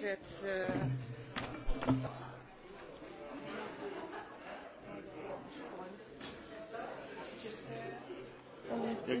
vous êtes. Euh... Il y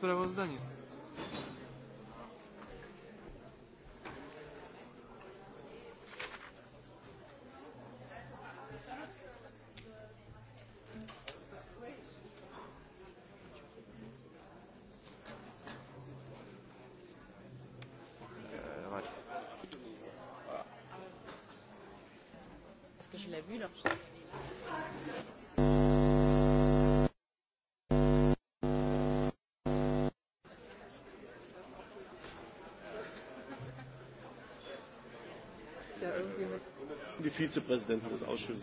sprawozdanie. je l'ai vu là. die Vizepräsidentin des Ausschusses.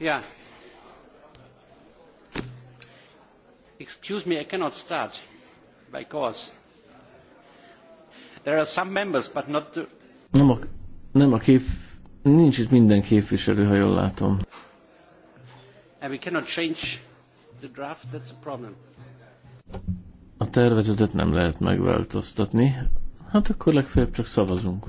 Yeah. Excuse me, I cannot start because there are some members, but not the... Nem a, nem a kép... Nincs itt minden képviselő, ha jól látom. And we cannot change the draft, that's a problem. A tervezetet nem lehet megváltoztatni. Hát akkor legfeljebb csak szavazunk.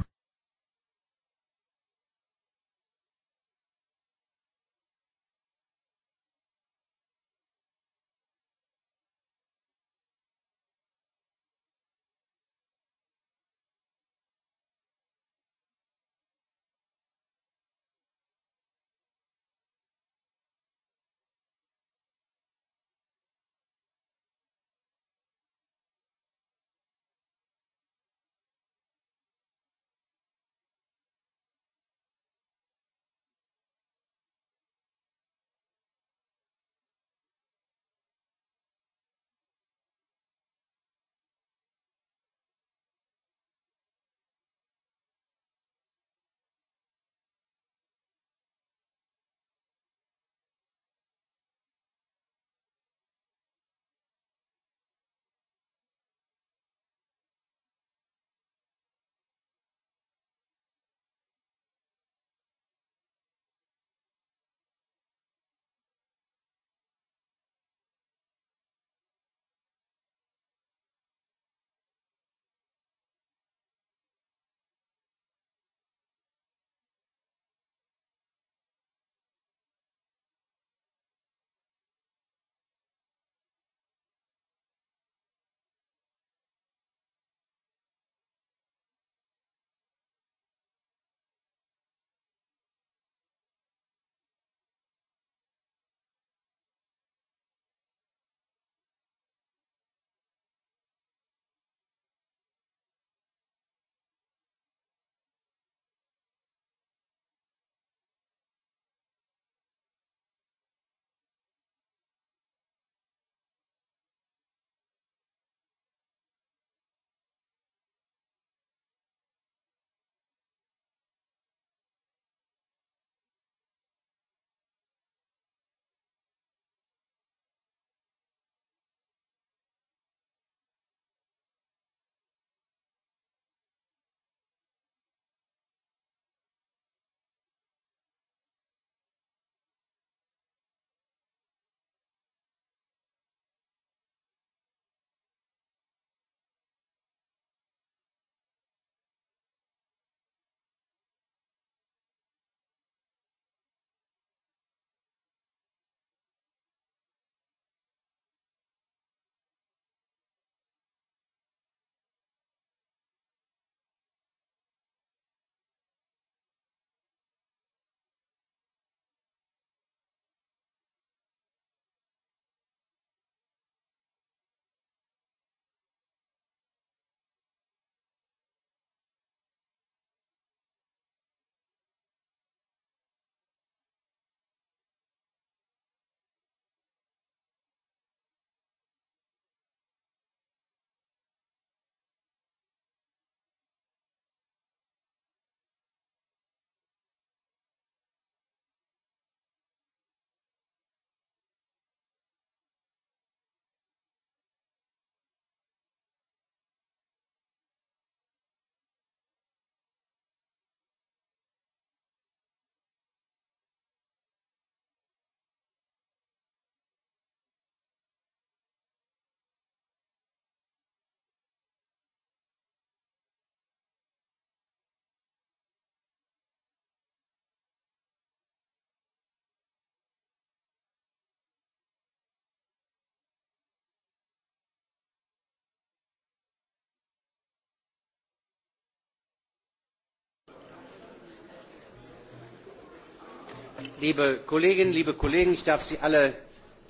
liebe Kolleginnen, liebe Kollegen, ich darf Sie alle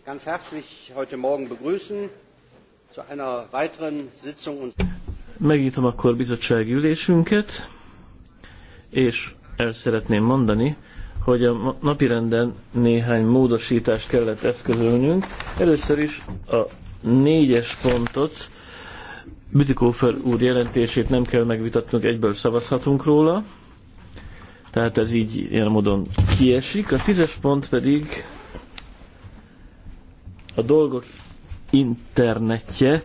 ganz herzlich heute Morgen begrüßen zu einer weiteren Sitzung. Megnyitom akkor bizottsági ülésünket, és el szeretném mondani, hogy a napirenden néhány módosítást kellett eszközölnünk. Először is a négyes pontot, Bütikófer úr jelentését nem kell megvitatnunk, egyből szavazhatunk róla. Tehát ez így ilyen módon kiesik. A tízes pont pedig a dolgok internetje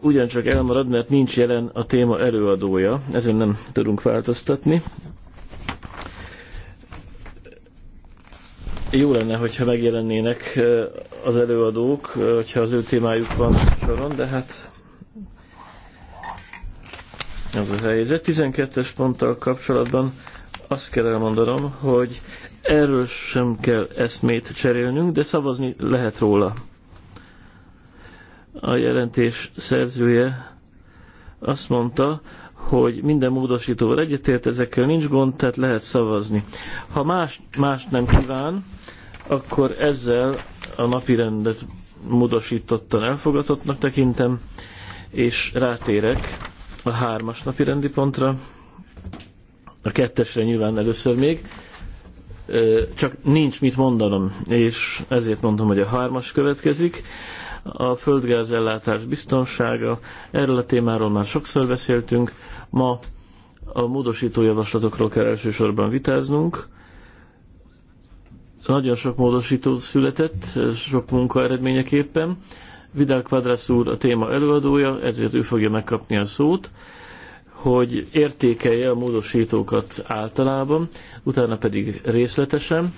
ugyancsak elmarad, mert nincs jelen a téma előadója. Ezen nem tudunk változtatni. Jó lenne, hogyha megjelennének az előadók, hogyha az ő témájuk van soron, de hát az a helyzet. 12-es ponttal kapcsolatban azt kell elmondanom, hogy erről sem kell eszmét cserélnünk, de szavazni lehet róla. A jelentés szerzője azt mondta, hogy minden módosítóval egyetért, ezekkel nincs gond, tehát lehet szavazni. Ha más, más nem kíván, akkor ezzel a napi rendet módosítottan elfogadottnak tekintem, és rátérek a hármas napi rendi pontra, a kettesre nyilván először még, csak nincs mit mondanom, és ezért mondom, hogy a hármas következik. A földgázellátás biztonsága, erről a témáról már sokszor beszéltünk, ma a módosító javaslatokról kell elsősorban vitáznunk. Nagyon sok módosító született, sok munka eredményeképpen. Vidal Quadras úr a téma előadója, ezért ő fogja megkapni a szót, hogy értékelje a módosítókat általában, utána pedig részletesen.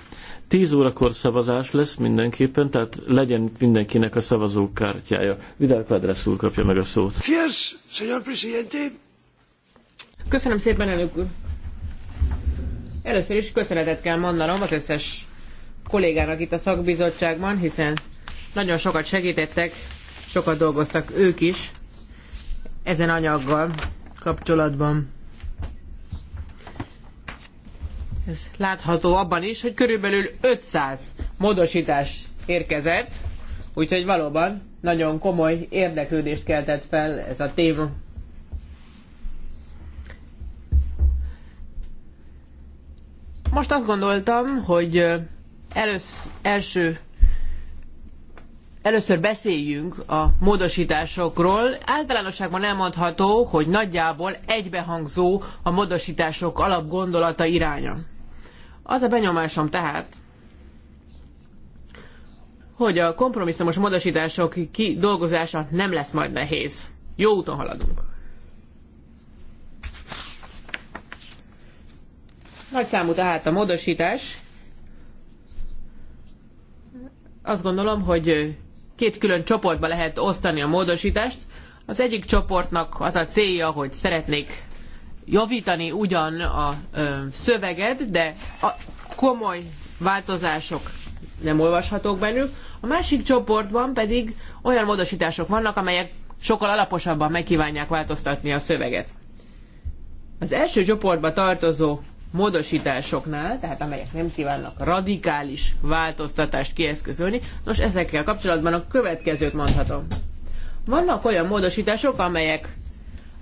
Tíz órakor szavazás lesz mindenképpen, tehát legyen mindenkinek a szavazókártyája. Vidal Quadras úr kapja meg a szót. Köszönöm szépen, elnök úr. Először is köszönetet kell mondanom az összes kollégának itt a szakbizottságban, hiszen nagyon sokat segítettek, sokat dolgoztak ők is ezen anyaggal kapcsolatban. Ez látható abban is, hogy körülbelül 500 módosítás érkezett, úgyhogy valóban nagyon komoly érdeklődést keltett fel ez a téma. Most azt gondoltam, hogy elősz, első Először beszéljünk a módosításokról. Általánosságban elmondható, hogy nagyjából egybehangzó a módosítások alapgondolata iránya. Az a benyomásom tehát, hogy a kompromisszumos módosítások kidolgozása nem lesz majd nehéz. Jó úton haladunk. Nagy számú tehát a módosítás. Azt gondolom, hogy két külön csoportba lehet osztani a módosítást. Az egyik csoportnak az a célja, hogy szeretnék javítani ugyan a ö, szöveget, de a komoly változások nem olvashatók bennük. A másik csoportban pedig olyan módosítások vannak, amelyek sokkal alaposabban megkívánják változtatni a szöveget. Az első csoportba tartozó módosításoknál, tehát amelyek nem kívánnak radikális változtatást kieszközölni. Nos, ezekkel kapcsolatban a következőt mondhatom. Vannak olyan módosítások, amelyek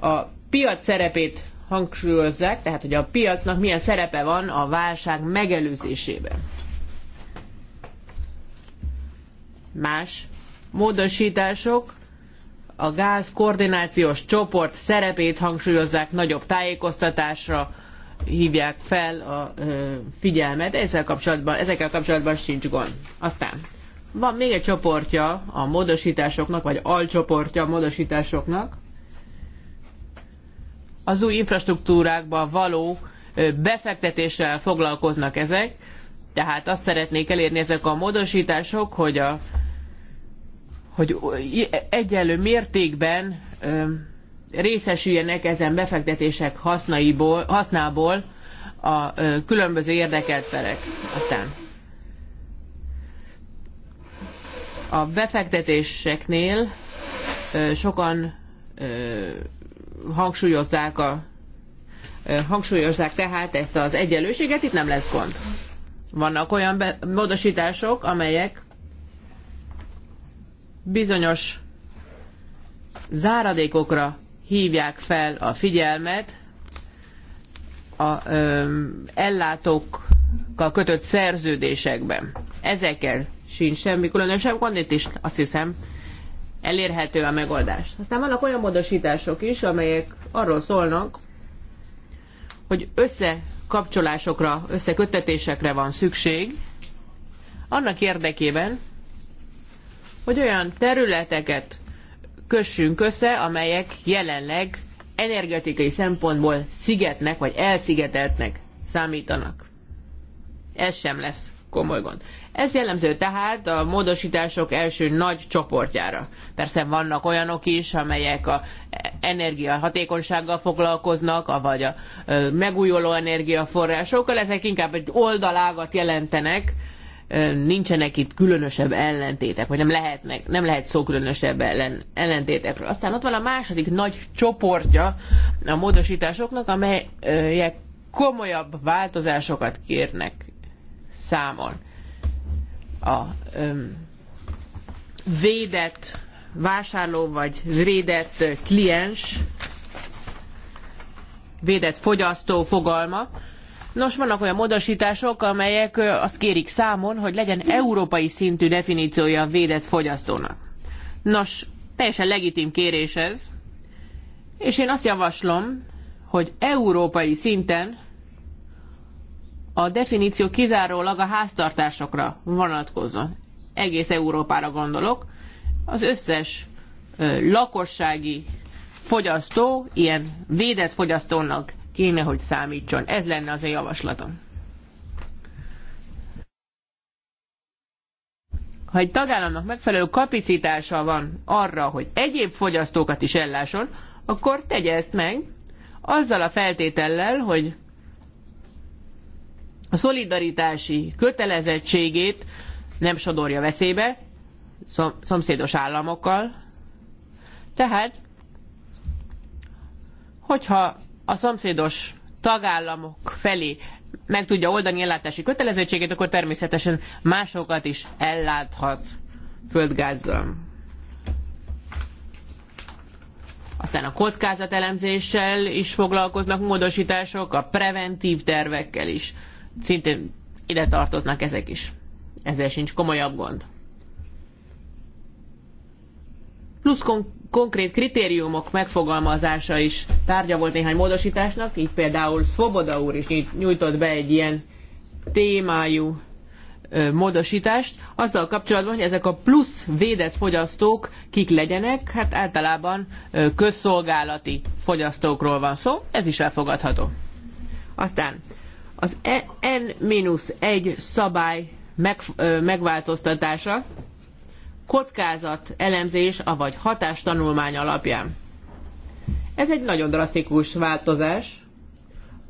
a piac szerepét hangsúlyozzák, tehát hogy a piacnak milyen szerepe van a válság megelőzésében. Más módosítások a gáz koordinációs csoport szerepét hangsúlyozzák nagyobb tájékoztatásra, hívják fel a figyelmet, ezzel kapcsolatban, ezekkel kapcsolatban sincs gond. Aztán van még egy csoportja a módosításoknak, vagy alcsoportja a módosításoknak, az új infrastruktúrákba való befektetéssel foglalkoznak ezek, tehát azt szeretnék elérni ezek a módosítások, hogy, a, hogy egyenlő mértékben részesüljenek ezen befektetések hasznaiból, hasznából a különböző érdekelt felek. Aztán a befektetéseknél sokan hangsúlyozzák a hangsúlyozzák tehát ezt az egyenlőséget, itt nem lesz gond. Vannak olyan be- módosítások, amelyek bizonyos záradékokra hívják fel a figyelmet a ö, ellátókkal kötött szerződésekben. Ezekkel sincs semmi különösebb gond, itt is azt hiszem elérhető a megoldás. Aztán vannak olyan módosítások is, amelyek arról szólnak, hogy összekapcsolásokra, összekötetésekre van szükség, annak érdekében, hogy olyan területeket kössünk össze, amelyek jelenleg energetikai szempontból szigetnek, vagy elszigeteltnek számítanak. Ez sem lesz komoly gond. Ez jellemző tehát a módosítások első nagy csoportjára. Persze vannak olyanok is, amelyek a energiahatékonysággal foglalkoznak, vagy a megújuló energiaforrásokkal, ezek inkább egy oldalágat jelentenek nincsenek itt különösebb ellentétek, vagy nem lehetnek, nem lehet szó különösebb ellen, ellentétekről. Aztán ott van a második nagy csoportja a módosításoknak, amelyek komolyabb változásokat kérnek számon. A öm, védett vásárló vagy védett kliens, védett fogyasztó fogalma, Nos, vannak olyan módosítások, amelyek azt kérik számon, hogy legyen európai szintű definíciója a védett fogyasztónak. Nos, teljesen legitim kérés ez, és én azt javaslom, hogy európai szinten a definíció kizárólag a háztartásokra vonatkozzon. Egész Európára gondolok. Az összes lakossági fogyasztó ilyen védett fogyasztónak kéne, hogy számítson. Ez lenne az a javaslatom. Ha egy tagállamnak megfelelő kapacitása van arra, hogy egyéb fogyasztókat is ellásson, akkor tegye ezt meg, azzal a feltétellel, hogy a szolidaritási kötelezettségét nem sodorja veszélybe szomszédos államokkal. Tehát, hogyha a szomszédos tagállamok felé meg tudja oldani ellátási kötelezettségét, akkor természetesen másokat is elláthat földgázzal. Aztán a kockázatelemzéssel is foglalkoznak módosítások, a preventív tervekkel is. Szintén ide tartoznak ezek is. Ezzel sincs komolyabb gond. Plusz konkrét kritériumok megfogalmazása is tárgya volt néhány módosításnak, így például Svoboda úr is nyújtott be egy ilyen témájú módosítást, azzal kapcsolatban, hogy ezek a plusz védett fogyasztók kik legyenek, hát általában közszolgálati fogyasztókról van szó, ez is elfogadható. Aztán az e N-1 szabály meg, megváltoztatása, kockázat elemzés, avagy hatástanulmány alapján. Ez egy nagyon drasztikus változás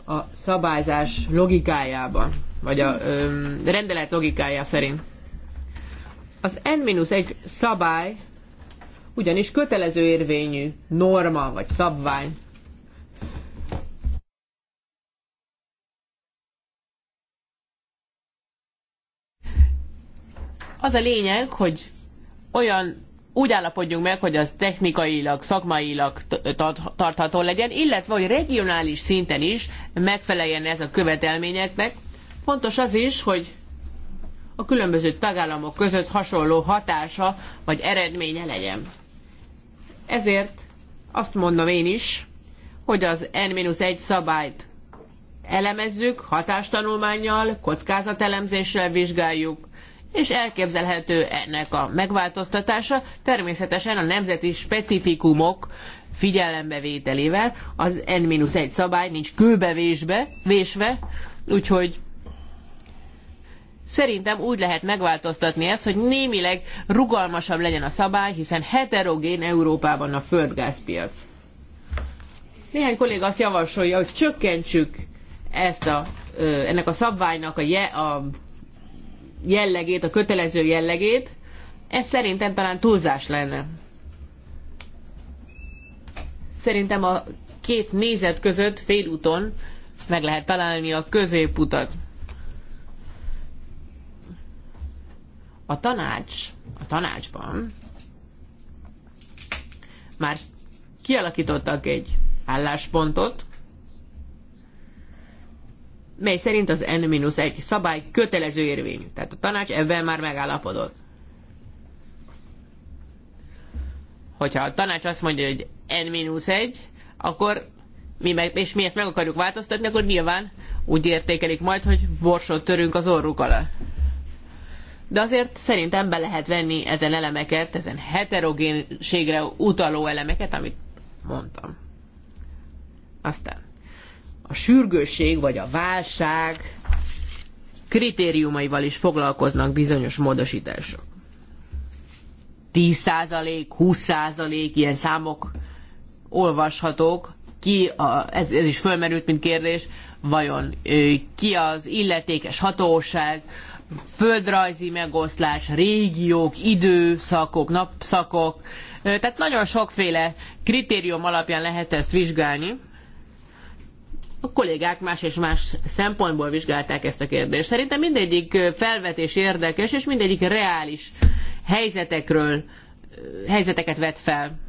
a szabályzás logikájában, vagy a ö, rendelet logikája szerint. Az N-1 szabály ugyanis kötelező érvényű norma vagy szabvány. Az a lényeg, hogy olyan úgy állapodjunk meg, hogy az technikailag, szakmailag tartható legyen, illetve hogy regionális szinten is megfeleljen ez a követelményeknek. Fontos az is, hogy a különböző tagállamok között hasonló hatása vagy eredménye legyen. Ezért azt mondom én is, hogy az N-1 szabályt elemezzük, hatástanulmányjal, kockázatelemzéssel vizsgáljuk, és elképzelhető ennek a megváltoztatása, természetesen a nemzeti specifikumok figyelembevételével, az N-1 szabály nincs kőbevésbe, vésve, úgyhogy Szerintem úgy lehet megváltoztatni ezt, hogy némileg rugalmasabb legyen a szabály, hiszen heterogén Európában a földgázpiac. Néhány kolléga azt javasolja, hogy csökkentsük ezt a, ennek a szabványnak a, je, a jellegét, a kötelező jellegét, ez szerintem talán túlzás lenne. Szerintem a két nézet között félúton meg lehet találni a középutat. A tanács, a tanácsban már kialakítottak egy álláspontot, mely szerint az N-1 szabály kötelező érvényű. Tehát a tanács ebben már megállapodott. Hogyha a tanács azt mondja, hogy N-1, akkor mi meg, és mi ezt meg akarjuk változtatni, akkor nyilván úgy értékelik majd, hogy borsot törünk az orruk alá. De azért szerintem be lehet venni ezen elemeket, ezen heterogénségre utaló elemeket, amit mondtam. Aztán a sürgősség vagy a válság kritériumaival is foglalkoznak bizonyos módosítások. 10%, 20% ilyen számok olvashatók, ki a, ez, ez is fölmerült, mint kérdés, vajon ki az illetékes hatóság, földrajzi megoszlás, régiók, időszakok, napszakok, tehát nagyon sokféle kritérium alapján lehet ezt vizsgálni, a kollégák más és más szempontból vizsgálták ezt a kérdést. Szerintem mindegyik felvetés érdekes, és mindegyik reális helyzetekről, helyzeteket vet fel.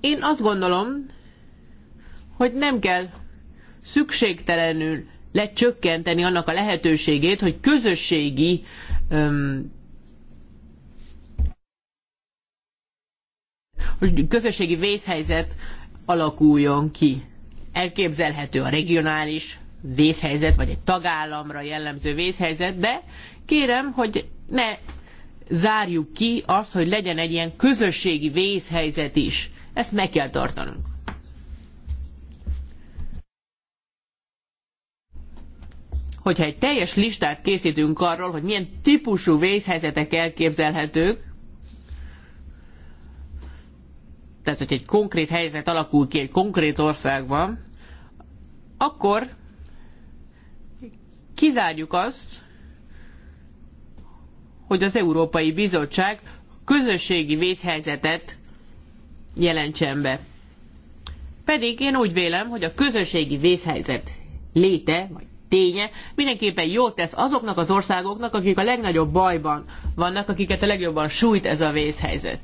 Én azt gondolom, hogy nem kell szükségtelenül lecsökkenteni annak a lehetőségét, hogy közösségi öm, hogy közösségi vészhelyzet alakuljon ki elképzelhető a regionális vészhelyzet, vagy egy tagállamra jellemző vészhelyzet, de kérem, hogy ne zárjuk ki azt, hogy legyen egy ilyen közösségi vészhelyzet is. Ezt meg kell tartanunk. Hogyha egy teljes listát készítünk arról, hogy milyen típusú vészhelyzetek elképzelhetők, tehát hogy egy konkrét helyzet alakul ki egy konkrét országban, akkor kizárjuk azt, hogy az Európai Bizottság közösségi vészhelyzetet jelentsen be. Pedig én úgy vélem, hogy a közösségi vészhelyzet léte, vagy ténye mindenképpen jót tesz azoknak az országoknak, akik a legnagyobb bajban vannak, akiket a legjobban sújt ez a vészhelyzet.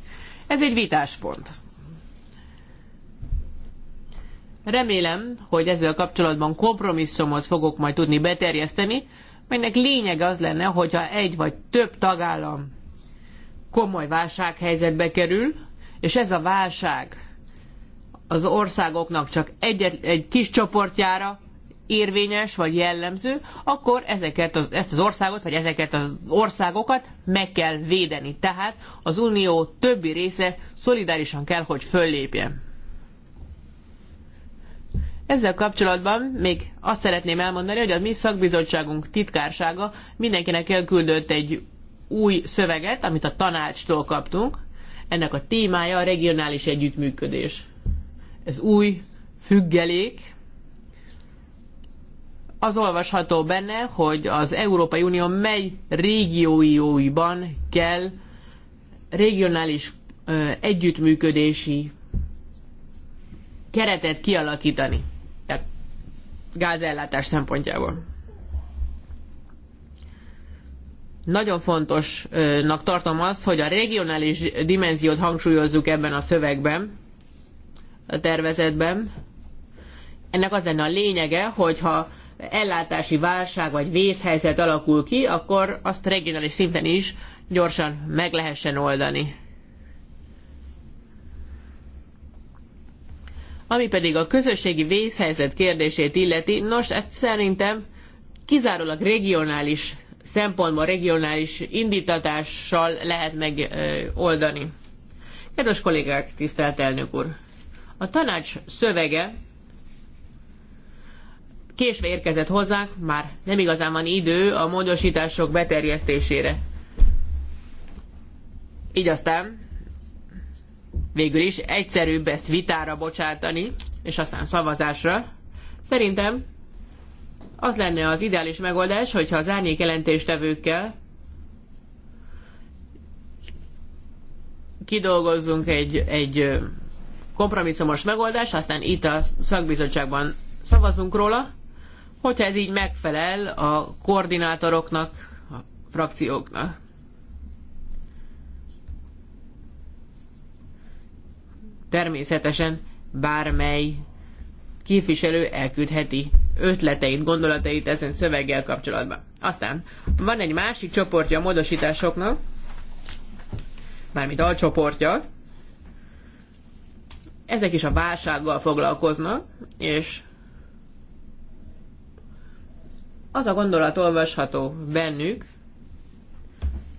Ez egy vitás pont. Remélem, hogy ezzel kapcsolatban kompromisszumot fogok majd tudni beterjeszteni, melynek lényege az lenne, hogyha egy vagy több tagállam komoly válsághelyzetbe kerül, és ez a válság az országoknak csak egyet, egy kis csoportjára érvényes vagy jellemző, akkor ezeket az, ezt az országot, vagy ezeket az országokat meg kell védeni. Tehát az unió többi része szolidárisan kell, hogy föllépjen. Ezzel kapcsolatban még azt szeretném elmondani, hogy a mi szakbizottságunk titkársága mindenkinek elküldött egy új szöveget, amit a tanácstól kaptunk. Ennek a témája a regionális együttműködés. Ez új függelék. Az olvasható benne, hogy az Európai Unió mely régióiban kell regionális együttműködési keretet kialakítani gázellátás szempontjából. Nagyon fontosnak tartom azt, hogy a regionális dimenziót hangsúlyozzuk ebben a szövegben, a tervezetben. Ennek az lenne a lényege, hogyha ellátási válság vagy vészhelyzet alakul ki, akkor azt regionális szinten is gyorsan meg lehessen oldani. Ami pedig a közösségi vészhelyzet kérdését illeti, nos, ezt szerintem kizárólag regionális szempontból, regionális indítatással lehet megoldani. Kedves kollégák, tisztelt elnök úr! A tanács szövege késve érkezett hozzánk, már nem igazán van idő a módosítások beterjesztésére. Így aztán végül is egyszerűbb ezt vitára bocsátani, és aztán szavazásra. Szerintem az lenne az ideális megoldás, hogyha az árnyék jelentéstevőkkel kidolgozzunk egy, egy kompromisszumos megoldást, aztán itt a szakbizottságban szavazunk róla, hogyha ez így megfelel a koordinátoroknak, a frakcióknak. természetesen bármely képviselő elküldheti ötleteit, gondolatait ezen szöveggel kapcsolatban. Aztán van egy másik csoportja a módosításoknak, mármint alcsoportja, ezek is a válsággal foglalkoznak, és az a gondolat olvasható bennük,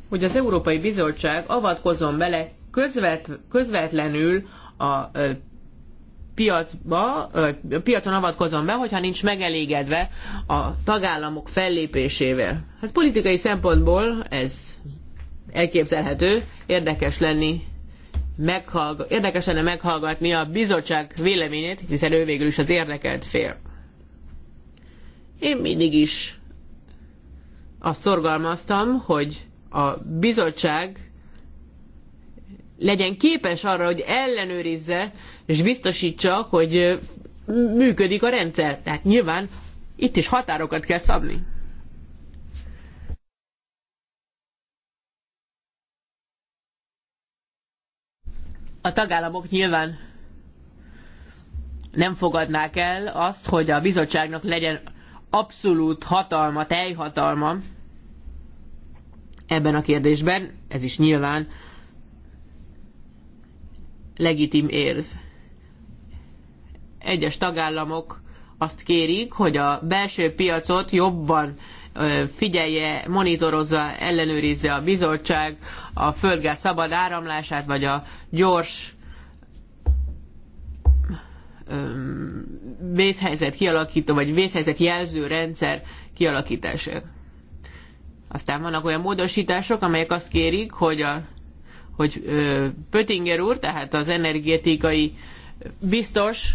hogy az Európai Bizottság avatkozom bele közvet, közvetlenül a piacba, a piacon avatkozom be, hogyha nincs megelégedve a tagállamok fellépésével. Hát politikai szempontból ez elképzelhető, érdekes lenni meghallg- érdekes lenne meghallgatni a bizottság véleményét, hiszen ő végül is az érdekelt fél. Én mindig is azt szorgalmaztam, hogy a bizottság legyen képes arra, hogy ellenőrizze és biztosítsa, hogy működik a rendszer. Tehát nyilván itt is határokat kell szabni. A tagállamok nyilván nem fogadnák el azt, hogy a bizottságnak legyen abszolút hatalma, teljhatalma ebben a kérdésben. Ez is nyilván legitim érv. Egyes tagállamok azt kérik, hogy a belső piacot jobban figyelje, monitorozza, ellenőrizze a bizottság a földgáz szabad áramlását, vagy a gyors vészhelyzet kialakító, vagy vészhelyzet jelző rendszer kialakítását. Aztán vannak olyan módosítások, amelyek azt kérik, hogy a hogy Pöttinger úr, tehát az energetikai biztos,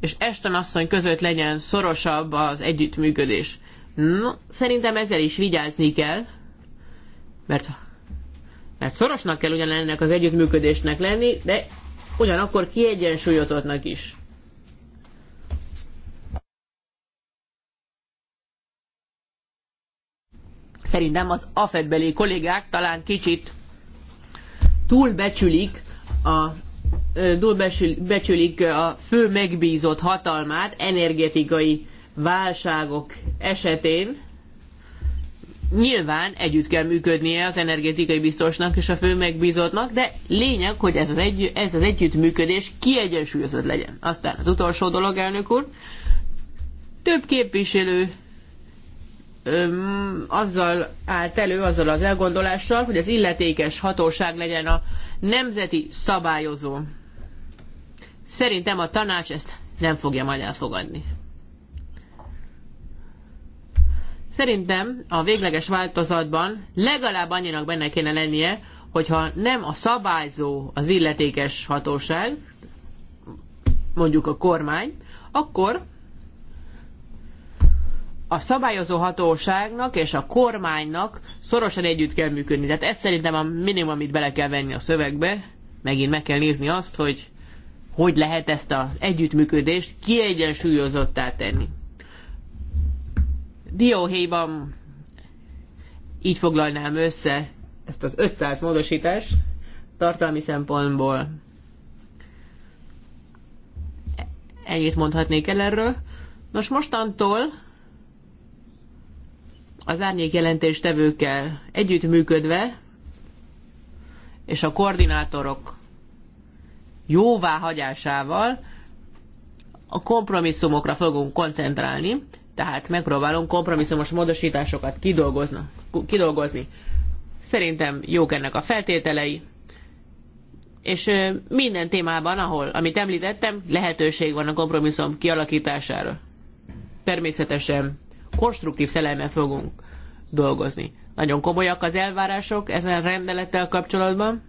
és Eston asszony között legyen szorosabb az együttműködés. No, szerintem ezzel is vigyázni kell, mert, mert szorosnak kell ugyan ennek az együttműködésnek lenni, de ugyanakkor kiegyensúlyozottnak is. Szerintem az afedbeli kollégák talán kicsit túlbecsülik a túlbecsülik a fő megbízott hatalmát energetikai válságok esetén. Nyilván együtt kell működnie az energetikai biztosnak és a fő megbízottnak, de lényeg, hogy ez az, egy, ez az együttműködés kiegyensúlyozott legyen. Aztán az utolsó dolog, elnök úr, több képviselő azzal állt elő, azzal az elgondolással, hogy az illetékes hatóság legyen a nemzeti szabályozó. Szerintem a tanács ezt nem fogja majd elfogadni. Szerintem a végleges változatban legalább annyinak benne kéne lennie, hogyha nem a szabályzó az illetékes hatóság, mondjuk a kormány, akkor a szabályozó hatóságnak és a kormánynak szorosan együtt kell működni. Tehát ez szerintem a minimum, amit bele kell venni a szövegbe. Megint meg kell nézni azt, hogy hogy lehet ezt az együttműködést kiegyensúlyozottá tenni. Dióhéjban így foglalnám össze ezt az 500 módosítást tartalmi szempontból. Ennyit mondhatnék el erről. Nos, mostantól az árnyék jelentéstevőkkel együttműködve, és a koordinátorok jóváhagyásával a kompromisszumokra fogunk koncentrálni, tehát megpróbálunk kompromisszumos módosításokat kidolgozni. Szerintem jók ennek a feltételei, és minden témában, ahol, amit említettem, lehetőség van a kompromisszum kialakítására. Természetesen konstruktív szellemmel fogunk dolgozni. Nagyon komolyak az elvárások ezen rendelettel kapcsolatban.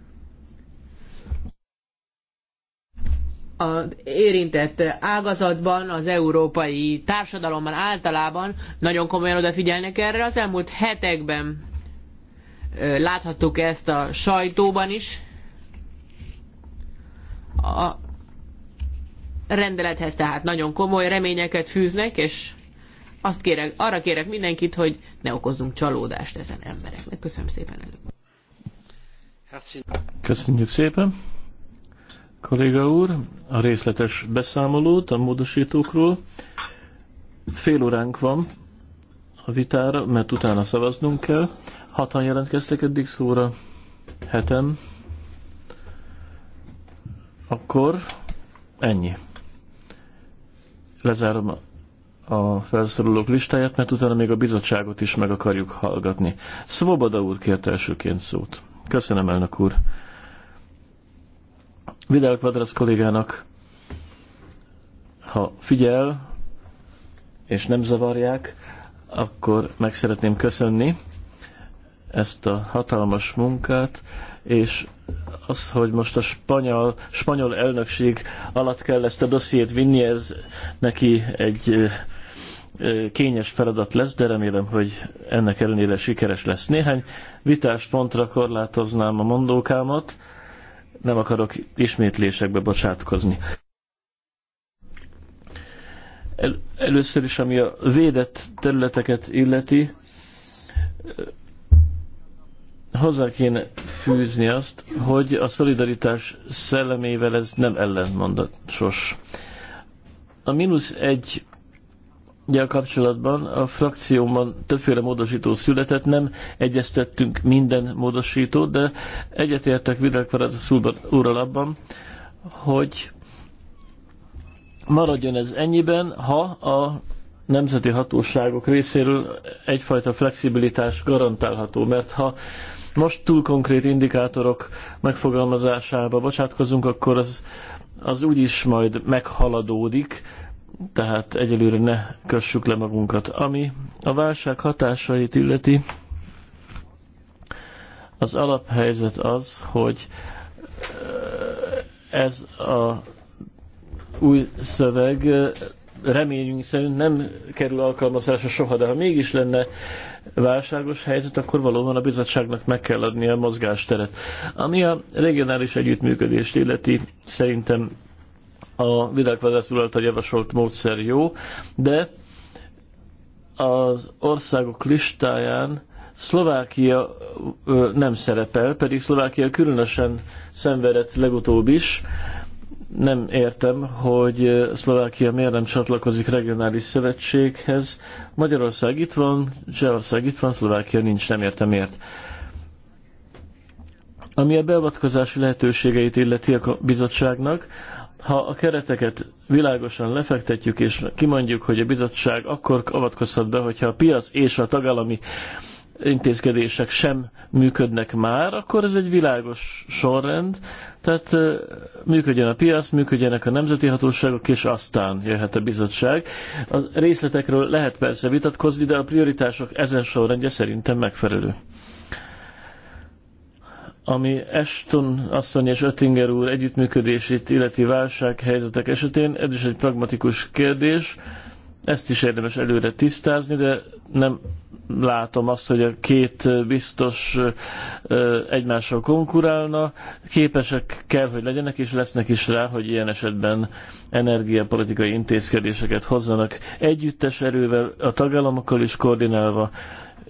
az érintett ágazatban, az európai társadalomban általában nagyon komolyan odafigyelnek erre. Az elmúlt hetekben láthattuk ezt a sajtóban is. A rendelethez tehát nagyon komoly reményeket fűznek, és azt kérek, arra kérek mindenkit, hogy ne okozzunk csalódást ezen embereknek. Köszönöm szépen előbb. Köszönjük szépen. Kolléga úr, a részletes beszámolót a módosítókról. Fél óránk van a vitára, mert utána szavaznunk kell. Hatan jelentkeztek eddig szóra, heten. Akkor ennyi. Lezárom a a felszorulók listáját, mert utána még a bizottságot is meg akarjuk hallgatni. Szvoboda úr kért elsőként szót. Köszönöm, elnök úr. Vidal Kvadrasz kollégának, ha figyel, és nem zavarják, akkor meg szeretném köszönni ezt a hatalmas munkát, és az, hogy most a spanyol, spanyol elnökség alatt kell ezt a dossziét vinni, ez neki egy kényes feladat lesz, de remélem, hogy ennek ellenére sikeres lesz. Néhány vitás pontra korlátoznám a mondókámat, nem akarok ismétlésekbe bocsátkozni. El, először is, ami a védett területeket illeti, hozzá kéne fűzni azt, hogy a szolidaritás szellemével ez nem ellentmondatos. A mínusz egy Ugye a kapcsolatban a frakcióban többféle módosító született, nem egyeztettünk minden módosítót, de egyetértek Vidal Kvarátus úrral abban, hogy maradjon ez ennyiben, ha a nemzeti hatóságok részéről egyfajta flexibilitás garantálható, mert ha most túl konkrét indikátorok megfogalmazásába bocsátkozunk, akkor az, az úgyis majd meghaladódik, tehát egyelőre ne kössük le magunkat. Ami a válság hatásait illeti, az alaphelyzet az, hogy ez a új szöveg reményünk szerint nem kerül alkalmazásra soha, de ha mégis lenne válságos helyzet, akkor valóban a bizottságnak meg kell adni a mozgásteret. Ami a regionális együttműködést illeti, szerintem a világvadász uralta javasolt módszer jó, de az országok listáján Szlovákia nem szerepel, pedig Szlovákia különösen szenvedett legutóbb is. Nem értem, hogy Szlovákia miért nem csatlakozik regionális szövetséghez. Magyarország itt van, Csehország itt van, Szlovákia nincs, nem értem miért. Ami a beavatkozási lehetőségeit illeti a bizottságnak, ha a kereteket világosan lefektetjük és kimondjuk, hogy a bizottság akkor avatkozhat be, hogyha a piac és a tagállami intézkedések sem működnek már, akkor ez egy világos sorrend, tehát működjön a piac, működjenek a nemzeti hatóságok, és aztán jöhet a bizottság. A részletekről lehet persze vitatkozni, de a prioritások ezen sorrendje szerintem megfelelő ami Ashton asszony és Oettinger úr együttműködését illeti válsághelyzetek esetén, ez is egy pragmatikus kérdés, ezt is érdemes előre tisztázni, de nem látom azt, hogy a két biztos egymással konkurálna, képesek kell, hogy legyenek, és lesznek is rá, hogy ilyen esetben energiapolitikai intézkedéseket hozzanak együttes erővel, a tagállamokkal is koordinálva,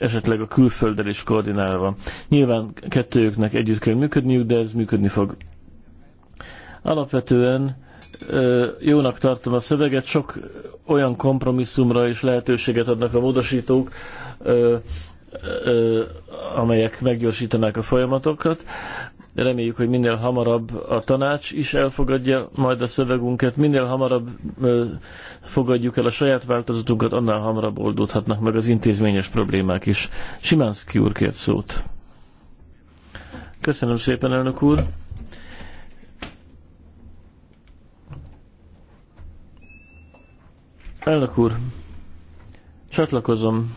esetleg a külfölddel is koordinálva. Nyilván kettőjüknek együtt kell működniük, de ez működni fog. Alapvetően jónak tartom a szöveget, sok olyan kompromisszumra is lehetőséget adnak a módosítók, amelyek meggyorsítanák a folyamatokat. Reméljük, hogy minél hamarabb a tanács is elfogadja majd a szövegünket, minél hamarabb fogadjuk el a saját változatunkat, annál hamarabb oldódhatnak meg az intézményes problémák is. Simánszki úr kért szót. Köszönöm szépen, elnök úr. Elnök úr, csatlakozom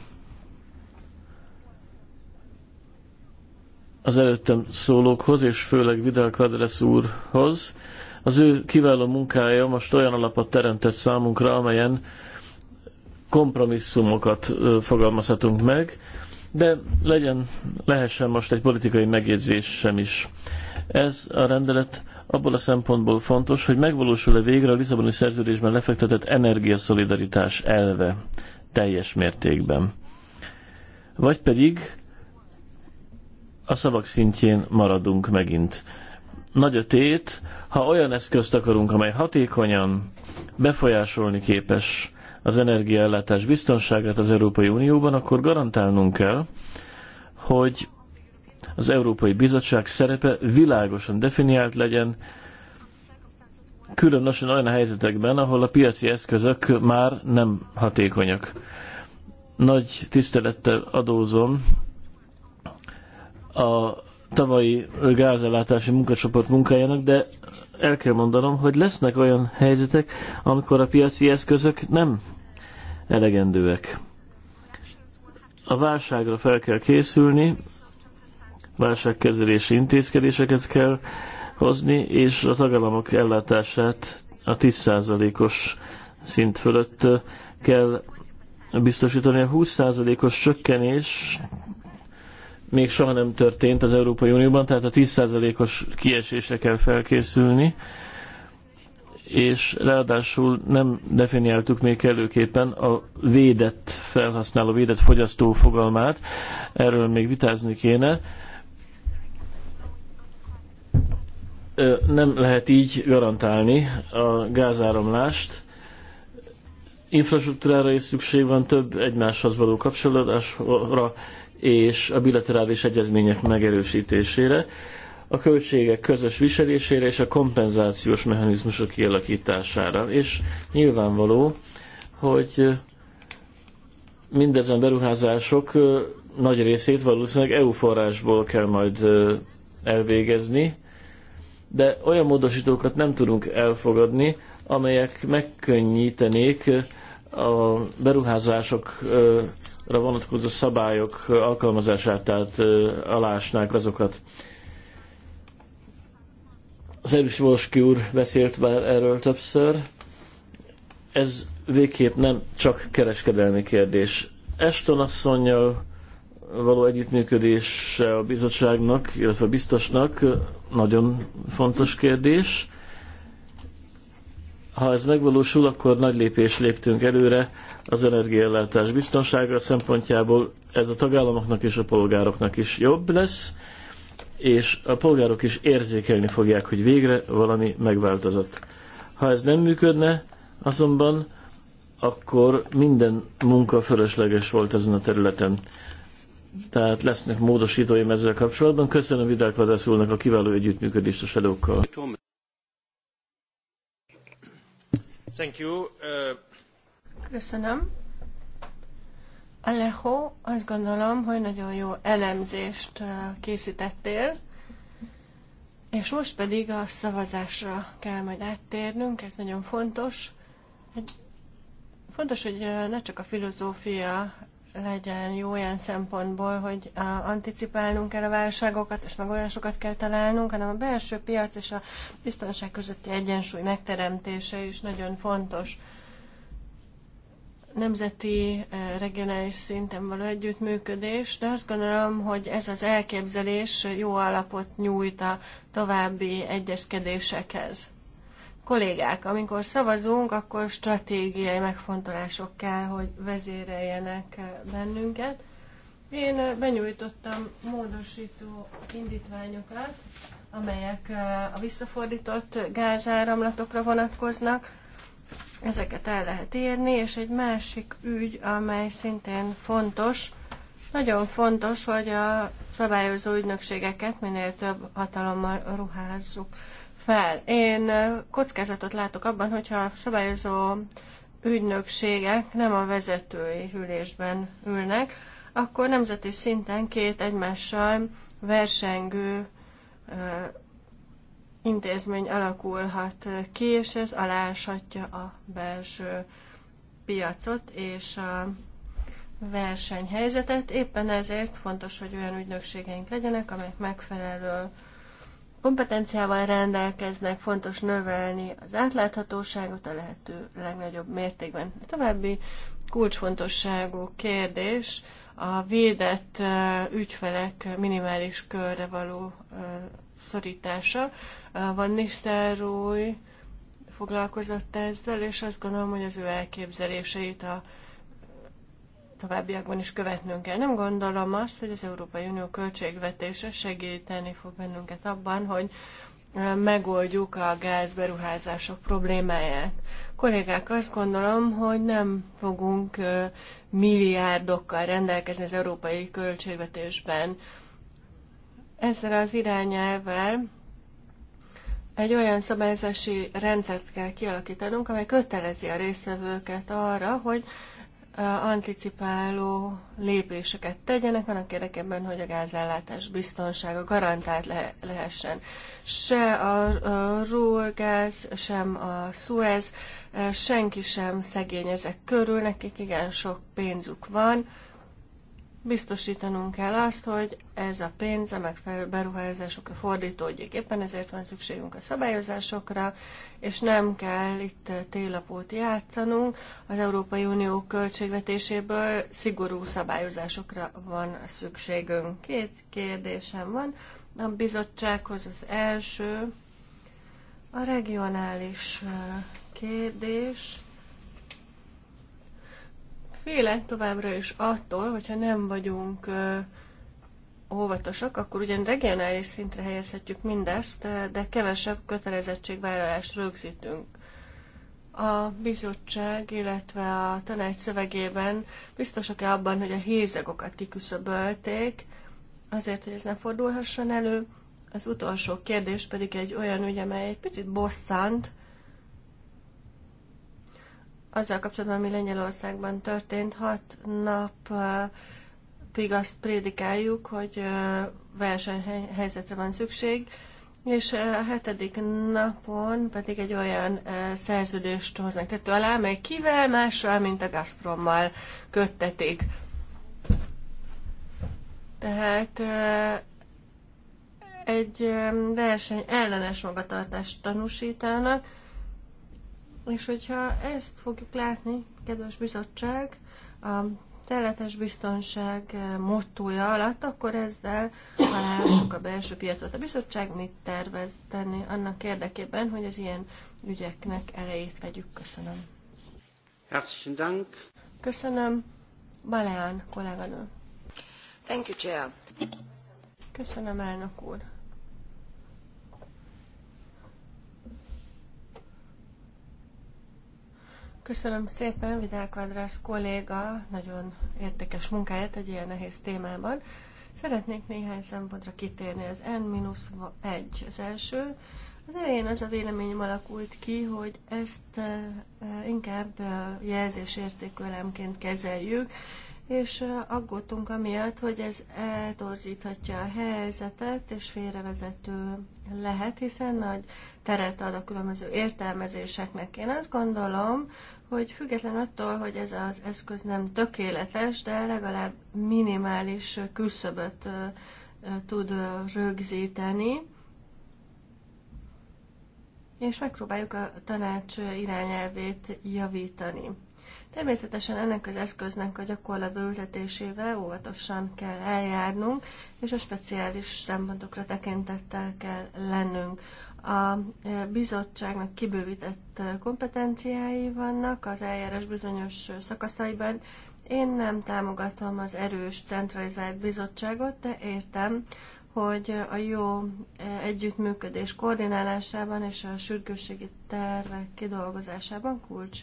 az előttem szólókhoz, és főleg Vidal Kadresz úrhoz. Az ő kiváló munkája most olyan alapot teremtett számunkra, amelyen kompromisszumokat fogalmazhatunk meg, de legyen, lehessen most egy politikai megjegyzés sem is. Ez a rendelet abból a szempontból fontos, hogy megvalósul-e végre a Lisszaboni szerződésben lefektetett energiaszolidaritás elve teljes mértékben. Vagy pedig a szavak szintjén maradunk megint. Nagy a tét, ha olyan eszközt akarunk, amely hatékonyan befolyásolni képes az energiaellátás biztonságát az Európai Unióban, akkor garantálnunk kell, hogy az Európai Bizottság szerepe világosan definiált legyen, különösen olyan helyzetekben, ahol a piaci eszközök már nem hatékonyak. Nagy tisztelettel adózom a tavalyi gázellátási munkacsoport munkájának, de el kell mondanom, hogy lesznek olyan helyzetek, amikor a piaci eszközök nem elegendőek. A válságra fel kell készülni, válságkezelési intézkedéseket kell hozni, és a tagállamok ellátását a 10%-os szint fölött kell biztosítani. A 20%-os csökkenés még soha nem történt az Európai Unióban, tehát a 10%-os kiesésre kell felkészülni, és ráadásul nem definiáltuk még előképpen a védett felhasználó, védett fogyasztó fogalmát, erről még vitázni kéne. Nem lehet így garantálni a gázáramlást, infrastruktúrára is szükség van, több egymáshoz való kapcsolódásra, és a bilaterális egyezmények megerősítésére, a költségek közös viselésére és a kompenzációs mechanizmusok kialakítására. És nyilvánvaló, hogy mindezen beruházások nagy részét valószínűleg EU forrásból kell majd elvégezni, de olyan módosítókat nem tudunk elfogadni, amelyek megkönnyítenék a beruházások vonatkozó szabályok alkalmazását, tehát alásnák azokat. Az Erős Volski úr beszélt már erről többször. Ez végképp nem csak kereskedelmi kérdés. Eston asszonynal való együttműködés a bizottságnak, illetve a biztosnak nagyon fontos kérdés. Ha ez megvalósul, akkor nagy lépés léptünk előre az energiaellátás biztonsága szempontjából. Ez a tagállamoknak és a polgároknak is jobb lesz, és a polgárok is érzékelni fogják, hogy végre valami megváltozott. Ha ez nem működne, azonban akkor minden munka fölösleges volt ezen a területen. Tehát lesznek módosítóim ezzel kapcsolatban. Köszönöm Vidák Vadász úrnak a kiváló együttműködést a sedókkal. Uh, Köszönöm. Alejo, azt gondolom, hogy nagyon jó elemzést uh, készítettél, és most pedig a szavazásra kell majd áttérnünk, ez nagyon fontos. Fontos, hogy uh, ne csak a filozófia legyen jó olyan szempontból, hogy anticipálnunk kell a válságokat, és sokat kell találnunk, hanem a belső piac és a biztonság közötti egyensúly megteremtése is nagyon fontos. Nemzeti, regionális szinten való együttműködés, de azt gondolom, hogy ez az elképzelés jó alapot nyújt a további egyezkedésekhez. Kollégák, amikor szavazunk, akkor stratégiai megfontolások kell, hogy vezéreljenek bennünket. Én benyújtottam módosító indítványokat, amelyek a visszafordított gázáramlatokra vonatkoznak. Ezeket el lehet írni, és egy másik ügy, amely szintén fontos, nagyon fontos, hogy a szabályozó ügynökségeket minél több hatalommal ruházzuk fel. Én kockázatot látok abban, hogyha a szabályozó ügynökségek nem a vezetői hűlésben ülnek, akkor nemzeti szinten két egymással versengő intézmény alakulhat ki, és ez aláshatja a belső piacot és a versenyhelyzetet. Éppen ezért fontos, hogy olyan ügynökségeink legyenek, amelyek megfelelő kompetenciával rendelkeznek, fontos növelni az átláthatóságot a lehető legnagyobb mértékben. A további kulcsfontosságú kérdés a védett ügyfelek minimális körre való szorítása. Van Nisztelrúj foglalkozott ezzel, és azt gondolom, hogy az ő elképzeléseit a továbbiakban is követnünk kell. Nem gondolom azt, hogy az Európai Unió költségvetése segíteni fog bennünket abban, hogy megoldjuk a gázberuházások problémáját. Kollégák, azt gondolom, hogy nem fogunk milliárdokkal rendelkezni az európai költségvetésben. Ezzel az irányelvel egy olyan szabályozási rendszert kell kialakítanunk, amely kötelezi a résztvevőket arra, hogy anticipáló lépéseket tegyenek, annak érdekében, hogy a gázellátás biztonsága garantált le- lehessen. Se a, a Ruhrgáz, sem a Suez, eh, senki sem szegény ezek körül, nekik igen sok pénzük van, biztosítanunk kell azt, hogy ez a pénz a megfelelő beruházásokra fordítódjék. Éppen ezért van szükségünk a szabályozásokra, és nem kell itt télapót játszanunk. Az Európai Unió költségvetéséből szigorú szabályozásokra van szükségünk. Két kérdésem van. A bizottsághoz az első, a regionális eh, kérdés Félek továbbra is attól, hogyha nem vagyunk óvatosak, akkor ugyan regionális szintre helyezhetjük mindezt, de kevesebb kötelezettségvállalást rögzítünk. A bizottság, illetve a tanács szövegében biztosak-e abban, hogy a hézegokat kiküszöbölték, azért, hogy ez ne fordulhasson elő. Az utolsó kérdés pedig egy olyan ügy, amely egy picit bosszant, azzal kapcsolatban, ami Lengyelországban történt, hat napig azt prédikáljuk, hogy versenyhelyzetre van szükség, és a hetedik napon pedig egy olyan szerződést hoznak tető alá, mely kivel mással, mint a Gazprommal köttetik. Tehát egy verseny ellenes magatartást tanúsítanak, és hogyha ezt fogjuk látni, kedves bizottság, a területes biztonság eh, mottója alatt, akkor ezzel találjuk a belső piacot. A bizottság mit tervez tenni annak érdekében, hogy az ilyen ügyeknek elejét vegyük? Köszönöm. Herzlichen Dank. Köszönöm. Baleán kolléganő. Thank you, Chair. Köszönöm, elnök úr. Köszönöm szépen Vidal Quadrász kolléga nagyon értékes munkáját egy ilyen nehéz témában. Szeretnék néhány szempontra kitérni. Az N-1 az első. Az elején az a véleményem alakult ki, hogy ezt eh, inkább eh, jelzésértékölemként kezeljük, és aggódtunk amiatt, hogy ez eltorzíthatja a helyzetet, és félrevezető lehet, hiszen nagy teret ad a különböző értelmezéseknek. Én azt gondolom, hogy független attól, hogy ez az eszköz nem tökéletes, de legalább minimális küszöböt tud rögzíteni, és megpróbáljuk a tanács irányelvét javítani. Természetesen ennek az eszköznek a gyakorlatba ültetésével óvatosan kell eljárnunk, és a speciális szempontokra tekintettel kell lennünk. A e, bizottságnak kibővített kompetenciái vannak az eljárás bizonyos szakaszaiban. Én nem támogatom az erős centralizált bizottságot, de értem, hogy a jó e, együttműködés koordinálásában és a sürgősségi tervek kidolgozásában kulcs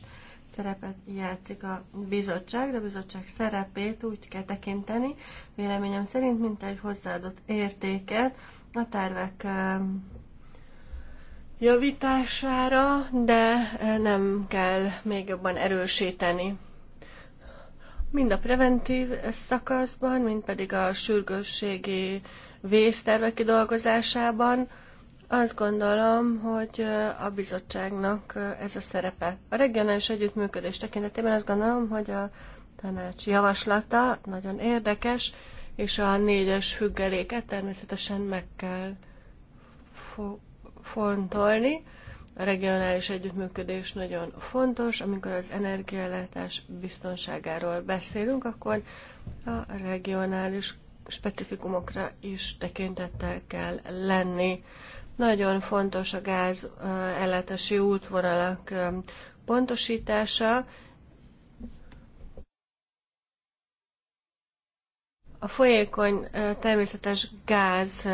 szerepet játszik a bizottság, de a bizottság szerepét úgy kell tekinteni, véleményem szerint, mint egy hozzáadott értéket a tervek javítására, de nem kell még jobban erősíteni. Mind a preventív szakaszban, mind pedig a sürgősségi vésztervek kidolgozásában azt gondolom, hogy a bizottságnak ez a szerepe. A regionális együttműködés tekintetében azt gondolom, hogy a tanács javaslata nagyon érdekes, és a négyes függeléket természetesen meg kell fo- fontolni. A regionális együttműködés nagyon fontos, amikor az energiállátás biztonságáról beszélünk, akkor a regionális specifikumokra is tekintettel kell lenni. Nagyon fontos a gáz ellátási útvonalak pontosítása. A folyékony természetes gáz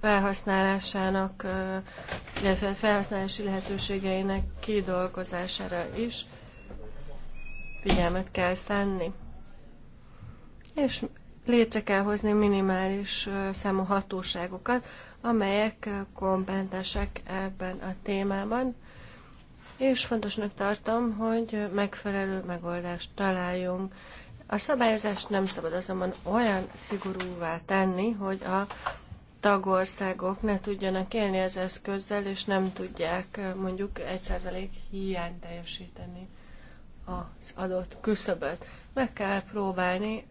felhasználásának, illetve felhasználási lehetőségeinek kidolgozására is figyelmet kell szánni. És Létre kell hozni minimális számú hatóságokat, amelyek kompetensek ebben a témában, és fontosnak tartom, hogy megfelelő megoldást találjunk. A szabályozást nem szabad azonban olyan szigorúvá tenni, hogy a tagországok ne tudjanak élni az eszközzel, és nem tudják mondjuk 1% hiány teljesíteni az adott küszöböt. Meg kell próbálni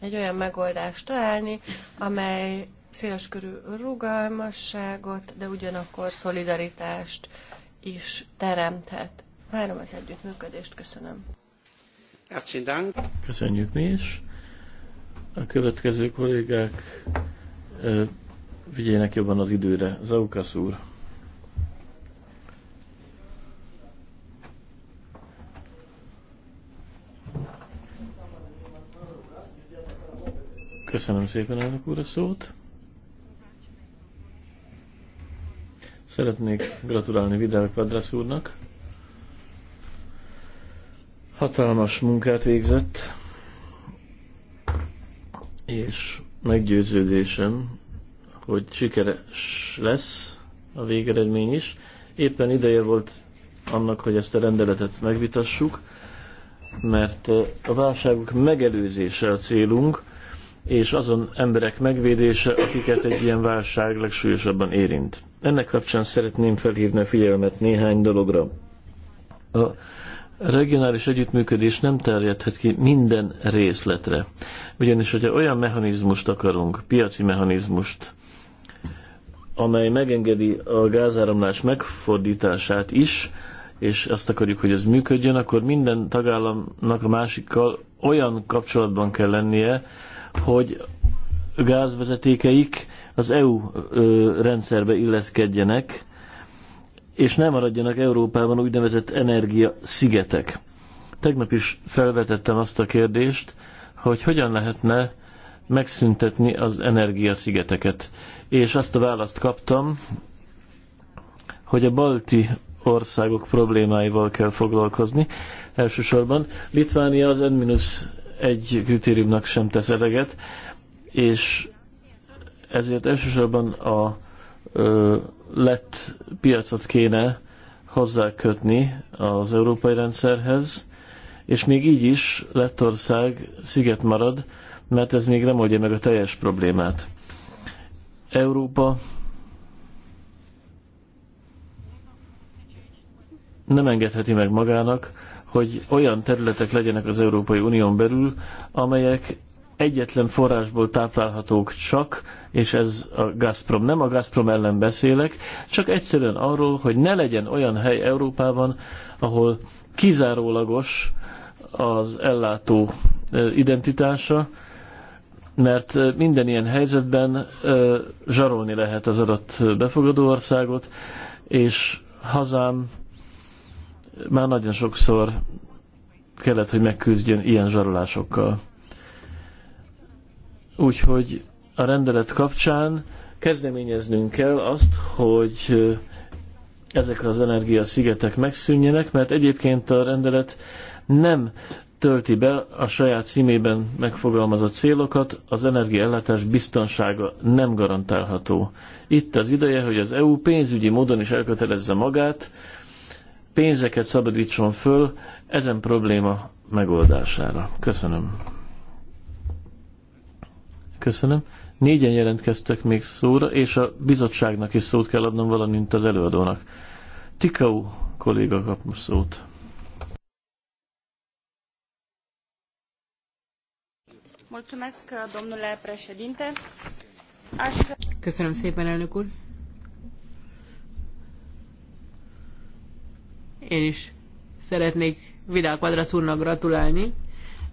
egy olyan megoldást találni, amely széleskörű rugalmasságot, de ugyanakkor szolidaritást is teremthet. Várom az együttműködést, köszönöm. Köszönjük mi is. A következő kollégák figyeljenek jobban az időre. Zaukasz úr. Köszönöm szépen, elnök úr, a szót. Szeretnék gratulálni Vidal Quadras úrnak. Hatalmas munkát végzett, és meggyőződésem, hogy sikeres lesz a végeredmény is. Éppen ideje volt annak, hogy ezt a rendeletet megvitassuk, mert a válságok megelőzése a célunk, és azon emberek megvédése, akiket egy ilyen válság legsúlyosabban érint. Ennek kapcsán szeretném felhívni a figyelmet néhány dologra. A regionális együttműködés nem terjedhet ki minden részletre. Ugyanis, hogyha olyan mechanizmust akarunk, piaci mechanizmust, amely megengedi a gázáramlás megfordítását is, és azt akarjuk, hogy ez működjön, akkor minden tagállamnak a másikkal olyan kapcsolatban kell lennie, hogy gázvezetékeik az EU rendszerbe illeszkedjenek, és nem maradjanak Európában úgynevezett energiaszigetek. Tegnap is felvetettem azt a kérdést, hogy hogyan lehetne megszüntetni az energiaszigeteket. És azt a választ kaptam, hogy a balti országok problémáival kell foglalkozni. Elsősorban Litvánia az N-1 egy kritériumnak sem tesz eleget, és ezért elsősorban a ö, lett piacot kéne hozzákötni az európai rendszerhez, és még így is Lettország sziget marad, mert ez még nem oldja meg a teljes problémát. Európa nem engedheti meg magának, hogy olyan területek legyenek az Európai Unión belül, amelyek egyetlen forrásból táplálhatók csak, és ez a Gazprom. Nem a Gazprom ellen beszélek, csak egyszerűen arról, hogy ne legyen olyan hely Európában, ahol kizárólagos az ellátó identitása, mert minden ilyen helyzetben zsarolni lehet az adott befogadó országot, és hazám már nagyon sokszor kellett, hogy megküzdjön ilyen zsarolásokkal. Úgyhogy a rendelet kapcsán kezdeményeznünk kell azt, hogy ezek az energiaszigetek megszűnjenek, mert egyébként a rendelet nem tölti be a saját címében megfogalmazott célokat, az energiaellátás biztonsága nem garantálható. Itt az ideje, hogy az EU pénzügyi módon is elkötelezze magát, pénzeket szabadítson föl ezen probléma megoldására. Köszönöm. Köszönöm. Négyen jelentkeztek még szóra, és a bizottságnak is szót kell adnom, valamint az előadónak. Tikau kolléga kap most szót. Köszönöm szépen, elnök úr. Én is szeretnék Vidal Quadrasz úrnak gratulálni.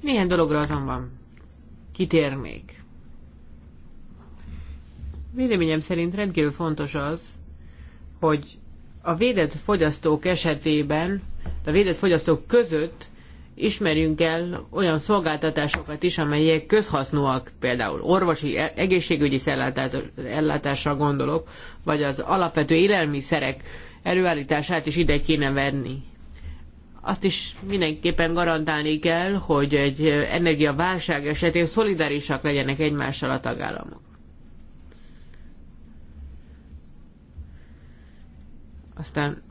Néhány dologra azonban kitérnék. Véleményem szerint rendkívül fontos az, hogy a védett fogyasztók esetében, a védett fogyasztók között ismerjünk el olyan szolgáltatásokat is, amelyek közhasznúak, például orvosi, e- egészségügyi ellátásra gondolok, vagy az alapvető élelmiszerek előállítását is ide kéne venni. Azt is mindenképpen garantálni kell, hogy egy energiaválság esetén szolidárisak legyenek egymással a tagállamok. Aztán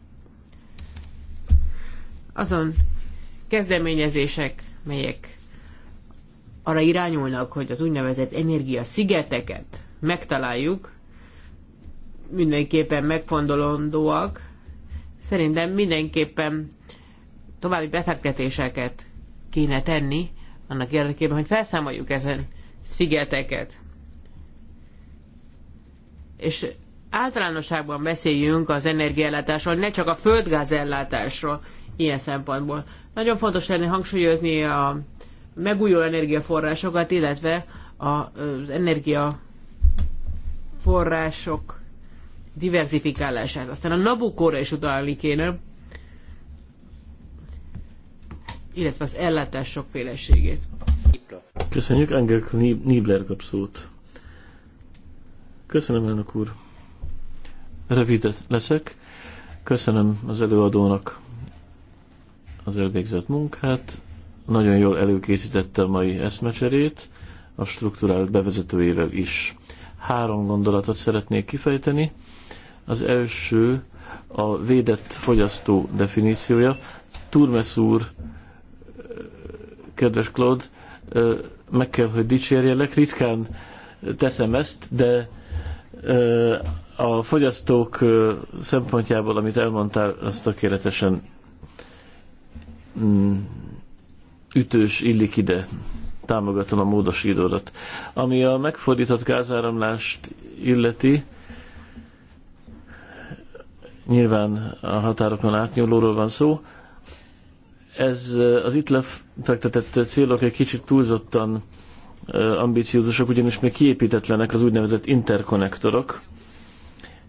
azon kezdeményezések, melyek arra irányulnak, hogy az úgynevezett szigeteket megtaláljuk, mindenképpen megfondolandóak. Szerintem mindenképpen további befektetéseket kéne tenni annak érdekében, hogy felszámoljuk ezen szigeteket. És általánosságban beszéljünk az energiaellátásról, ne csak a földgázellátásról ilyen szempontból. Nagyon fontos lenne hangsúlyozni a megújuló energiaforrásokat, illetve az energiaforrások diversifikálását. Aztán a Nabukóra is utalni kéne, illetve az ellátás sokféleségét. Köszönjük, Engel Nibler kap szót. Köszönöm, elnök úr. Rövid leszek. Köszönöm az előadónak az elvégzett munkát. Nagyon jól előkészítette a mai eszmecserét, a struktúrált bevezetőjével is. Három gondolatot szeretnék kifejteni. Az első a védett fogyasztó definíciója. Turmes úr, kedves Claude, meg kell, hogy dicsérjelek. Ritkán teszem ezt, de a fogyasztók szempontjából, amit elmondtál, az tökéletesen mm, ütős illik ide. Támogatom a módosítódat. Ami a megfordított gázáramlást illeti, nyilván a határokon átnyúlóról van szó. Ez eh, az itt lefektetett célok egy kicsit túlzottan eh, ambiciózusok, ugyanis még kiépítetlenek az úgynevezett interkonnektorok,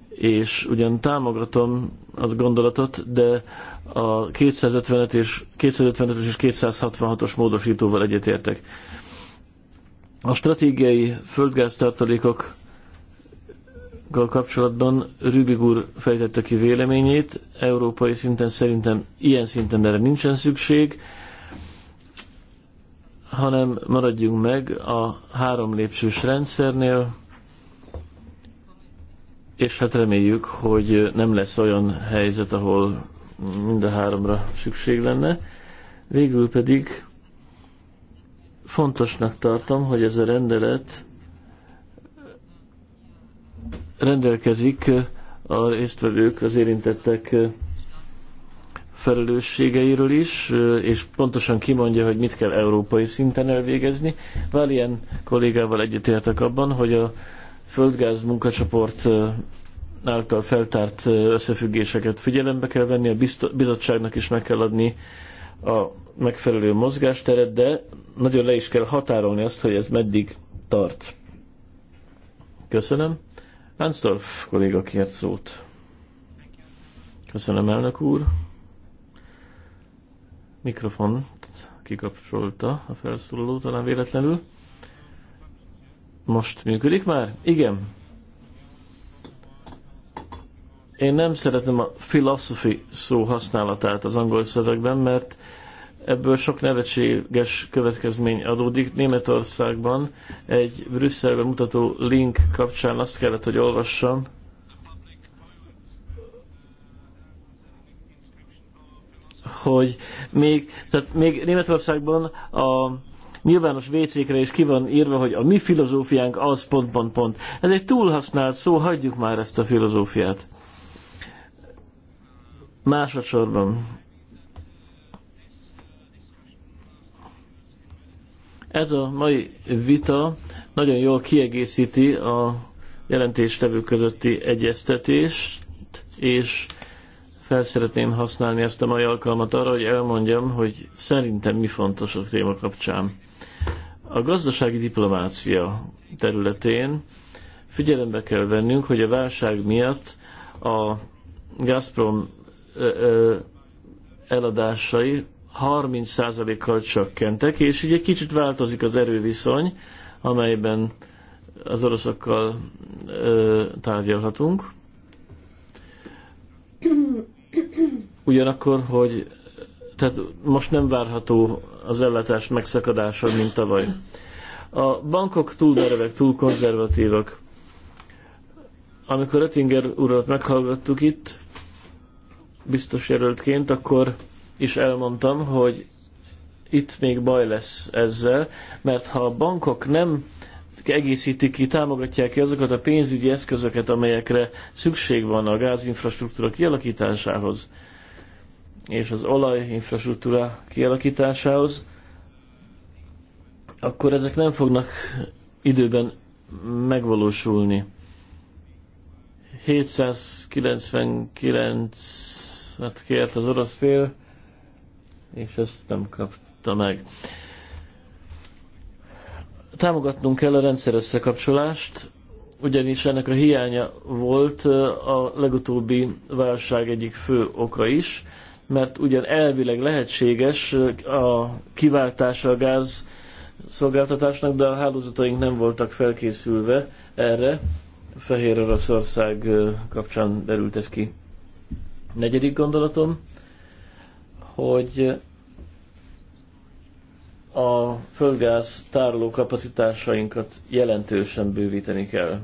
és ugyan támogatom a gondolatot, de a 255 és 255 és 266-os módosítóval egyetértek. A stratégiai földgáztartalékok kapcsolatban Rübig úr fejtette ki véleményét. Európai szinten szerintem ilyen szinten erre nincsen szükség, hanem maradjunk meg a három lépcsős rendszernél, és hát reméljük, hogy nem lesz olyan helyzet, ahol mind a háromra szükség lenne. Végül pedig fontosnak tartom, hogy ez a rendelet rendelkezik a résztvevők, az érintettek felelősségeiről is, és pontosan kimondja, hogy mit kell európai szinten elvégezni. Valien kollégával egyetértek abban, hogy a földgáz munkacsoport által feltárt összefüggéseket figyelembe kell venni, a bizottságnak is meg kell adni a megfelelő mozgásteret, de nagyon le is kell határolni azt, hogy ez meddig tart. Köszönöm. Lansdorf kolléga kért szót. Köszönöm, elnök úr. Mikrofon kikapcsolta a felszólaló, talán véletlenül. Most működik már? Igen. Én nem szeretem a philosophy szó használatát az angol szövegben, mert Ebből sok nevetséges következmény adódik. Németországban egy Brüsszelbe mutató link kapcsán azt kellett, hogy olvassam, hogy még, tehát még Németországban a nyilvános vécékre is ki van írva, hogy a mi filozófiánk az pont, pont, pont. Ez egy túlhasznált szó, hagyjuk már ezt a filozófiát. Másodszorban Ez a mai vita nagyon jól kiegészíti a jelentéstevő közötti egyeztetést, és felszeretném használni ezt a mai alkalmat arra, hogy elmondjam, hogy szerintem mi fontos a téma kapcsán. A gazdasági diplomácia területén figyelembe kell vennünk, hogy a válság miatt a Gazprom eladásai 30%-kal csökkentek, és így egy kicsit változik az erőviszony, amelyben az oroszokkal ö, tárgyalhatunk. Ugyanakkor, hogy tehát most nem várható az ellátás megszakadása, mint tavaly. A bankok túl derevek, túl konzervatívak. Amikor Ettinger urat meghallgattuk itt, biztos jelöltként, akkor is elmondtam, hogy itt még baj lesz ezzel, mert ha a bankok nem egészítik ki, támogatják ki azokat a pénzügyi eszközöket, amelyekre szükség van a gázinfrastruktúra kialakításához és az olajinfrastruktúra kialakításához, akkor ezek nem fognak időben megvalósulni. 799 hát kért az orosz fél, és ezt nem kapta meg. Támogatnunk kell a rendszer összekapcsolást, ugyanis ennek a hiánya volt a legutóbbi válság egyik fő oka is, mert ugyan elvileg lehetséges a kiváltása a gáz szolgáltatásnak, de a hálózataink nem voltak felkészülve erre. Fehér Oroszország kapcsán derült ez ki. Negyedik gondolatom, hogy a földgáz tároló kapacitásainkat jelentősen bővíteni kell.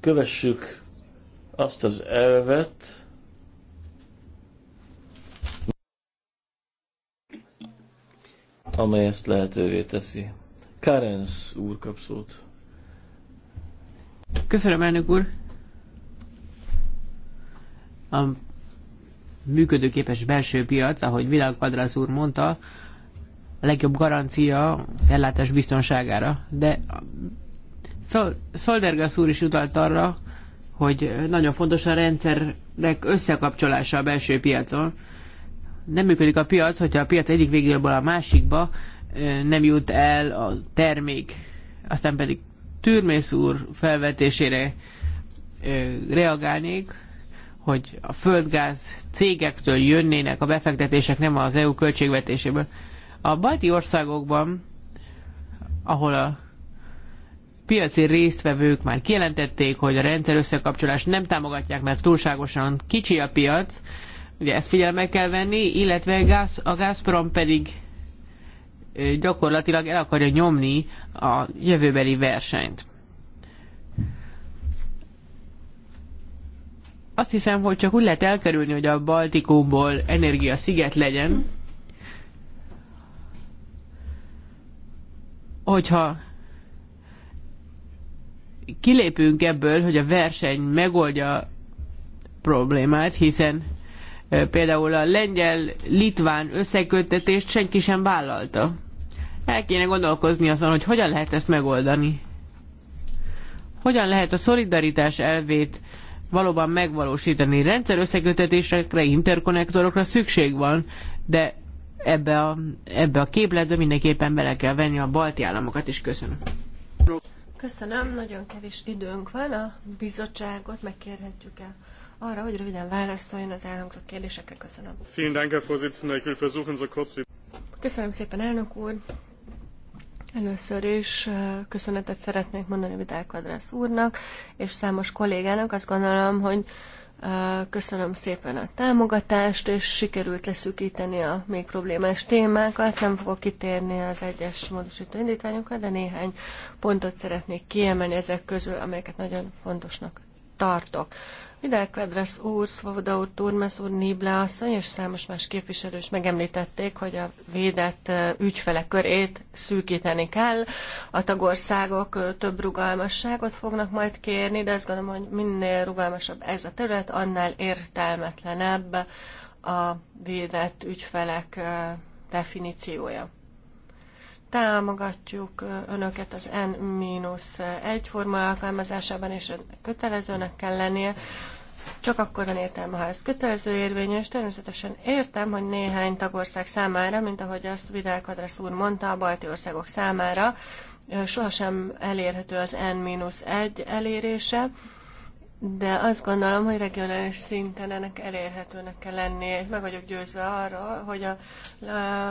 Kövessük azt az elvet, amely ezt lehetővé teszi. Karens úr kap szót. Köszönöm, elnök úr. A működőképes belső piac, ahogy Világ Padrász úr mondta, a legjobb garancia az ellátás biztonságára. De Szol Szoldergasz úr is utalt arra, hogy nagyon fontos a rendszerek összekapcsolása a belső piacon. Nem működik a piac, hogyha a piac egyik végéből a másikba nem jut el a termék. Aztán pedig Türmész úr felvetésére reagálnék, hogy a földgáz cégektől jönnének a befektetések, nem az EU költségvetéséből. A balti országokban, ahol a piaci résztvevők már kijelentették, hogy a rendszer összekapcsolást nem támogatják, mert túlságosan kicsi a piac, ugye ezt figyelembe kell venni, illetve a, Gáz, a Gazprom pedig gyakorlatilag el akarja nyomni a jövőbeli versenyt. Azt hiszem, hogy csak úgy lehet elkerülni, hogy a Baltikumból energia sziget legyen, hogyha kilépünk ebből, hogy a verseny megoldja problémát, hiszen például a lengyel-litván összeköttetést senki sem vállalta. El kéne gondolkozni azon, hogy hogyan lehet ezt megoldani. Hogyan lehet a szolidaritás elvét valóban megvalósítani. Rendszerösszekötetésekre, interkonnektorokra szükség van, de ebbe a, ebbe a képletbe mindenképpen bele kell venni a balti államokat is. Köszönöm. Köszönöm, nagyon kevés időnk van. A bizottságot megkérhetjük el arra, hogy röviden válaszoljon az elhangzott kérdésekre. Köszönöm. Köszönöm szépen, elnök úr. Először is köszönetet szeretnék mondani Vidal Kadrász úrnak, és számos kollégának. Azt gondolom, hogy köszönöm szépen a támogatást, és sikerült leszűkíteni a még problémás témákat. Nem fogok kitérni az egyes módosító indítványokat, de néhány pontot szeretnék kiemelni ezek közül, amelyeket nagyon fontosnak tartok. Vidal úr, Szvoboda úr, Turmes úr, Nibla asszony és számos más képviselő is megemlítették, hogy a védett ügyfelek körét szűkíteni kell. A tagországok több rugalmasságot fognak majd kérni, de azt gondolom, hogy minél rugalmasabb ez a terület, annál értelmetlenebb a védett ügyfelek definíciója támogatjuk önöket az N-1 forma alkalmazásában, és kötelezőnek kell lennie. Csak akkor van értelme, ha ez kötelező érvényű, és természetesen értem, hogy néhány tagország számára, mint ahogy azt Vidák Adrasz úr mondta, a balti országok számára, sohasem elérhető az N-1 elérése, de azt gondolom, hogy regionális szinten ennek elérhetőnek kell lennie. Meg vagyok győzve arról, hogy a,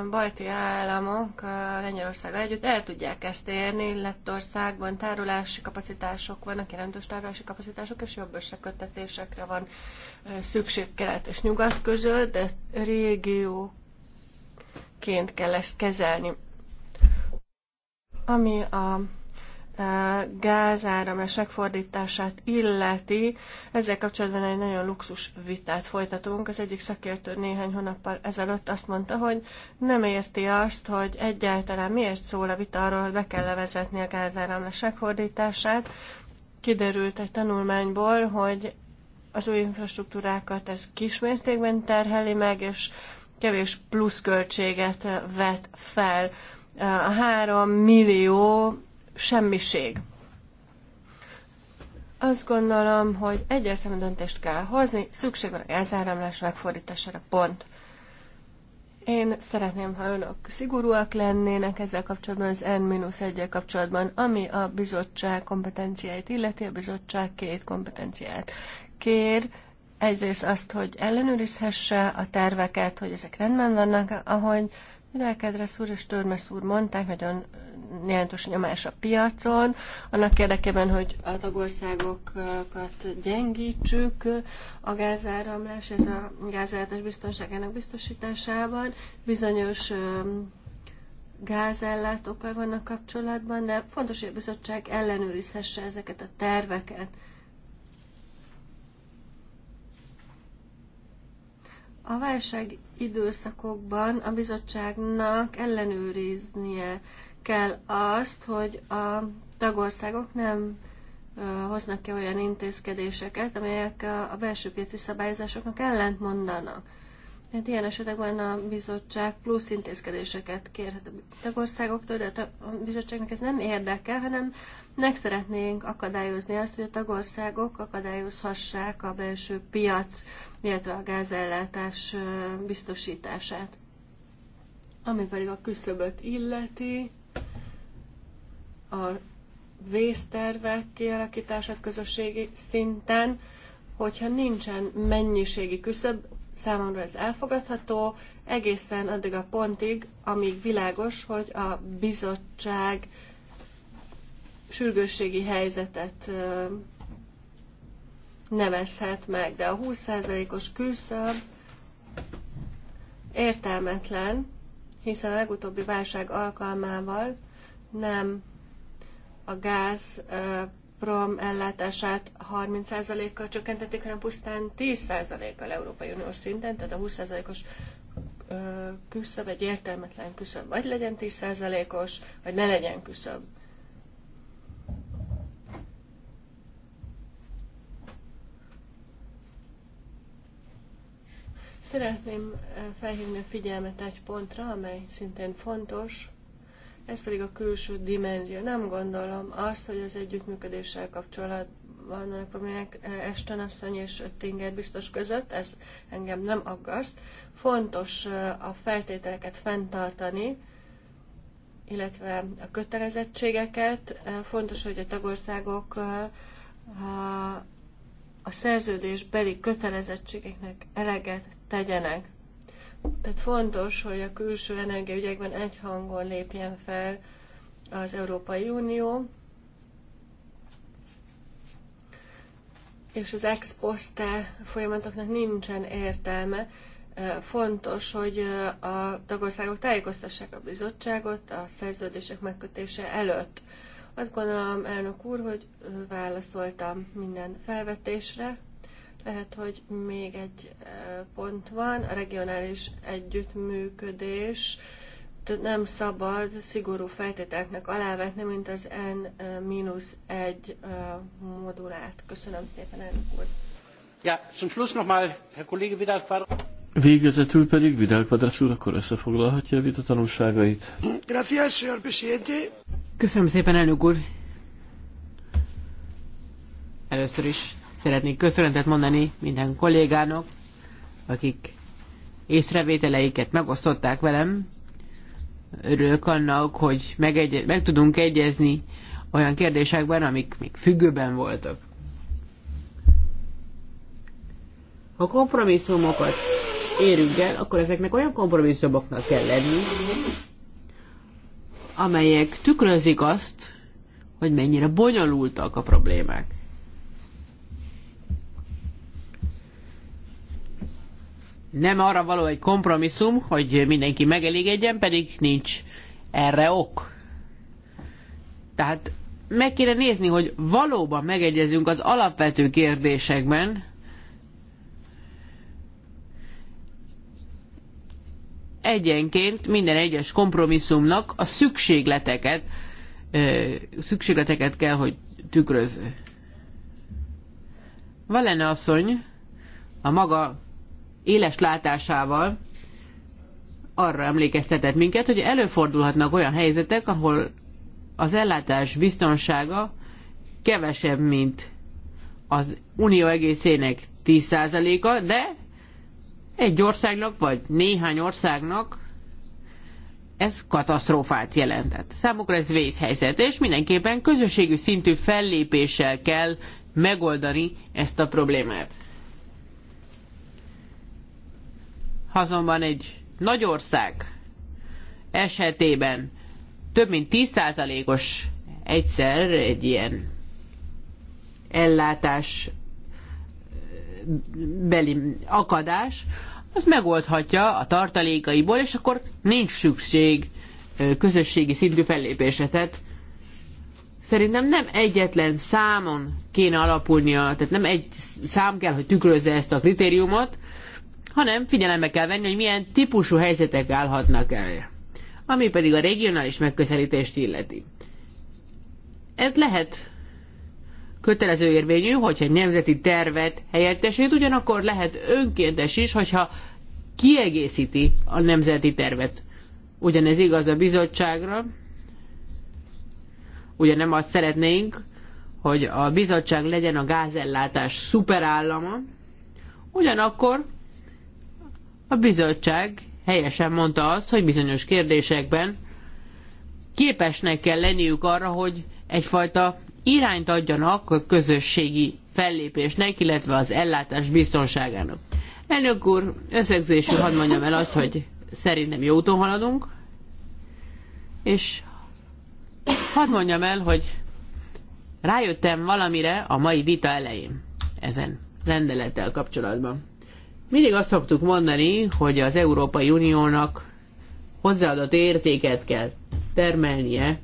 balti államok Lengyelországgal együtt el tudják ezt érni. Lettországban tárolási kapacitások vannak, jelentős tárolási kapacitások, és jobb összeköttetésekre van szükség kelet és nyugat között, de régióként kell ezt kezelni. Ami a gázáramlás megfordítását illeti. Ezzel kapcsolatban egy nagyon luxus vitát folytatunk. Az egyik szakértő néhány hónappal ezelőtt azt mondta, hogy nem érti azt, hogy egyáltalán miért szól a vita arról, hogy be kell levezetni a gázáramlás megfordítását. Kiderült egy tanulmányból, hogy az új infrastruktúrákat ez kismértékben terheli meg, és kevés pluszköltséget vet fel. A három millió semmiség. Azt gondolom, hogy egyértelmű döntést kell hozni, szükség van elzáramlás megfordítására, pont. Én szeretném, ha önök szigorúak lennének ezzel kapcsolatban, az N-1-el kapcsolatban, ami a bizottság kompetenciáit illeti, a bizottság két kompetenciát kér. Egyrészt azt, hogy ellenőrizhesse a terveket, hogy ezek rendben vannak, ahogy Vidákedre úr és Törmes úr mondták, nagyon jelentős nyomás a piacon, annak érdekében, hogy a tagországokat gyengítsük a gázáramlás, és a gázellátás biztonságának biztosításában. Bizonyos gázellátókkal vannak kapcsolatban, de fontos, hogy a bizottság ellenőrizhesse ezeket a terveket. A válság időszakokban a bizottságnak ellenőriznie kell azt, hogy a tagországok nem hoznak ki olyan intézkedéseket, amelyek a belső piaci szabályozásoknak ellent mondanak. Hát ilyen esetekben a bizottság plusz intézkedéseket kérhet a tagországoktól, de a bizottságnak ez nem érdekel, hanem meg szeretnénk akadályozni azt, hogy a tagországok akadályozhassák a belső piac, illetve a gázellátás biztosítását. Ami pedig a küszöböt illeti, a vésztervek kialakítása közösségi szinten, hogyha nincsen mennyiségi küszöb, számomra ez elfogadható, egészen addig a pontig, amíg világos, hogy a bizottság sürgősségi helyzetet nevezhet meg, de a 20%-os küszöb értelmetlen, hiszen a legutóbbi válság alkalmával nem a gáz prom ellátását 30%-kal csökkentették, hanem pusztán 10%-kal Európai Uniós szinten, tehát a 20%-os küszöb egy értelmetlen küszöb, vagy legyen 10%-os, vagy ne legyen küszöb. Szeretném eh, felhívni a figyelmet egy pontra, amely szintén fontos, ez pedig a külső dimenzió. Nem gondolom azt, hogy az együttműködéssel kapcsolatban vannak problémák eh, Esten asszony és Tinger biztos között, ez engem nem aggaszt. Fontos eh, a feltételeket fenntartani, illetve a kötelezettségeket. Fontos, hogy a tagországok a szerződés beli kötelezettségeknek eleget tegyenek. Tehát fontos, hogy a külső energiaügyekben egy hangon lépjen fel az Európai Unió, és az ex poste folyamatoknak nincsen értelme. Fontos, hogy a tagországok tájékoztassák a bizottságot a szerződések megkötése előtt. Azt gondolom, elnök úr, hogy válaszoltam minden felvetésre. Lehet, hogy még egy pont van, a regionális együttműködés. Tehát nem szabad szigorú feltételeknek alávetni, mint az N-1 modulát. Köszönöm szépen, elnök úr. Ja, zum Schluss nochmal, Herr Kollege Vidal Végezetül pedig Vidal Padres úr akkor összefoglalhatja a vita tanulságait. Köszönöm szépen, elnök úr! Először is szeretnék köszönetet mondani minden kollégának, akik észrevételeiket megosztották velem. Örülök annak, hogy megegye- meg tudunk egyezni olyan kérdésekben, amik még függőben voltak. A kompromisszumokat érünk el, akkor ezeknek olyan kompromisszumoknak kell lenni, amelyek tükrözik azt, hogy mennyire bonyolultak a problémák. Nem arra való egy kompromisszum, hogy mindenki megelégedjen, pedig nincs erre ok. Tehát meg kéne nézni, hogy valóban megegyezünk az alapvető kérdésekben, egyenként minden egyes kompromisszumnak a szükségleteket, szükségleteket kell, hogy tükrözze. Valene asszony a maga éles látásával arra emlékeztetett minket, hogy előfordulhatnak olyan helyzetek, ahol az ellátás biztonsága kevesebb, mint az unió egészének 10%-a, de egy országnak, vagy néhány országnak ez katasztrófát jelentett. Számukra ez vészhelyzet, és mindenképpen közösségű szintű fellépéssel kell megoldani ezt a problémát. Azonban egy nagy ország esetében több mint 10%-os egyszer egy ilyen ellátás beli akadás, az megoldhatja a tartalékaiból, és akkor nincs szükség közösségi szintű fellépésre. Tehát szerintem nem egyetlen számon kéne alapulnia, tehát nem egy szám kell, hogy tükrözze ezt a kritériumot, hanem figyelembe kell venni, hogy milyen típusú helyzetek állhatnak el. Ami pedig a regionális megközelítést illeti. Ez lehet kötelező érvényű, hogyha egy nemzeti tervet helyettesít, ugyanakkor lehet önkéntes is, hogyha kiegészíti a nemzeti tervet. Ugyanez igaz a bizottságra, ugye nem azt szeretnénk, hogy a bizottság legyen a gázellátás szuperállama, ugyanakkor a bizottság helyesen mondta azt, hogy bizonyos kérdésekben képesnek kell lenniük arra, hogy egyfajta irányt adjanak a közösségi fellépésnek, illetve az ellátás biztonságának. Elnök úr, összegzésül hadd mondjam el azt, hogy szerintem jó úton haladunk, és hadd mondjam el, hogy rájöttem valamire a mai vita elején ezen rendelettel kapcsolatban. Mindig azt szoktuk mondani, hogy az Európai Uniónak hozzáadott értéket kell termelnie,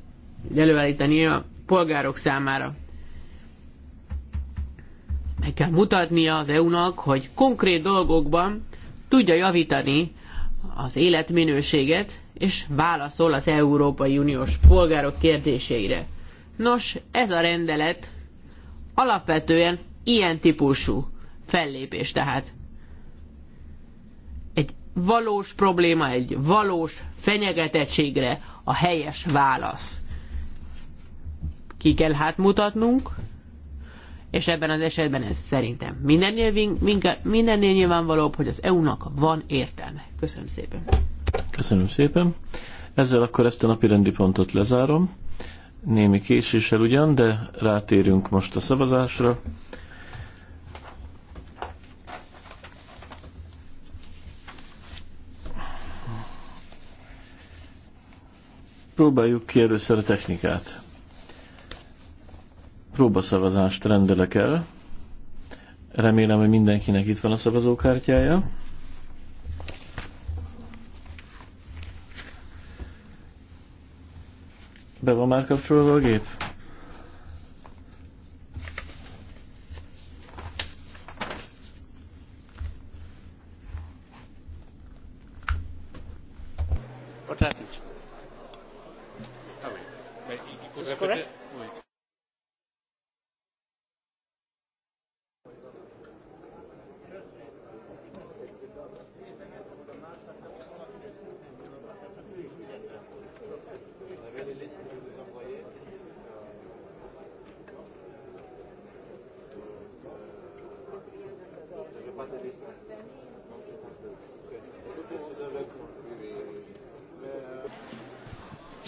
előállítania polgárok számára. Meg kell mutatnia az EU-nak, hogy konkrét dolgokban tudja javítani az életminőséget, és válaszol az Európai Uniós polgárok kérdéseire. Nos, ez a rendelet alapvetően ilyen típusú fellépés tehát. Egy valós probléma, egy valós fenyegetettségre a helyes válasz ki kell hát mutatnunk, és ebben az esetben ez szerintem mindennél, mindennél nyilvánvalóbb, hogy az EU-nak van értelme. Köszönöm szépen. Köszönöm szépen. Ezzel akkor ezt a napi rendi pontot lezárom. Némi késéssel ugyan, de rátérünk most a szavazásra. Próbáljuk ki először a technikát próbaszavazást rendelek el. Remélem, hogy mindenkinek itt van a szavazókártyája. Be van már kapcsolva a gép?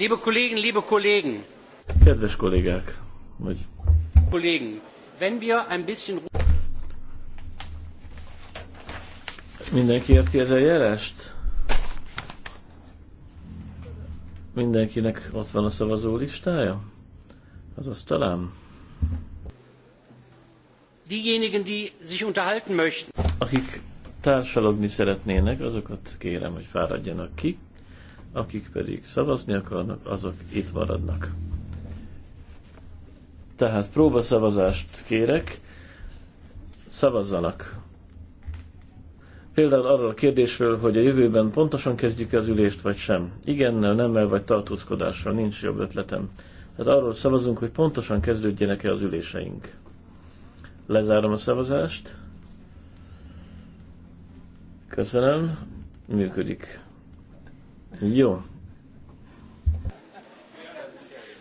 Liebe Kollegen, liebe Kollegen. Kedves kollégák, vagy... Kollégen, wenn wir ein bisschen... Mindenki érti ez eljárást? Mindenkinek ott van a szavazó listája? Azaz talán. Diejenigen, die sich unterhalten möchten. Akik társalogni szeretnének, azokat kérem, hogy fáradjanak ki akik pedig szavazni akarnak, azok itt maradnak. Tehát próbaszavazást kérek, szavazzanak. Például arról a kérdésről, hogy a jövőben pontosan kezdjük az ülést, vagy sem. Igennel, nemmel, vagy tartózkodással nincs jobb ötletem. Tehát arról szavazunk, hogy pontosan kezdődjenek-e az üléseink. Lezárom a szavazást. Köszönöm. Működik. Jó.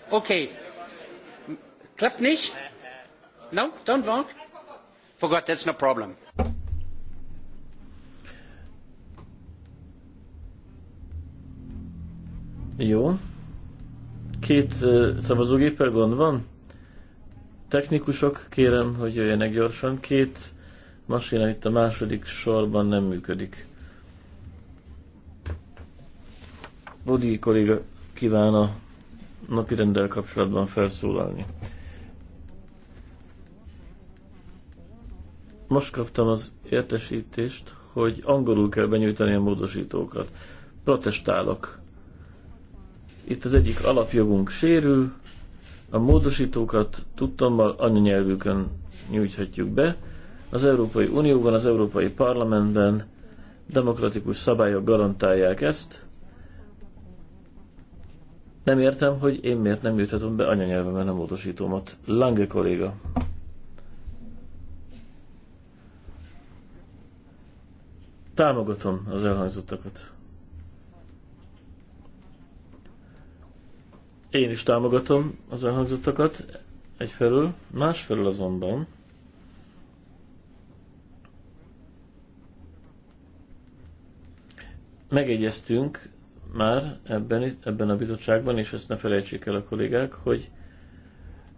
Oké. Okay. Klappt nicht? No, don't work. Forgot, that's no problem. Jó. Két uh, szavazógéppel gond van? Technikusok, kérem, hogy jöjjenek gyorsan. Két masina itt a második sorban nem működik. Rudi kolléga kíván a napi rendel kapcsolatban felszólalni. Most kaptam az értesítést, hogy angolul kell benyújtani a módosítókat. Protestálok. Itt az egyik alapjogunk sérül, a módosítókat tudtommal anyanyelvükön nyújthatjuk be. Az Európai Unióban, az Európai Parlamentben demokratikus szabályok garantálják ezt, nem értem, hogy én miért nem jutatom be anyanyelvemen a módosítómat. Lange kolléga. Támogatom az elhangzottakat. Én is támogatom az elhangzottakat egyfelől, másfelől azonban megegyeztünk már ebben, ebben a bizottságban, és ezt ne felejtsék el a kollégák, hogy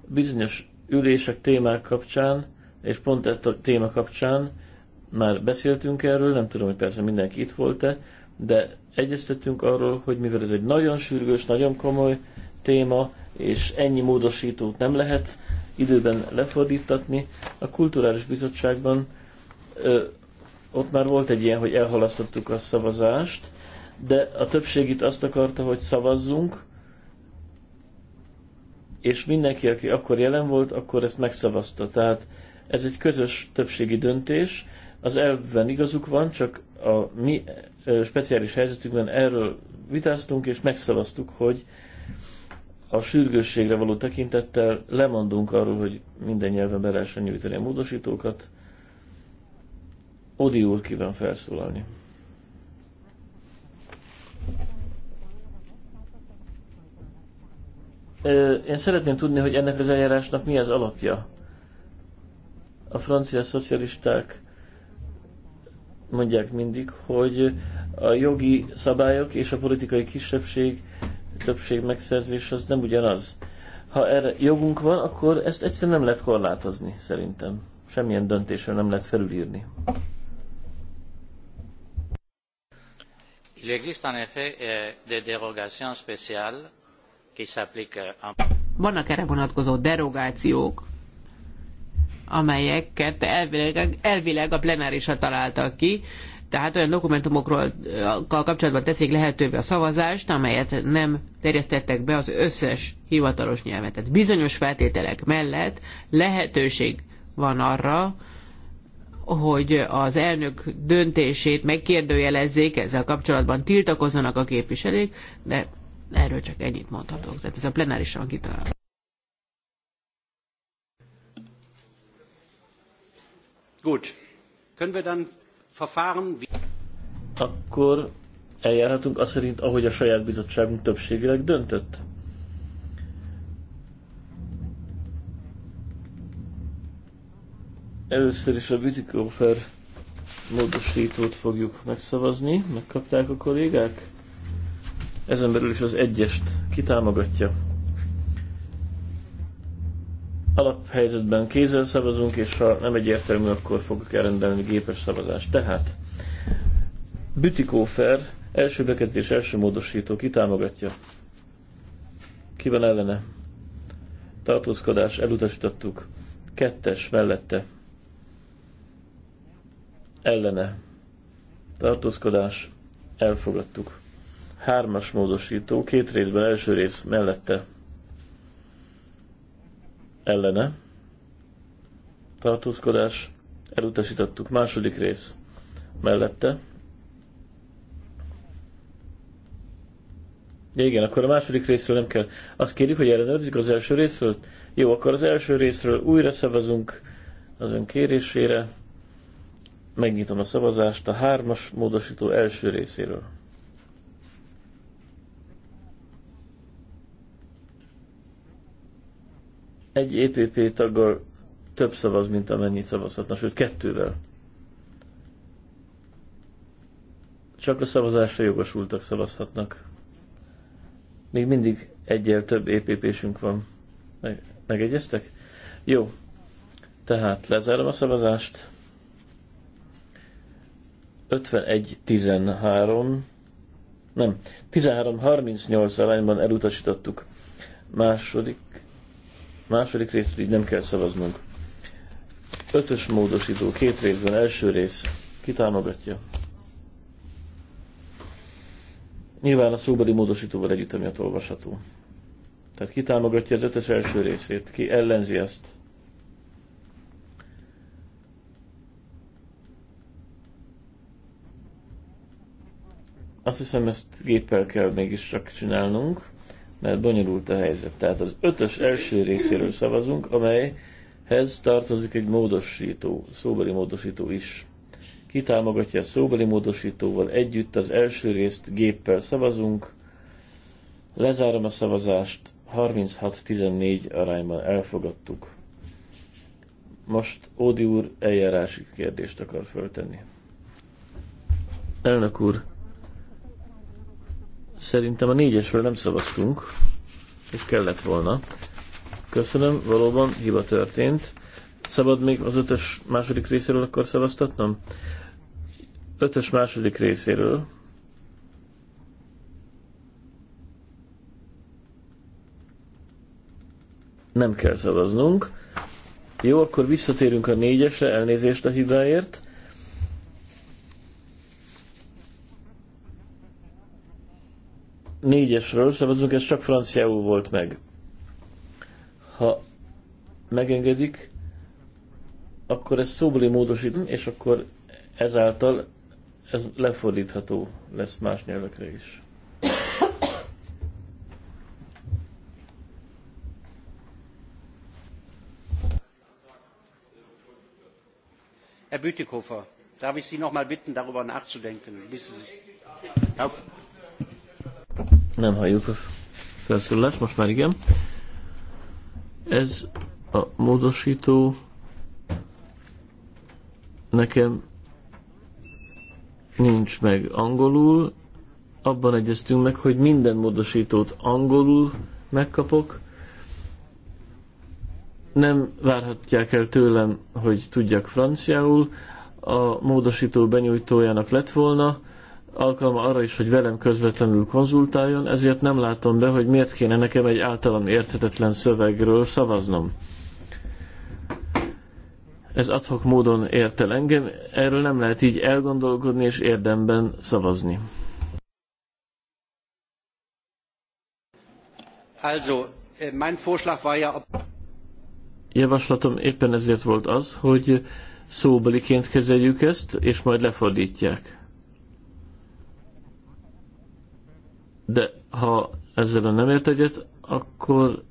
bizonyos ülések, témák kapcsán, és pont ezt a téma kapcsán már beszéltünk erről, nem tudom, hogy persze mindenki itt volt-e, de egyeztettünk arról, hogy mivel ez egy nagyon sürgős, nagyon komoly téma, és ennyi módosítót nem lehet időben lefordítatni, a Kulturális Bizottságban ö, ott már volt egy ilyen, hogy elhalasztottuk a szavazást, de a többség itt azt akarta, hogy szavazzunk, és mindenki, aki akkor jelen volt, akkor ezt megszavazta. Tehát ez egy közös többségi döntés, az elvben igazuk van, csak a mi speciális helyzetünkben erről vitáztunk, és megszavaztuk, hogy a sürgősségre való tekintettel lemondunk arról, hogy minden nyelven be lehessen nyújtani a módosítókat. Odi úr kíván felszólalni. Én szeretném tudni, hogy ennek az eljárásnak mi az alapja. A francia szocialisták mondják mindig, hogy a jogi szabályok és a politikai kisebbség többség megszerzés az nem ugyanaz. Ha erre jogunk van, akkor ezt egyszerűen nem lehet korlátozni, szerintem. Semmilyen döntésre nem lehet felülírni. Il existe en effet euh, des dérogations spéciales vannak erre vonatkozó derogációk, amelyeket elvileg, elvileg a plenárisra találtak ki, tehát olyan dokumentumokról kapcsolatban teszik lehetővé a szavazást, amelyet nem terjesztettek be az összes hivatalos nyelvet. Tehát bizonyos feltételek mellett lehetőség van arra, hogy az elnök döntését megkérdőjelezzék, ezzel kapcsolatban tiltakozzanak a képviselők, de Erről csak ennyit mondhatok, tehát ez a plenárisan kitalált. Gut. Können wir dann verfahren wie... Akkor eljárhatunk azt szerint, ahogy a saját bizottságunk többségileg döntött? Először is a Bütikofer módosítót fogjuk megszavazni. Megkapták a kollégák? ezen belül is az egyest kitámogatja. Alaphelyzetben kézzel szavazunk, és ha nem egyértelmű, akkor fogok elrendelni gépes szavazást. Tehát Bütikófer első bekezdés első módosító kitámogatja. Ki van ellene? Tartózkodás elutasítottuk. Kettes mellette. Ellene. Tartózkodás elfogadtuk Hármas módosító, két részben első rész mellette ellene tartózkodás, elutasítottuk második rész mellette. Ja, igen, akkor a második részről nem kell. Azt kérjük, hogy ellenőrizzük az első részről. Jó, akkor az első részről újra szavazunk az ön kérésére. Megnyitom a szavazást a hármas módosító első részéről. egy EPP taggal több szavaz, mint amennyit szavazhatna, sőt kettővel. Csak a szavazásra jogosultak szavazhatnak. Még mindig egyel több EPP-sünk van. Meg, megegyeztek? Jó. Tehát lezárom a szavazást. 51-13, nem, 13-38 arányban elutasítottuk. Második Második részt így nem kell szavaznunk. Ötös módosító, két részben, első rész. Ki támogatja? Nyilván a szóbeli módosítóval együtt, ami a olvasható. Tehát ki támogatja az ötös első részét, ki ellenzi ezt. Azt hiszem, ezt géppel kell mégiscsak csinálnunk mert bonyolult a helyzet. Tehát az ötös első részéről szavazunk, amelyhez tartozik egy módosító, szóbeli módosító is. Ki támogatja a szóbeli módosítóval együtt az első részt géppel szavazunk. Lezárom a szavazást, 36-14 arányban elfogadtuk. Most Ódi úr eljárási kérdést akar föltenni. Elnök úr, Szerintem a négyesről nem szavaztunk, és kellett volna. Köszönöm, valóban hiba történt. Szabad még az ötös második részéről akkor szavaztatnom? Ötös második részéről. Nem kell szavaznunk. Jó, akkor visszatérünk a négyesre, elnézést a hibáért. négyesről szavazunk, ez csak franciául volt meg. Ha megengedik, akkor ez szóbeli módosít, és akkor ezáltal ez lefordítható lesz más nyelvekre is. Herr Bütikofer, darf ich Sie noch mal bitten, darüber nachzudenken, bis Sie sich... Nem halljuk a felszólalást, most már igen. Ez a módosító nekem nincs meg angolul. Abban egyeztünk meg, hogy minden módosítót angolul megkapok. Nem várhatják el tőlem, hogy tudjak franciául. A módosító benyújtójának lett volna alkalma arra is, hogy velem közvetlenül konzultáljon, ezért nem látom be, hogy miért kéne nekem egy általam érthetetlen szövegről szavaznom. Ez adhok módon érte engem, erről nem lehet így elgondolkodni és érdemben szavazni. Also, äh, mein Vorschlag war ja... Javaslatom éppen ezért volt az, hogy szóbeliként kezeljük ezt, és majd lefordítják. De ha ezzel nem ért egyet, akkor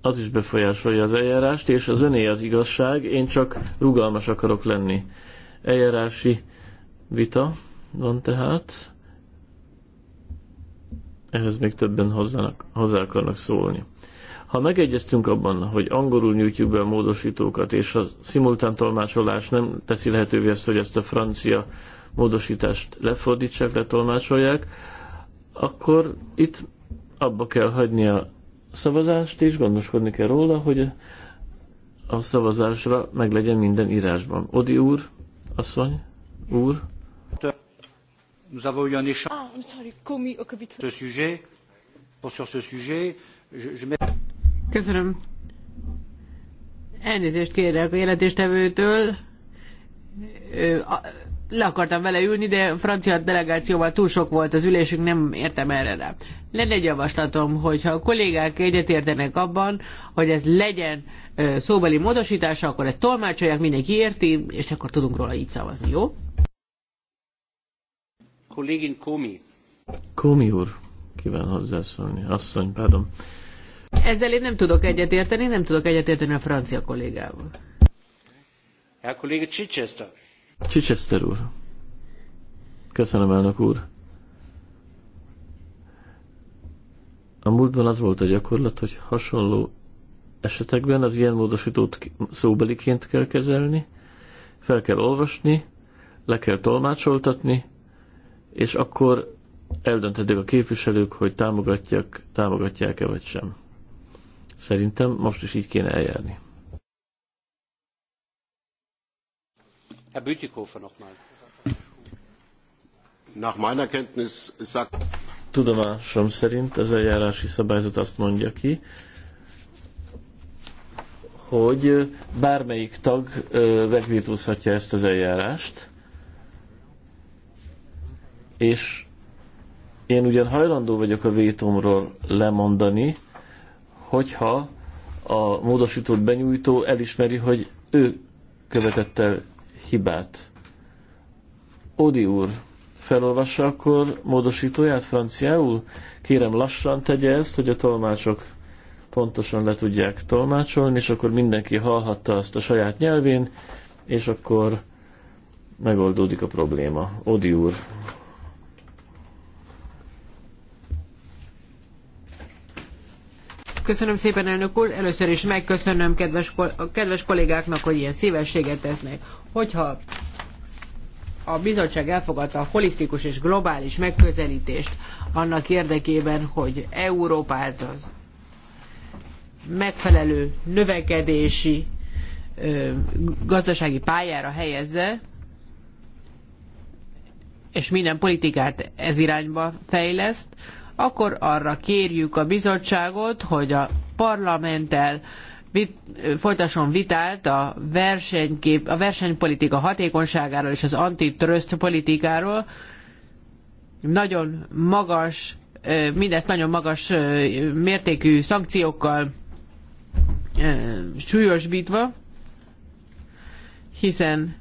az is befolyásolja az eljárást, és az zené az igazság, én csak rugalmas akarok lenni. Eljárási vita van tehát, ehhez még többen hozzának, hozzá akarnak szólni. Ha megegyeztünk abban, hogy angolul nyújtjuk be a módosítókat, és a szimultán tolmácsolás nem teszi lehetővé ezt, hogy ezt a francia módosítást lefordítsák, letolmácsolják, akkor itt abba kell hagyni a szavazást, és gondoskodni kell róla, hogy a szavazásra meglegyen minden írásban. Odi úr, asszony, úr. Nous avons eu un échange ah, ce sujet. Sur ce sujet, je, je Köszönöm. Elnézést kérek a jelentéstevőtől. a, le akartam vele ülni, de francia delegációval túl sok volt az ülésünk, nem értem erre rá. Lenne egy javaslatom, hogyha a kollégák egyetértenek abban, hogy ez legyen szóbeli módosítása, akkor ezt tolmácsolják, mindenki érti, és akkor tudunk róla így szavazni, jó? Kollégin Komi. Komi úr, kíván hozzászólni. Asszony, pardon. Ezzel én nem tudok egyetérteni, nem tudok egyetérteni a francia kollégával. Herr Kollege Chichester. Csicseszter úr. Köszönöm, elnök úr. A múltban az volt a gyakorlat, hogy hasonló esetekben az ilyen módosítót szóbeliként kell kezelni, fel kell olvasni, le kell tolmácsoltatni, és akkor eldönthetik a képviselők, hogy támogatják, támogatják-e vagy sem. Szerintem most is így kéne eljárni. Herr Bütikofer nochmal. Nach meiner Kenntnis sagt... Tudomásom szerint az eljárási szabályzat azt mondja ki, hogy bármelyik tag megvétózhatja ezt az eljárást, és én ugyan hajlandó vagyok a vétómról lemondani, hogyha a módosítót benyújtó elismeri, hogy ő követette hibát. Odi úr, felolvassa akkor módosítóját franciául? Kérem lassan tegye ezt, hogy a tolmácsok pontosan le tudják tolmácsolni, és akkor mindenki hallhatta azt a saját nyelvén, és akkor megoldódik a probléma. Odi úr. Köszönöm szépen, elnök úr. Először is megköszönöm kedves, kedves kollégáknak, hogy ilyen szívességet tesznek. Hogyha a bizottság elfogadta a holisztikus és globális megközelítést annak érdekében, hogy Európát az megfelelő növekedési ö, gazdasági pályára helyezze, és minden politikát ez irányba fejleszt, akkor arra kérjük a bizottságot, hogy a parlamenttel vit, folytasson vitát a, versenykép, a versenypolitika hatékonyságáról és az antitrust politikáról. Nagyon magas, mindezt nagyon magas mértékű szankciókkal súlyosbítva, hiszen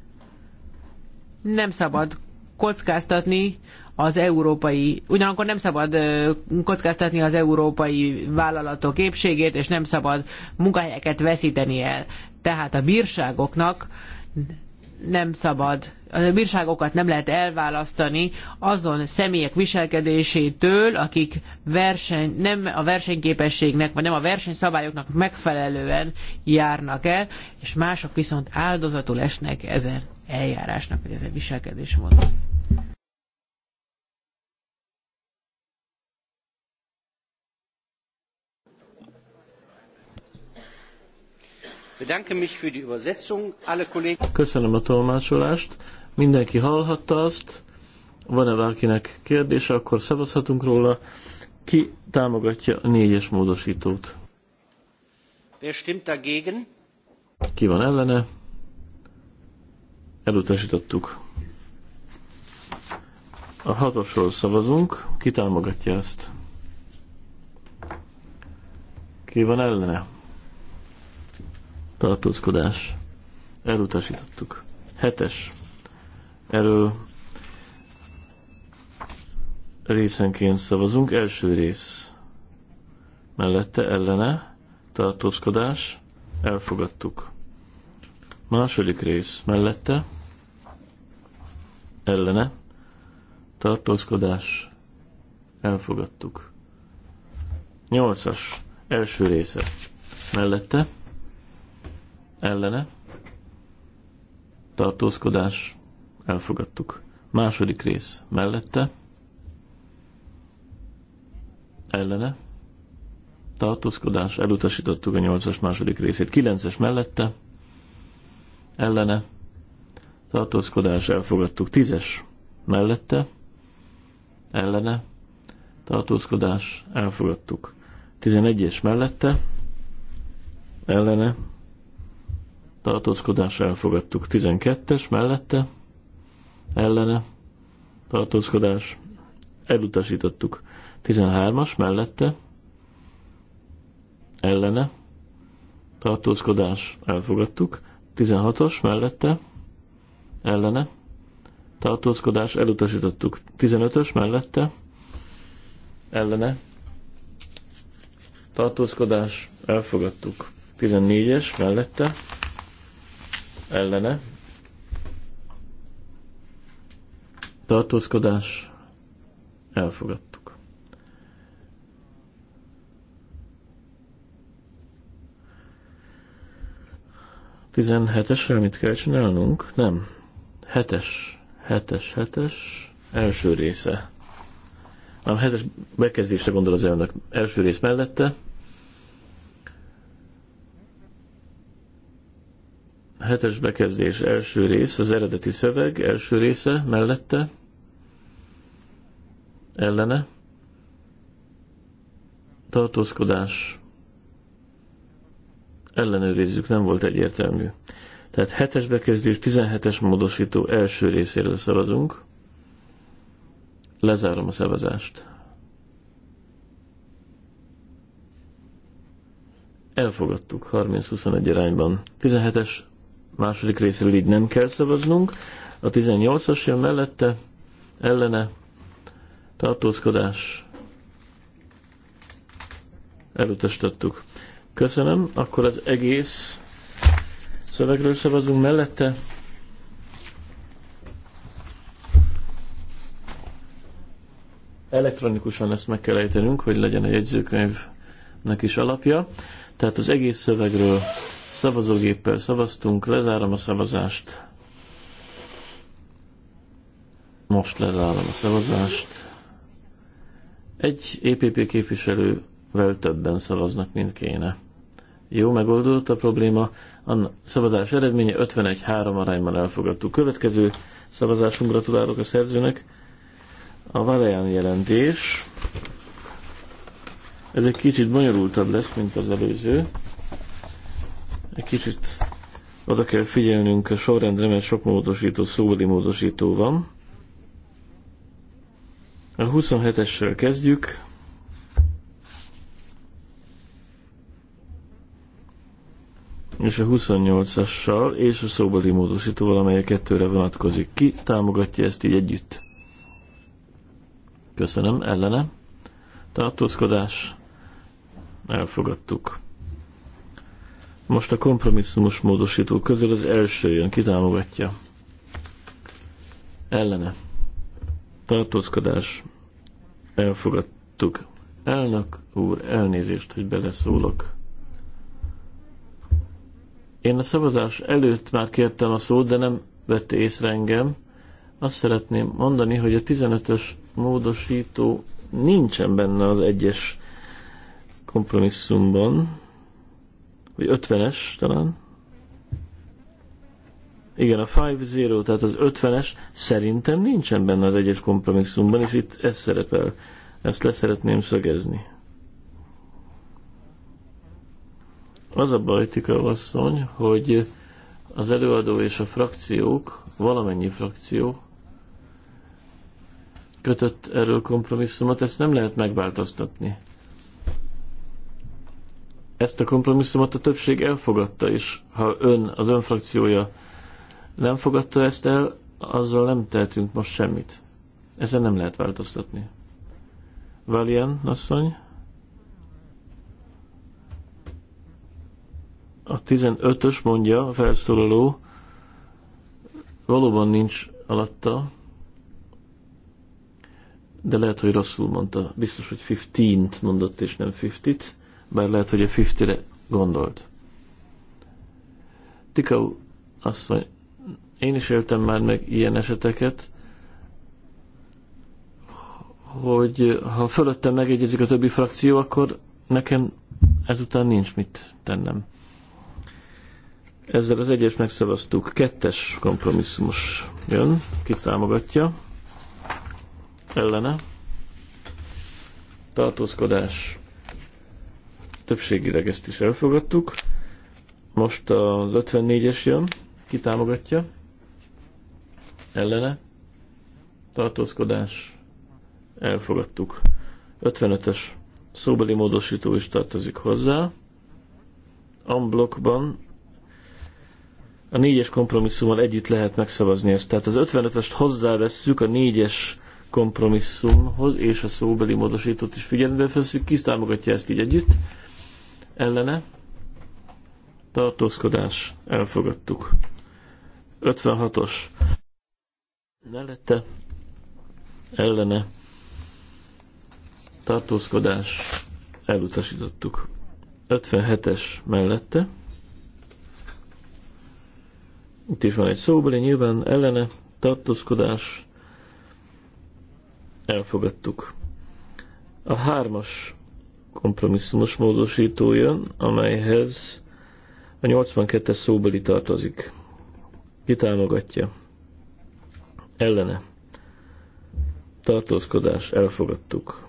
nem szabad kockáztatni az európai, ugyanakkor nem szabad kockáztatni az európai vállalatok épségét, és nem szabad munkahelyeket veszíteni el. Tehát a bírságoknak nem szabad, a bírságokat nem lehet elválasztani azon személyek viselkedésétől, akik verseny, nem a versenyképességnek, vagy nem a versenyszabályoknak megfelelően járnak el, és mások viszont áldozatul esnek ezen eljárásnak, vagy ezen viselkedésmódnak. Köszönöm a tolmácsolást. Mindenki hallhatta azt. Van-e bárkinek kérdése, akkor szavazhatunk róla. Ki támogatja a négyes módosítót? Wer stimmt dagegen? Ki van ellene? Elutasítottuk. A hatosról szavazunk. Ki támogatja ezt? Ki van ellene? tartózkodás elutasítottuk. Hetes. Erről részenként szavazunk. Első rész mellette ellene tartózkodás elfogadtuk. Második rész mellette ellene tartózkodás elfogadtuk. Nyolcas első része mellette ellene tartózkodás elfogadtuk. Második rész mellette ellene tartózkodás elutasítottuk a nyolcas második részét. Kilences mellette ellene tartózkodás elfogadtuk. Tízes mellette ellene tartózkodás elfogadtuk. Tizenegyes mellette ellene tartózkodás elfogadtuk. 12-es mellette ellene tartózkodás elutasítottuk. 13-as mellette ellene tartózkodás elfogadtuk. 16-os mellette ellene tartózkodás elutasítottuk. 15-ös mellette ellene tartózkodás elfogadtuk. 14-es mellette ellene. Tartózkodás elfogadtuk. Tizenhetesre mit kell csinálnunk? Nem. Hetes, hetes, hetes, első része. Nem, hetes bekezdésre gondol az elnök. Első rész mellette, hetes bekezdés első rész, az eredeti szöveg első része mellette, ellene, tartózkodás, ellenőrizzük, nem volt egyértelmű. Tehát hetes bekezdés, 17-es módosító első részéről szavazunk. Lezárom a szavazást. Elfogadtuk 30-21 irányban. 17-es második részről így nem kell szavaznunk. A 18-as jön mellette, ellene, tartózkodás, elutasítottuk. Köszönöm, akkor az egész szövegről szavazunk mellette. Elektronikusan ezt meg kell ejtenünk, hogy legyen a jegyzőkönyvnek is alapja. Tehát az egész szövegről Szavazógéppel szavaztunk, lezárom a szavazást. Most lezárom a szavazást. Egy EPP képviselővel többen szavaznak, mint kéne. Jó, megoldódott a probléma. A szavazás eredménye 51-3 arányban elfogadtuk. Következő szavazásunk gratulálok a szerzőnek. A Valéán jelentés. Ez egy kicsit bonyolultabb lesz, mint az előző. Egy kicsit oda kell figyelnünk a sorrendre, mert sok módosító, szóbeli módosító van. A 27-essel kezdjük. és a 28-assal és a szóbeli módosítóval, amely a kettőre vonatkozik. Ki támogatja ezt így együtt? Köszönöm, ellene. Tartózkodás. Elfogadtuk. Most a kompromisszumos módosító közül az első jön, támogatja. Ellene. Tartózkodás. Elfogadtuk. Elnök úr, elnézést, hogy beleszólok. Én a szavazás előtt már kértem a szót, de nem vette észre engem. Azt szeretném mondani, hogy a 15-ös módosító nincsen benne az egyes kompromisszumban vagy 50-es talán. Igen, a 5-0, tehát az 50-es szerintem nincsen benne az egyes kompromisszumban, és itt ez szerepel. Ezt leszeretném szögezni. Az a bajtika asszony, hogy az előadó és a frakciók, valamennyi frakció kötött erről kompromisszumot, ezt nem lehet megváltoztatni ezt a kompromisszumot a többség elfogadta, és ha ön, az ön frakciója nem fogadta ezt el, azzal nem tehetünk most semmit. Ezen nem lehet változtatni. Valian asszony? A 15-ös mondja a felszólaló, valóban nincs alatta, de lehet, hogy rosszul mondta. Biztos, hogy 15-t mondott, és nem 50-t bár lehet, hogy a 50-re gondolt. Tikau azt mondja, én is éltem már meg ilyen eseteket, hogy ha fölöttem megegyezik a többi frakció, akkor nekem ezután nincs mit tennem. Ezzel az egyes megszavaztuk. Kettes kompromisszumos jön, kiszámogatja. Ellene. Tartózkodás többségileg ezt is elfogadtuk. Most az 54-es jön, ki támogatja? Ellene? Tartózkodás? Elfogadtuk. 55-es szóbeli módosító is tartozik hozzá. Unblockban a négyes kompromisszummal együtt lehet megszavazni ezt. Tehát az 55-est hozzávesszük a négyes kompromisszumhoz, és a szóbeli módosítót is figyelembe veszük. Ki támogatja ezt így együtt? ellene tartózkodás elfogadtuk. 56-os mellette ellene tartózkodás elutasítottuk. 57-es mellette itt is van egy szóbeli, nyilván ellene tartózkodás elfogadtuk. A hármas kompromisszumos módosító jön, amelyhez a 82-es szóbeli tartozik. Ki támogatja? Ellene. Tartózkodás, elfogadtuk.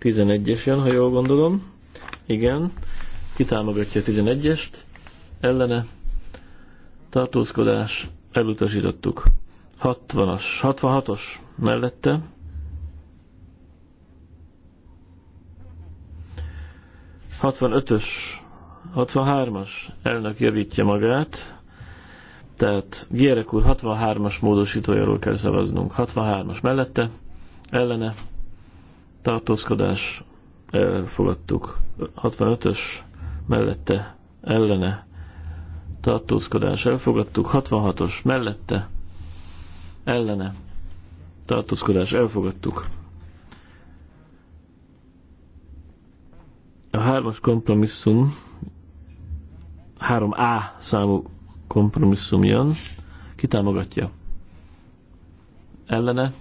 11-es jön, ha jól gondolom. Igen. Ki támogatja a 11-est? Ellene. Tartózkodás, elutasítottuk. 60-as, 66-os mellette 65-ös, 63-as elnök javítja magát, tehát Gérek úr 63-as módosítójáról kell szavaznunk. 63-as mellette, ellene, tartózkodás, elfogadtuk. 65-ös mellette, ellene, tartózkodás, elfogadtuk. 66-os mellette, ellene, tartózkodás, elfogadtuk. A hármas kompromisszum, 3A számú kompromisszum jön. Ki támogatja? Ellene?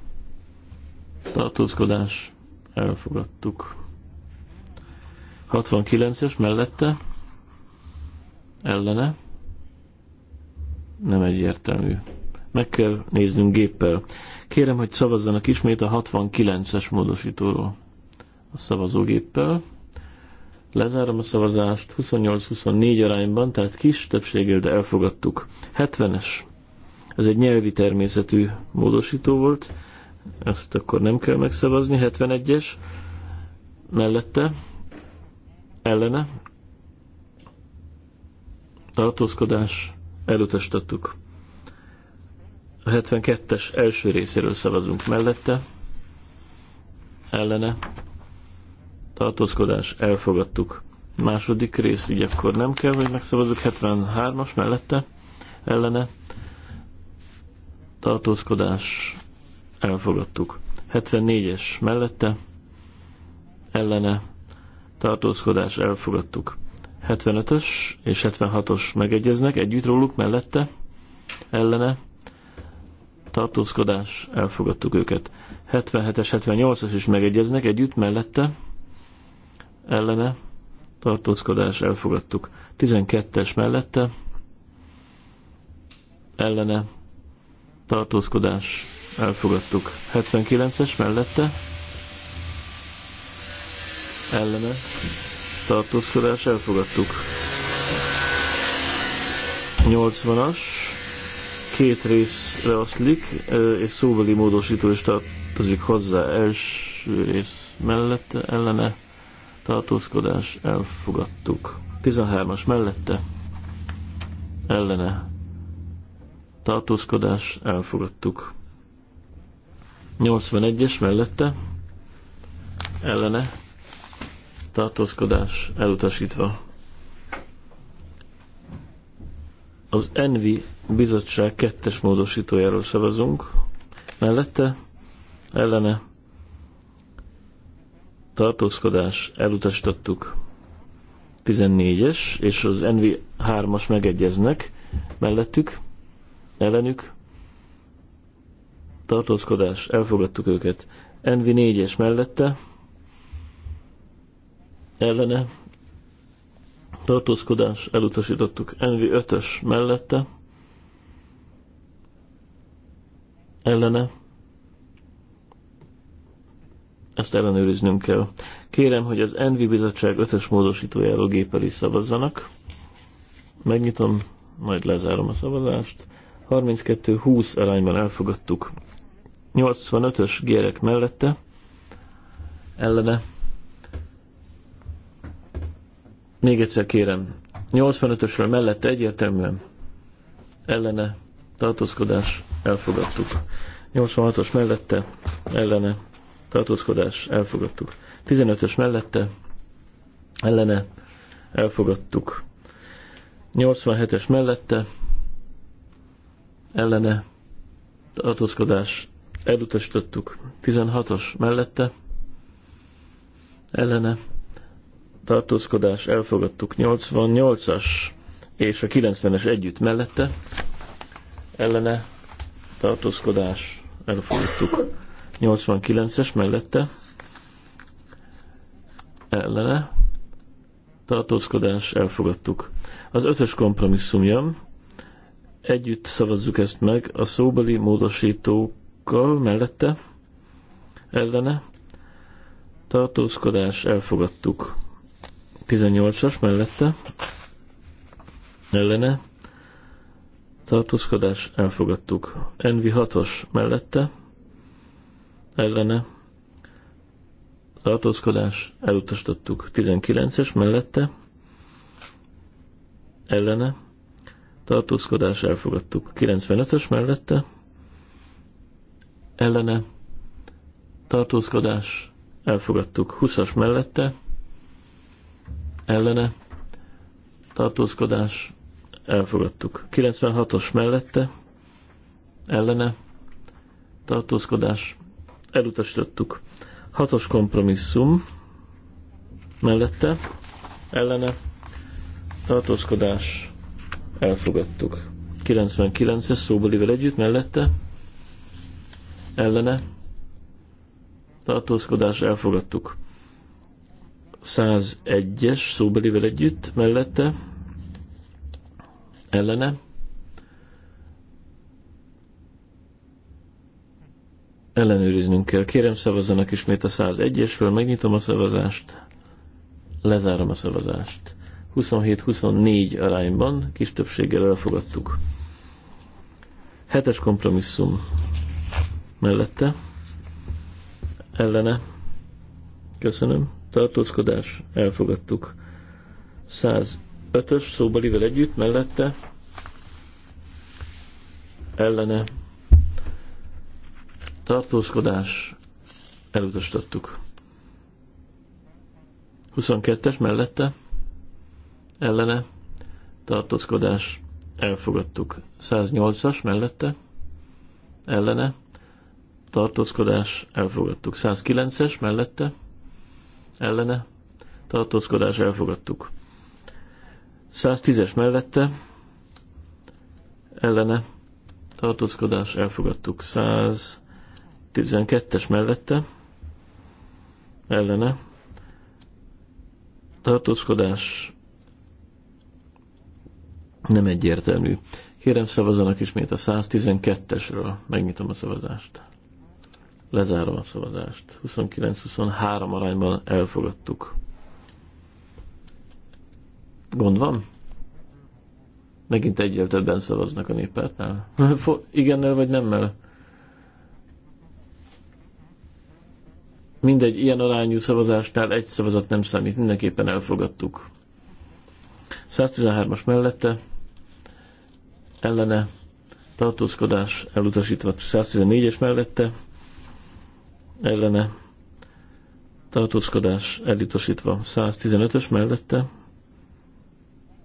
Tartózkodás. Elfogadtuk. 69-es mellette. Ellene. Nem egyértelmű. Meg kell néznünk géppel. Kérem, hogy szavazzanak ismét a 69-es módosítóról a szavazógéppel. Lezárom a szavazást 28-24 arányban, tehát kis többséggel, de elfogadtuk. 70-es. Ez egy nyelvi természetű módosító volt, ezt akkor nem kell megszavazni. 71-es mellette, ellene, tartózkodás, elutasítottuk. A 72-es első részéről szavazunk mellette, ellene, tartózkodás, elfogadtuk. Második rész, így akkor nem kell, hogy megszavazzuk 73-as mellette, ellene, tartózkodás, elfogadtuk. 74-es mellette, ellene, tartózkodás, elfogadtuk. 75-ös és 76-os megegyeznek, együtt róluk mellette, ellene, tartózkodás, elfogadtuk őket. 77-es, 78-as is megegyeznek, együtt mellette, ellene tartózkodás elfogadtuk. 12-es mellette ellene tartózkodás elfogadtuk. 79-es mellette ellene tartózkodás elfogadtuk. 80-as két részre oszlik, és szóbeli módosító is tartozik hozzá első rész mellette ellene tartózkodás elfogadtuk. 13-as mellette ellene tartózkodás elfogadtuk. 81-es mellette ellene tartózkodás elutasítva. Az Envi bizottság kettes módosítójáról szavazunk. Mellette ellene tartózkodás elutasítottuk 14-es, és az NV3-as megegyeznek mellettük, ellenük, tartózkodás, elfogadtuk őket. NV4-es mellette, ellene, tartózkodás, elutasítottuk. NV5-ös mellette, ellene, ezt ellenőriznünk kell. Kérem, hogy az Envi Bizottság ötös módosítójáról géppel is szavazzanak. Megnyitom, majd lezárom a szavazást. 32-20 arányban elfogadtuk. 85-ös gyerek mellette, ellene. Még egyszer kérem, 85-ösről mellette egyértelműen ellene tartózkodás elfogadtuk. 86-os mellette ellene tartózkodás, elfogadtuk. 15-ös mellette, ellene, elfogadtuk. 87-es mellette, ellene, tartózkodás, elutasítottuk. 16-os mellette, ellene, tartózkodás, elfogadtuk. 88-as és a 90-es együtt mellette, ellene, tartózkodás, elfogadtuk. 89-es mellette ellene tartózkodás elfogadtuk. Az ötös jön. együtt szavazzuk ezt meg a szóbeli módosítókkal mellette ellene tartózkodás elfogadtuk. 18-as mellette ellene tartózkodás elfogadtuk. Envi 6-os mellette ellene tartózkodás, elutasítottuk 19-es mellette, ellene tartózkodás, elfogadtuk 95-ös mellette, ellene tartózkodás, elfogadtuk 20-as mellette, ellene tartózkodás, elfogadtuk 96-os mellette, ellene tartózkodás, elutasítottuk. Hatos kompromisszum mellette ellene tartózkodás elfogadtuk. 99-es szóbelivel együtt mellette ellene tartózkodás elfogadtuk. 101-es szóbelivel együtt mellette ellene ellenőriznünk kell. Kérem szavazzanak ismét a 101 föl megnyitom a szavazást, lezárom a szavazást. 27-24 arányban kis többséggel elfogadtuk. Hetes kompromisszum mellette, ellene, köszönöm, tartózkodás, elfogadtuk. 105-ös szóbalivel együtt, mellette, ellene, tartózkodás, elutasítottuk. 22-es mellette, ellene, tartózkodás, elfogadtuk. 108-as mellette, ellene, tartózkodás, elfogadtuk. 109-es mellette, ellene, tartózkodás, elfogadtuk. 110-es mellette, ellene, tartózkodás, elfogadtuk. 100 12-es mellette ellene tartózkodás nem egyértelmű. Kérem szavazanak ismét a 112-esről. Megnyitom a szavazást. Lezárom a szavazást. 29-23 arányban elfogadtuk. Gond van? Megint egyel többen szavaznak a néppártnál? Igen, vagy nemmel? mindegy ilyen arányú szavazásnál egy szavazat nem számít, mindenképpen elfogadtuk. 113-as mellette ellene tartózkodás elutasítva 114-es mellette ellene tartózkodás elutasítva 115-ös mellette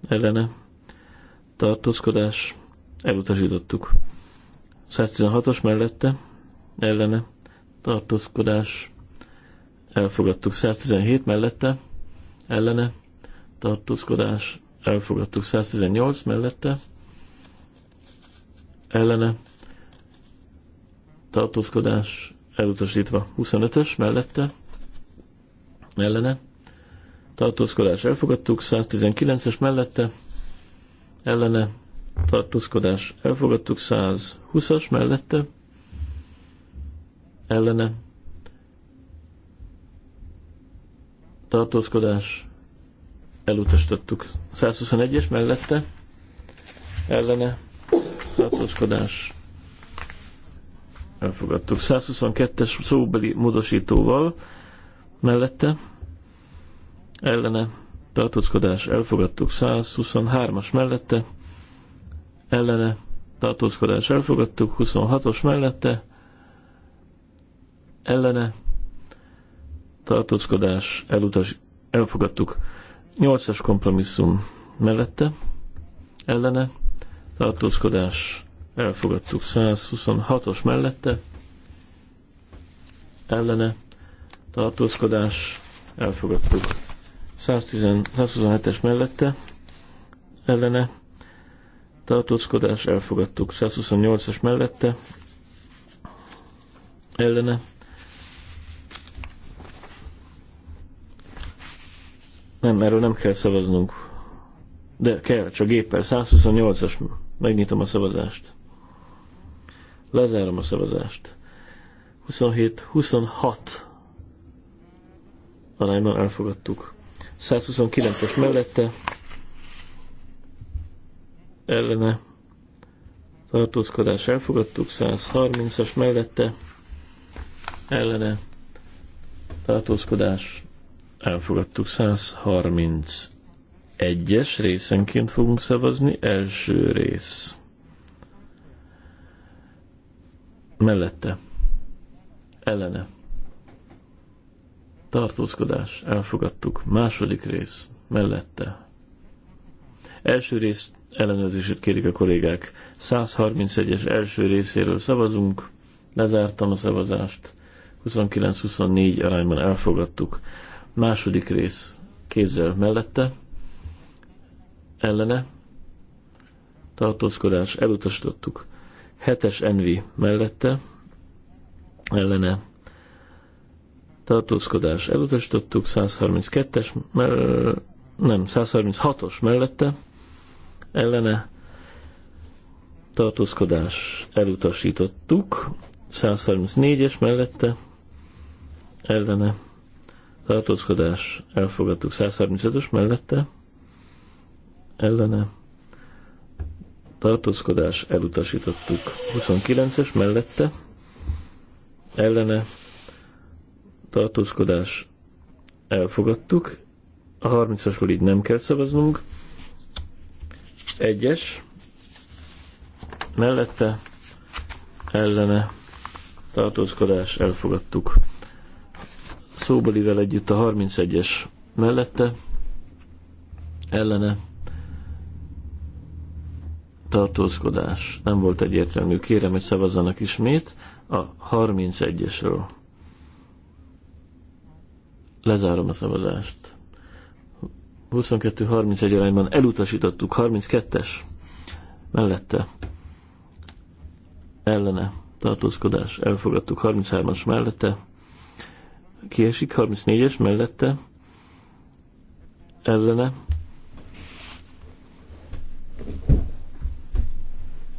ellene tartózkodás elutasítottuk 116-os mellette ellene tartózkodás elfogadtuk 117 mellette, ellene tartózkodás, elfogadtuk 118 mellette, ellene tartózkodás, elutasítva 25-ös mellette, ellene tartózkodás, elfogadtuk 119-es mellette, ellene tartózkodás, elfogadtuk 120-as mellette, ellene tartózkodás, elutasítottuk. 121-es mellette, ellene, tartózkodás, elfogadtuk. 122-es szóbeli módosítóval, mellette, ellene, tartózkodás, elfogadtuk. 123-as mellette, ellene, tartózkodás, elfogadtuk. 26-os mellette, ellene, tartózkodás, elutas, elfogadtuk. nyolcas kompromisszum mellette, ellene, tartózkodás, elfogadtuk. 126-os mellette, ellene, tartózkodás, elfogadtuk. 127-es mellette, ellene, tartózkodás, elfogadtuk. 128-as mellette, ellene, Nem, erről nem kell szavaznunk. De kell, csak géppel. 128-as. Megnyitom a szavazást. Lezárom a szavazást. 27-26 arányban elfogadtuk. 129-es mellette ellene tartózkodás elfogadtuk, 130-as mellette ellene tartózkodás elfogadtuk 131-es részenként fogunk szavazni, első rész. Mellette. Ellene. Tartózkodás. Elfogadtuk. Második rész. Mellette. Első rész ellenőrzését kérik a kollégák. 131-es első részéről szavazunk. Lezártam a szavazást. 29-24 arányban elfogadtuk. Második rész kézzel mellette, ellene, tartózkodás, elutasítottuk. Hetes envi mellette, ellene, tartózkodás, elutasítottuk. 132-es, mell- nem, 136-os mellette, ellene, tartózkodás, elutasítottuk. 134-es mellette, ellene, tartózkodás elfogadtuk 135-ös mellette, ellene tartózkodás elutasítottuk 29-es mellette, ellene tartózkodás elfogadtuk, a 30-asról így nem kell szavaznunk, egyes, mellette, ellene, tartózkodás, elfogadtuk szóbelivel együtt a 31-es mellette, ellene tartózkodás. Nem volt egyértelmű. Kérem, hogy szavazzanak ismét a 31-esről. Lezárom a szavazást. 22-31 arányban elutasítottuk. 32-es mellette ellene tartózkodás. Elfogadtuk 33-as mellette kiesik, 34-es mellette, ellene,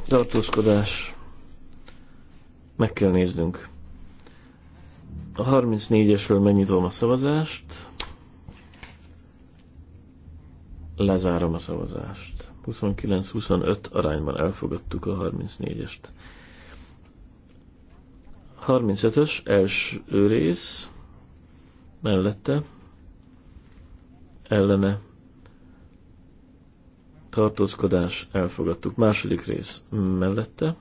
tartózkodás, meg kell néznünk. A 34-esről megnyitom a szavazást, lezárom a szavazást. 29-25 arányban elfogadtuk a 34-est. 35-ös első rész mellette ellene tartózkodás elfogadtuk. Második rész mellette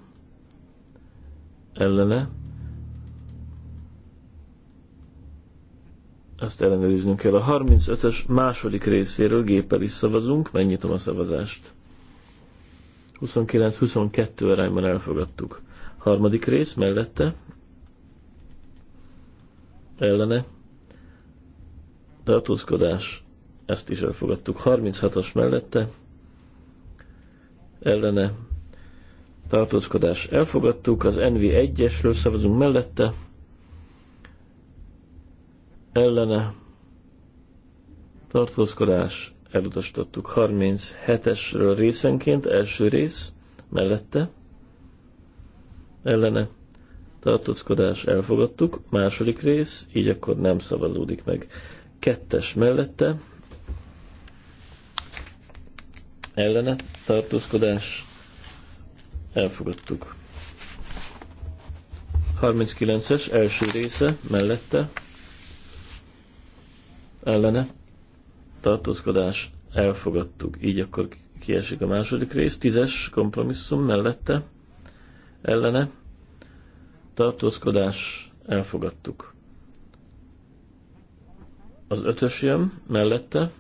ellene ezt ellenőriznünk kell. A 35-ös második részéről géppel is szavazunk, megnyitom a szavazást. 29-22 arányban elfogadtuk. Harmadik rész mellette ellene tartózkodás, ezt is elfogadtuk. 36-as mellette ellene tartózkodás elfogadtuk, az NV1-esről szavazunk mellette, ellene tartózkodás elutasítottuk 37-esről részenként, első rész mellette, ellene tartózkodás elfogadtuk, második rész, így akkor nem szavazódik meg kettes mellette ellene tartózkodás elfogadtuk. 39-es első része mellette ellene tartózkodás elfogadtuk. Így akkor kiesik a második rész. Tízes kompromisszum mellette ellene tartózkodás elfogadtuk. Az ötös jön mellette,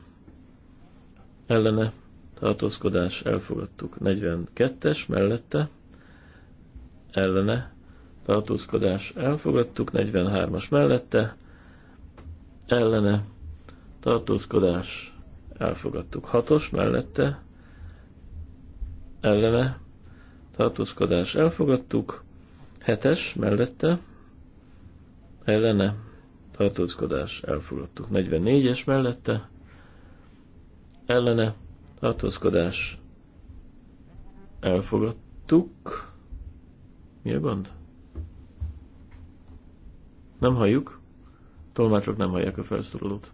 ellene tartózkodás elfogadtuk. 42-es mellette, ellene tartózkodás elfogadtuk. 43-as mellette, ellene tartózkodás elfogadtuk. 6-os mellette, ellene tartózkodás elfogadtuk. 7-es mellette, ellene tartózkodás elfogadtuk. 44-es mellette ellene tartózkodás elfogadtuk. Mi a gond? Nem halljuk. Tolmácsok nem hallják a felszólalót.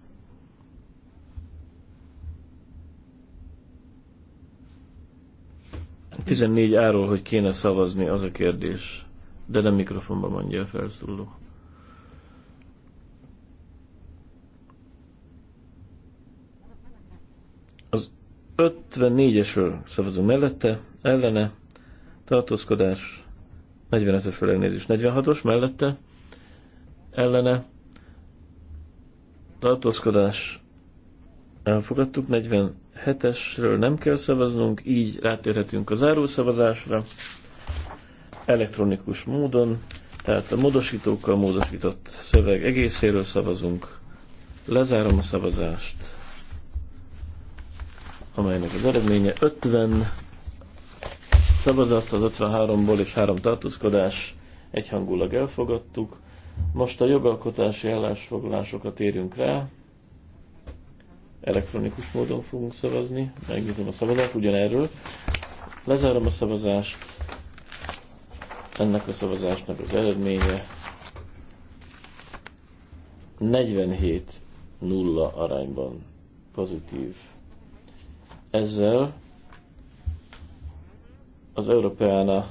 Tizennégy áról, hogy kéne szavazni, az a kérdés. De nem mikrofonban mondja a felszóló. 54-esről szavazunk mellette, ellene, tartózkodás, 45 ös felelnézés, 46-os mellette, ellene, tartózkodás, elfogadtuk, 47-esről nem kell szavaznunk, így rátérhetünk a zárószavazásra, elektronikus módon, tehát a módosítókkal módosított szöveg egészéről szavazunk, lezárom a szavazást amelynek az eredménye 50 szavazat az 53-ból és 3 tartózkodás egyhangulag elfogadtuk. Most a jogalkotási állásfoglalásokat térjünk rá. Elektronikus módon fogunk szavazni. Megnyitom a szavazást ugyanerről. Lezárom a szavazást. Ennek a szavazásnak az eredménye 47 nulla arányban pozitív ezzel az Európeána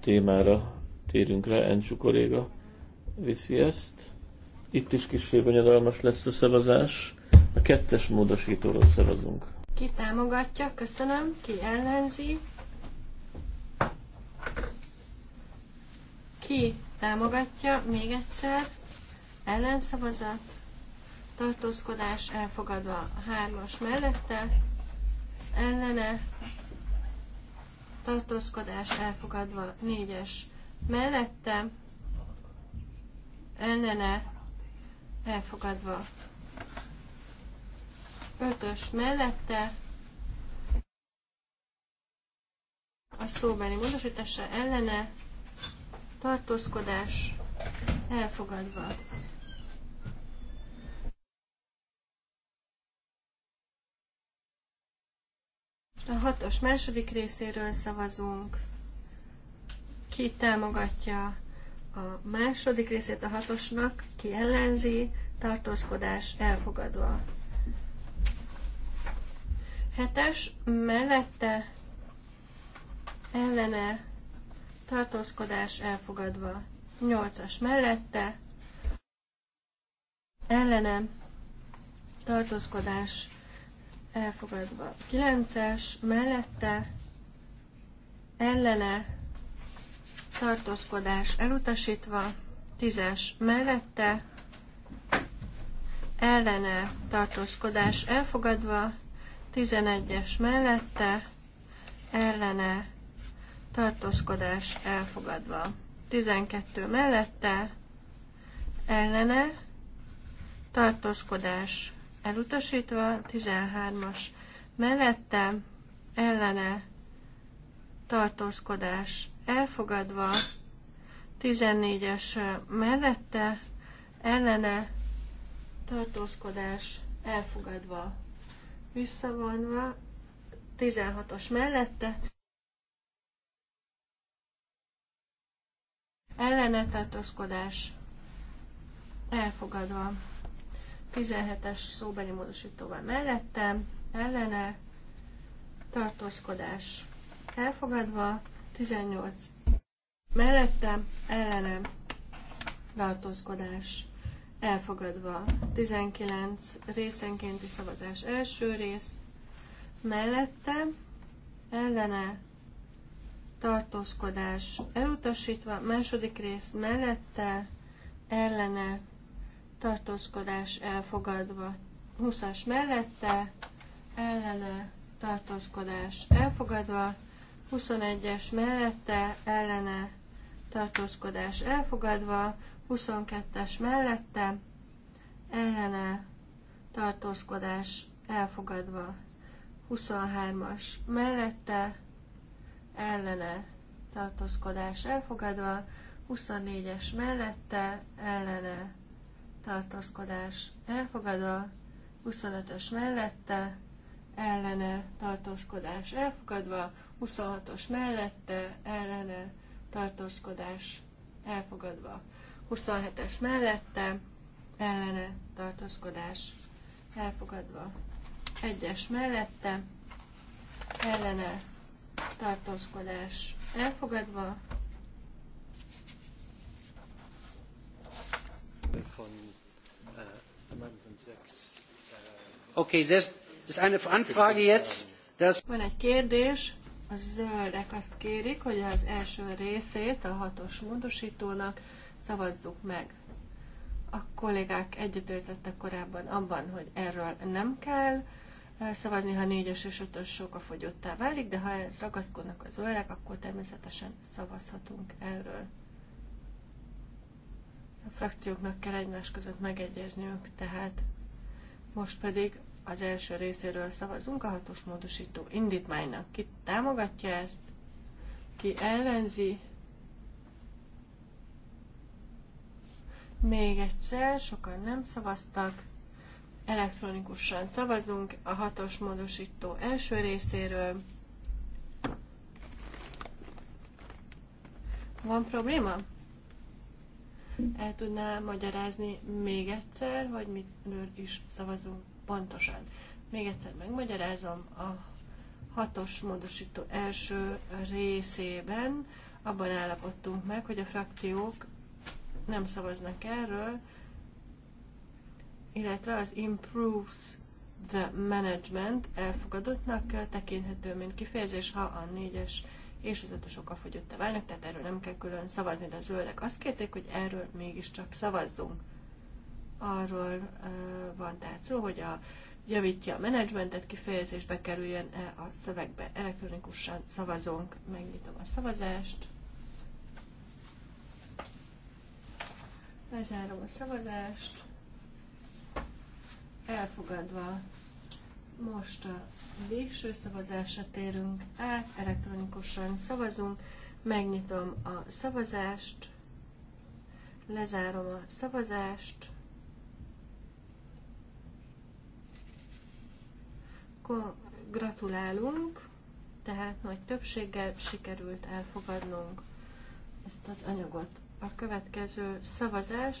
témára térünk rá, Encsú kolléga viszi ezt. Itt is kicsi bonyodalmas lesz a szavazás. A kettes módosítóról szavazunk. Ki támogatja? Köszönöm. Ki ellenzi? Ki támogatja? Még egyszer. Ellenszavazat. Tartózkodás elfogadva. Hármas mellette ellene tartózkodás elfogadva, négyes mellette ellene elfogadva, ötös mellette a szóbeli módosítása ellene tartózkodás elfogadva. A hatos második részéről szavazunk. Ki támogatja a második részét a hatosnak, ki ellenzi, tartózkodás elfogadva. Hetes mellette ellene tartózkodás elfogadva. Nyolcas mellette ellenem tartózkodás elfogadva elfogadva. 9-es mellette ellene tartózkodás elutasítva, 10-es mellette ellene tartózkodás elfogadva, 11-es mellette ellene tartózkodás elfogadva, 12 mellette ellene tartózkodás elutasítva, 13-as mellette ellene tartózkodás elfogadva, 14-es mellette ellene tartózkodás elfogadva, visszavonva, 16-os mellette ellene tartózkodás elfogadva. 17-es szóbeli módosítóval mellette, ellene, tartózkodás elfogadva, 18 mellette, ellene, tartózkodás elfogadva, 19 részenkénti szavazás első rész, mellette, ellene, tartózkodás elutasítva, második rész mellette, ellene, tartózkodás elfogadva. 20-as mellette, ellene, tartózkodás elfogadva. 21-es mellette, ellene, tartózkodás elfogadva. 22-es mellette, ellene, tartózkodás elfogadva. 23-as mellette, ellene, tartózkodás elfogadva. 24-es mellette, ellene, tartózkodás elfogadva, 25-ös mellette, ellene tartózkodás elfogadva, 26-os mellette, ellene tartózkodás elfogadva, 27-es mellette, ellene tartózkodás elfogadva, 1-es mellette, ellene tartózkodás elfogadva, von Okay, eine Anfrage jetzt, dass... Van egy kérdés. A zöldek azt kérik, hogy az első részét a hatos módosítónak szavazzuk meg. A kollégák egyetértettek korábban abban, hogy erről nem kell eh, szavazni, ha négyes és ötös sok a fogyottá válik, de ha ez ragaszkodnak a zöldek, akkor természetesen szavazhatunk erről. A frakcióknak kell egymás között megegyezniük, tehát most pedig az első részéről szavazunk a hatos módosító indítmánynak. Ki támogatja ezt? Ki ellenzi? Még egyszer, sokan nem szavaztak. Elektronikusan szavazunk a hatos módosító első részéről. Van probléma? El tudná magyarázni még egyszer, hogy mitől is szavazunk pontosan. Még egyszer megmagyarázom, a hatos módosító első részében abban állapodtunk meg, hogy a frakciók nem szavaznak erről, illetve az improves the management elfogadottnak tekinthető, mint kifejezés, ha a négyes es és az ötös oka fogyott a válnak, tehát erről nem kell külön szavazni, de a zöldek azt kérték, hogy erről mégiscsak szavazzunk. Arról uh, van tehát szó, hogy a javítja a menedzsmentet, kifejezés bekerüljön -e a szövegbe. Elektronikusan szavazunk, megnyitom a szavazást. Lezárom a szavazást. Elfogadva most a végső szavazásra térünk át, elektronikusan szavazunk, megnyitom a szavazást, lezárom a szavazást, gratulálunk, tehát nagy többséggel sikerült elfogadnunk ezt az anyagot. A következő szavazás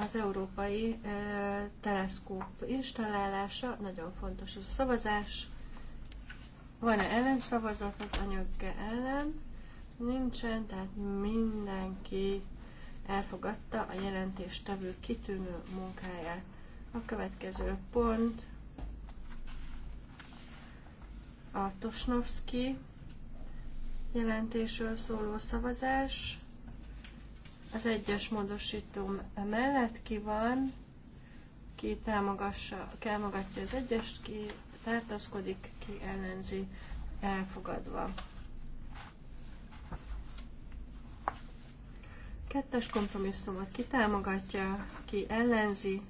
az európai e, teleszkóp installálása nagyon fontos. Ez a szavazás van-e ellenszavazat az anyagge ellen? Nincsen, tehát mindenki elfogadta a jelentéstevő kitűnő munkáját. A következő pont a Tosnovszki jelentésről szóló szavazás. Az egyes módosító mellett ki van, ki támogassa, támogatja az egyest, ki tartaszkodik, ki ellenzi, elfogadva. Kettes kompromisszumot ki támogatja, ki ellenzi,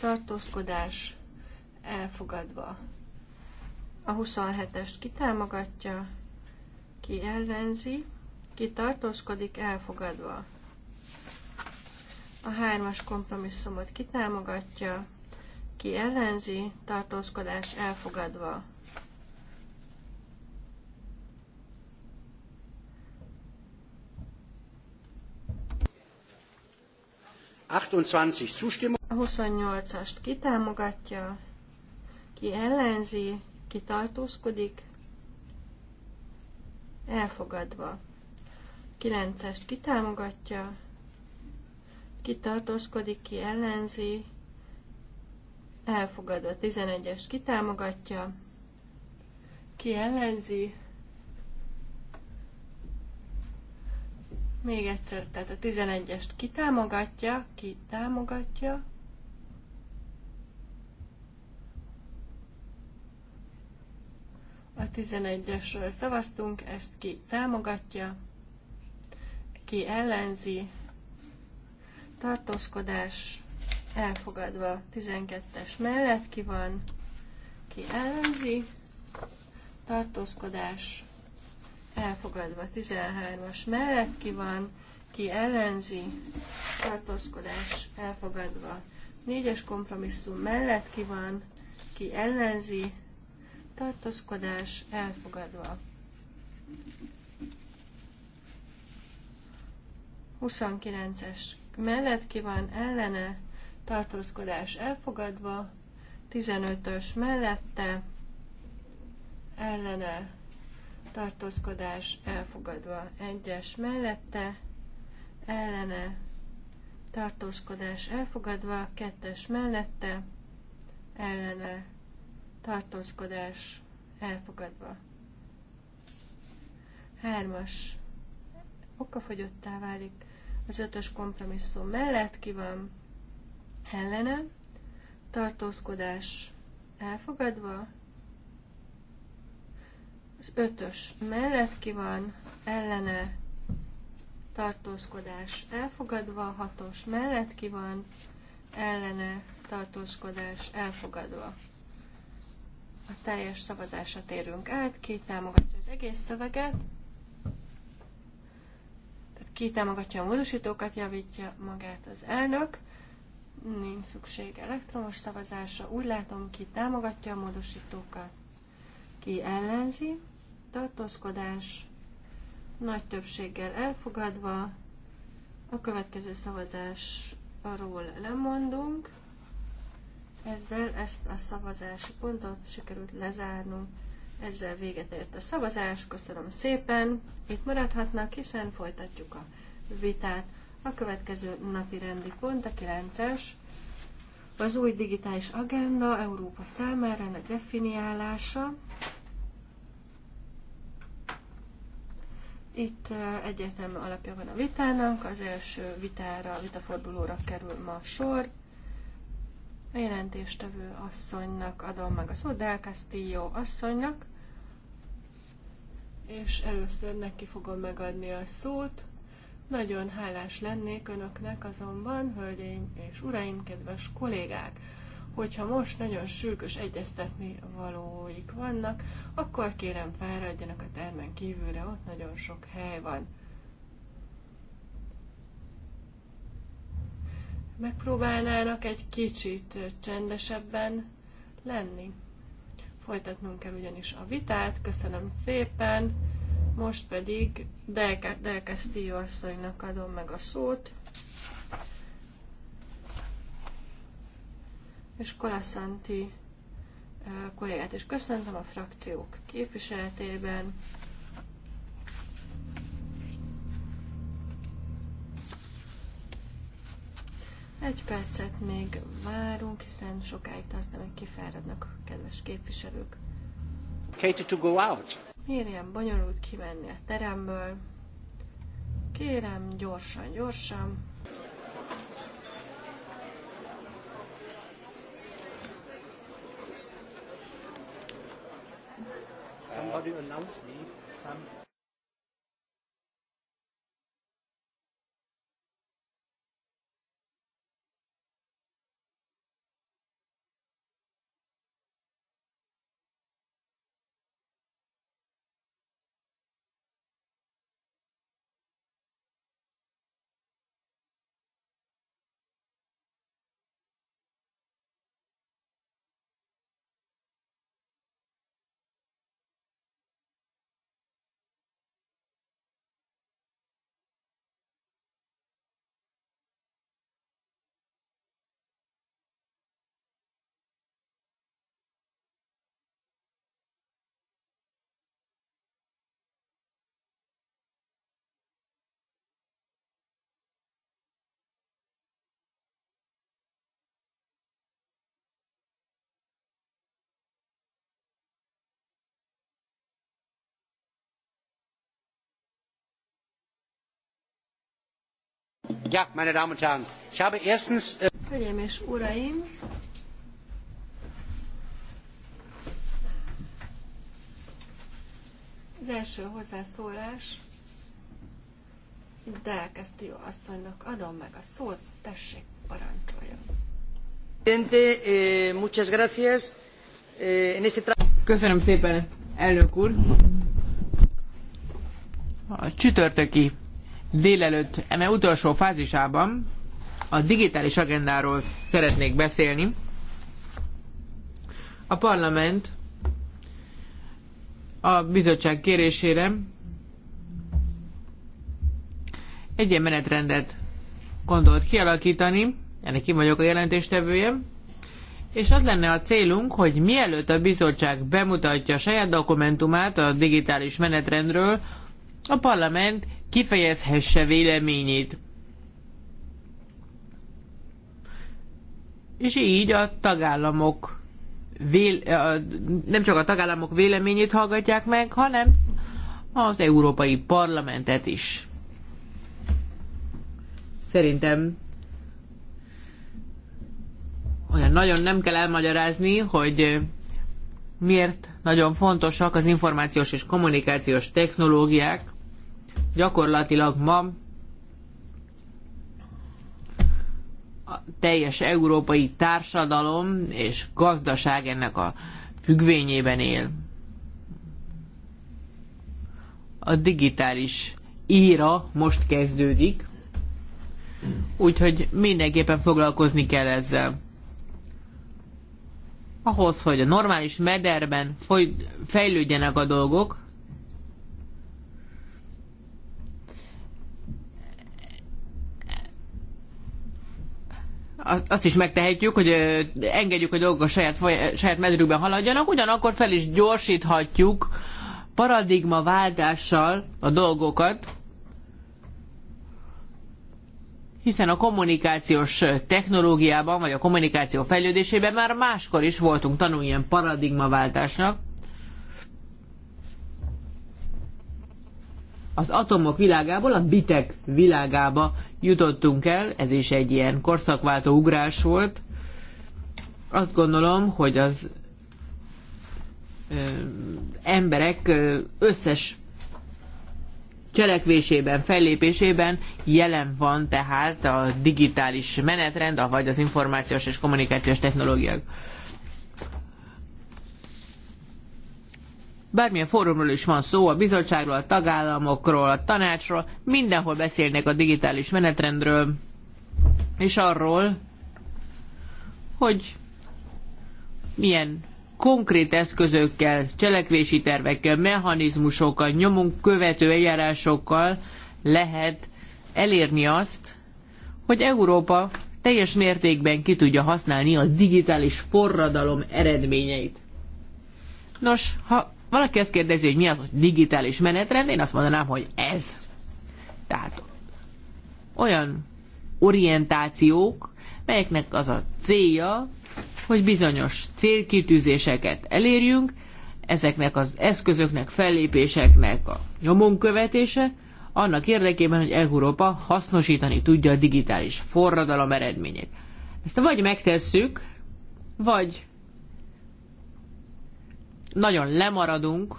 tartózkodás, elfogadva. A 27-est ki támogatja, ki ellenzi, ki tartózkodik, elfogadva. A hármas kompromisszumot kitámogatja, ki ellenzi, tartózkodás elfogadva. A 28-ast kitámogatja, ki ellenzi, ki tartózkodik, elfogadva kilencest est kitámogatja, kitartózkodik, ki ellenzi, elfogadva 11-est kitámogatja, ki ellenzi, még egyszer, tehát a 11-est kitámogatja, támogatja, a 11-esről szavaztunk, ezt ki támogatja, ki ellenzi, tartózkodás elfogadva 12-es mellett ki van, ki ellenzi, tartózkodás elfogadva 13-as mellett ki van, ki ellenzi, tartózkodás elfogadva 4-es kompromisszum mellett ki van, ki ellenzi, tartózkodás elfogadva 29-es mellett ki van ellene, tartózkodás elfogadva, 15-ös mellette, ellene, tartózkodás elfogadva, 1-es mellette, ellene, tartózkodás elfogadva, 2-es mellette, ellene, tartózkodás elfogadva. 3-as okafogyottá válik, az ötös kompromisszum mellett, ki van ellene, tartózkodás elfogadva, az ötös mellett ki van ellene, tartózkodás elfogadva, hatos mellett ki van ellene, tartózkodás elfogadva. A teljes szavazásra térünk át, ki támogatja az egész szöveget, ki támogatja a módosítókat, javítja magát az elnök. Nincs szükség elektromos szavazásra. Úgy látom, ki támogatja a módosítókat, ki ellenzi. Tartózkodás nagy többséggel elfogadva. A következő szavazásról lemondunk. Ezzel ezt a szavazási pontot sikerült lezárnunk. Ezzel véget ért a szavazás, köszönöm szépen. Itt maradhatnak, hiszen folytatjuk a vitát. A következő napi rendi pont, a 9-es, az új digitális agenda Európa számára ennek definiálása. Itt egyetem alapja van a vitának, az első vitára, vitafordulóra kerül ma sor. A jelentéstevő asszonynak adom meg a szót, Del Castillo asszonynak és először neki fogom megadni a szót. Nagyon hálás lennék önöknek azonban, hölgyeim és uraim, kedves kollégák, hogyha most nagyon sürgős egyeztetni valóik vannak, akkor kérem fáradjanak a termen kívülre, ott nagyon sok hely van. Megpróbálnának egy kicsit csendesebben lenni. Folytatnunk kell ugyanis a vitát. Köszönöm szépen. Most pedig Delke, Delke asszonynak adom meg a szót. És Kolaszanti kollégát is köszöntöm a frakciók képviseletében. Egy percet még várunk, hiszen sokáig tartna, hogy kifáradnak a kedves képviselők. Katie to go out. Miriam bonyolult kimenni a teremből? Kérem, gyorsan, gyorsan. Somebody announced me. Some Ja, meine Damen und Herren, ich habe erstens... Äh, Hölgyeim az első hozzászólás de elkezdti jó asszonynak, adom meg a szót, tessék, parancsoljon. Eh, eh, Köszönöm szépen, elnök úr. A csütörtöki délelőtt eme utolsó fázisában a digitális agendáról szeretnék beszélni. A parlament a bizottság kérésére egy ilyen menetrendet gondolt kialakítani, ennek én vagyok a jelentéstevője, és az lenne a célunk, hogy mielőtt a bizottság bemutatja a saját dokumentumát a digitális menetrendről, a parlament kifejezhesse véleményét. És így a tagállamok nem csak a tagállamok véleményét hallgatják meg, hanem az Európai Parlamentet is. Szerintem olyan nagyon nem kell elmagyarázni, hogy miért nagyon fontosak az információs és kommunikációs technológiák Gyakorlatilag ma a teljes európai társadalom és gazdaság ennek a függvényében él. A digitális íra most kezdődik, úgyhogy mindenképpen foglalkozni kell ezzel. Ahhoz, hogy a normális mederben foly- fejlődjenek a dolgok, azt is megtehetjük, hogy engedjük, hogy dolgok a saját, saját medrükben haladjanak, ugyanakkor fel is gyorsíthatjuk paradigmaváltással a dolgokat, hiszen a kommunikációs technológiában, vagy a kommunikáció fejlődésében már máskor is voltunk tanulni ilyen paradigmaváltásnak. az atomok világából a bitek világába jutottunk el, ez is egy ilyen korszakváltó ugrás volt. Azt gondolom, hogy az ö, emberek ö, összes cselekvésében, fellépésében jelen van tehát a digitális menetrend, vagy az információs és kommunikációs technológiák. bármilyen fórumról is van szó, a bizottságról, a tagállamokról, a tanácsról, mindenhol beszélnek a digitális menetrendről, és arról, hogy milyen konkrét eszközökkel, cselekvési tervekkel, mechanizmusokkal, nyomunk követő eljárásokkal lehet elérni azt, hogy Európa teljes mértékben ki tudja használni a digitális forradalom eredményeit. Nos, ha valaki azt kérdezi, hogy mi az a digitális menetrend, én azt mondanám, hogy ez. Tehát olyan orientációk, melyeknek az a célja, hogy bizonyos célkitűzéseket elérjünk, ezeknek az eszközöknek, fellépéseknek a nyomon követése, annak érdekében, hogy Európa hasznosítani tudja a digitális forradalom eredményét. Ezt vagy megtesszük, vagy nagyon lemaradunk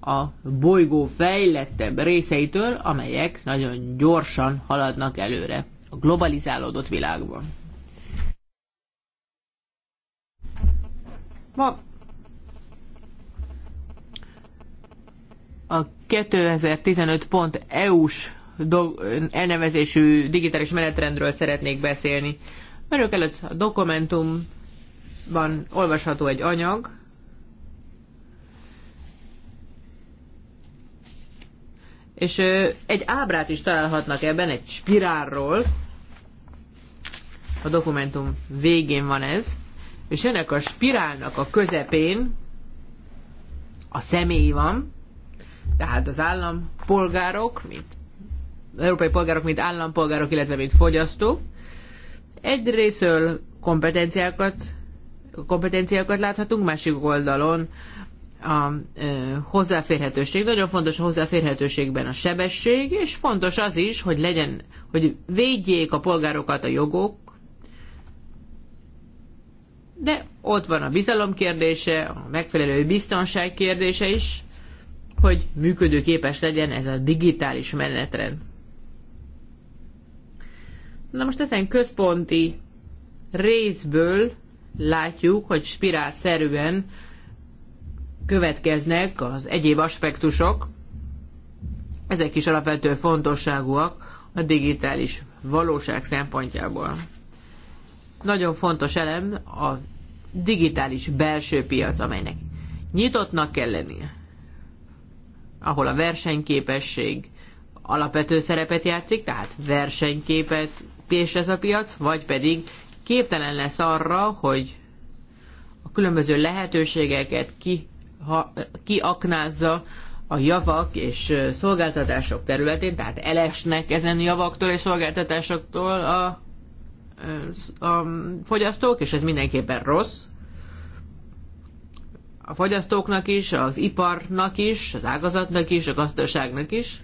a bolygó fejlettebb részeitől, amelyek nagyon gyorsan haladnak előre a globalizálódott világban. Ma a 2015.eu-s e elnevezésű digitális menetrendről szeretnék beszélni. Önök előtt a dokumentumban olvasható egy anyag, és egy ábrát is találhatnak ebben, egy spirálról. A dokumentum végén van ez. És ennek a spirálnak a közepén a személy van, tehát az állampolgárok, mint az európai polgárok, mint állampolgárok, illetve mint fogyasztók. Egyrésztől kompetenciákat, kompetenciákat láthatunk, másik oldalon a hozzáférhetőség. Nagyon fontos a hozzáférhetőségben a sebesség, és fontos az is, hogy legyen, hogy védjék a polgárokat a jogok, de ott van a bizalom kérdése, a megfelelő biztonság kérdése is, hogy működőképes legyen ez a digitális menetrend. Na most ezen központi részből látjuk, hogy spirálszerűen következnek az egyéb aspektusok, ezek is alapvető fontosságúak a digitális valóság szempontjából. Nagyon fontos elem a digitális belső piac, amelynek nyitottnak kell lennie, ahol a versenyképesség alapvető szerepet játszik, tehát versenyképet pés ez a piac, vagy pedig képtelen lesz arra, hogy a különböző lehetőségeket ki ha, kiaknázza a javak és szolgáltatások területén, tehát elesnek ezen javaktól és szolgáltatásoktól a, a fogyasztók, és ez mindenképpen rossz. A fogyasztóknak is, az iparnak is, az ágazatnak is, a gazdaságnak is,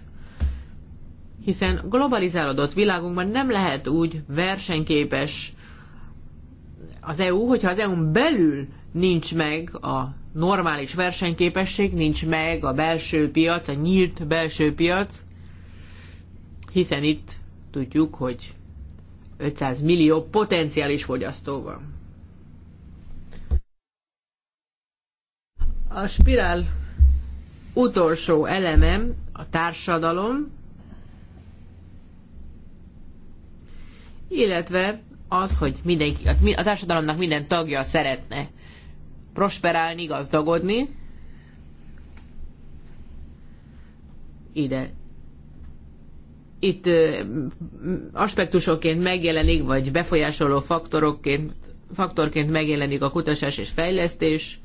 hiszen globalizálódott világunkban nem lehet úgy versenyképes az EU, hogyha az EU-n belül nincs meg a normális versenyképesség, nincs meg a belső piac, a nyílt belső piac, hiszen itt tudjuk, hogy 500 millió potenciális fogyasztó van. A spirál utolsó elemem a társadalom, illetve az, hogy mindenki, a társadalomnak minden tagja szeretne prosperálni, gazdagodni. Ide. Itt aspektusokként megjelenik, vagy befolyásoló faktorokként, faktorként megjelenik a kutatás és fejlesztés,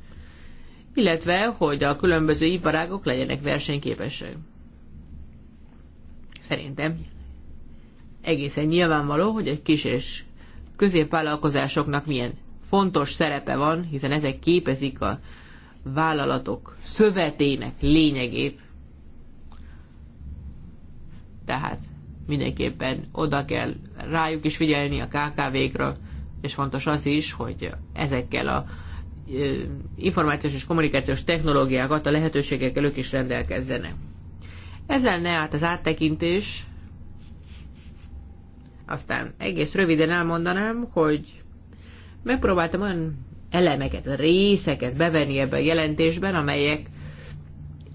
illetve hogy a különböző iparágok legyenek versenyképesek. Szerintem egészen nyilvánvaló, hogy egy kis és középvállalkozásoknak milyen fontos szerepe van, hiszen ezek képezik a vállalatok szövetének lényegét. Tehát mindenképpen oda kell rájuk is figyelni a KKV-kra, és fontos az is, hogy ezekkel a információs és kommunikációs technológiákat a lehetőségekkel ők is rendelkezzenek. Ez lenne át az áttekintés. Aztán egész röviden elmondanám, hogy Megpróbáltam olyan elemeket, részeket bevenni ebbe a jelentésben, amelyek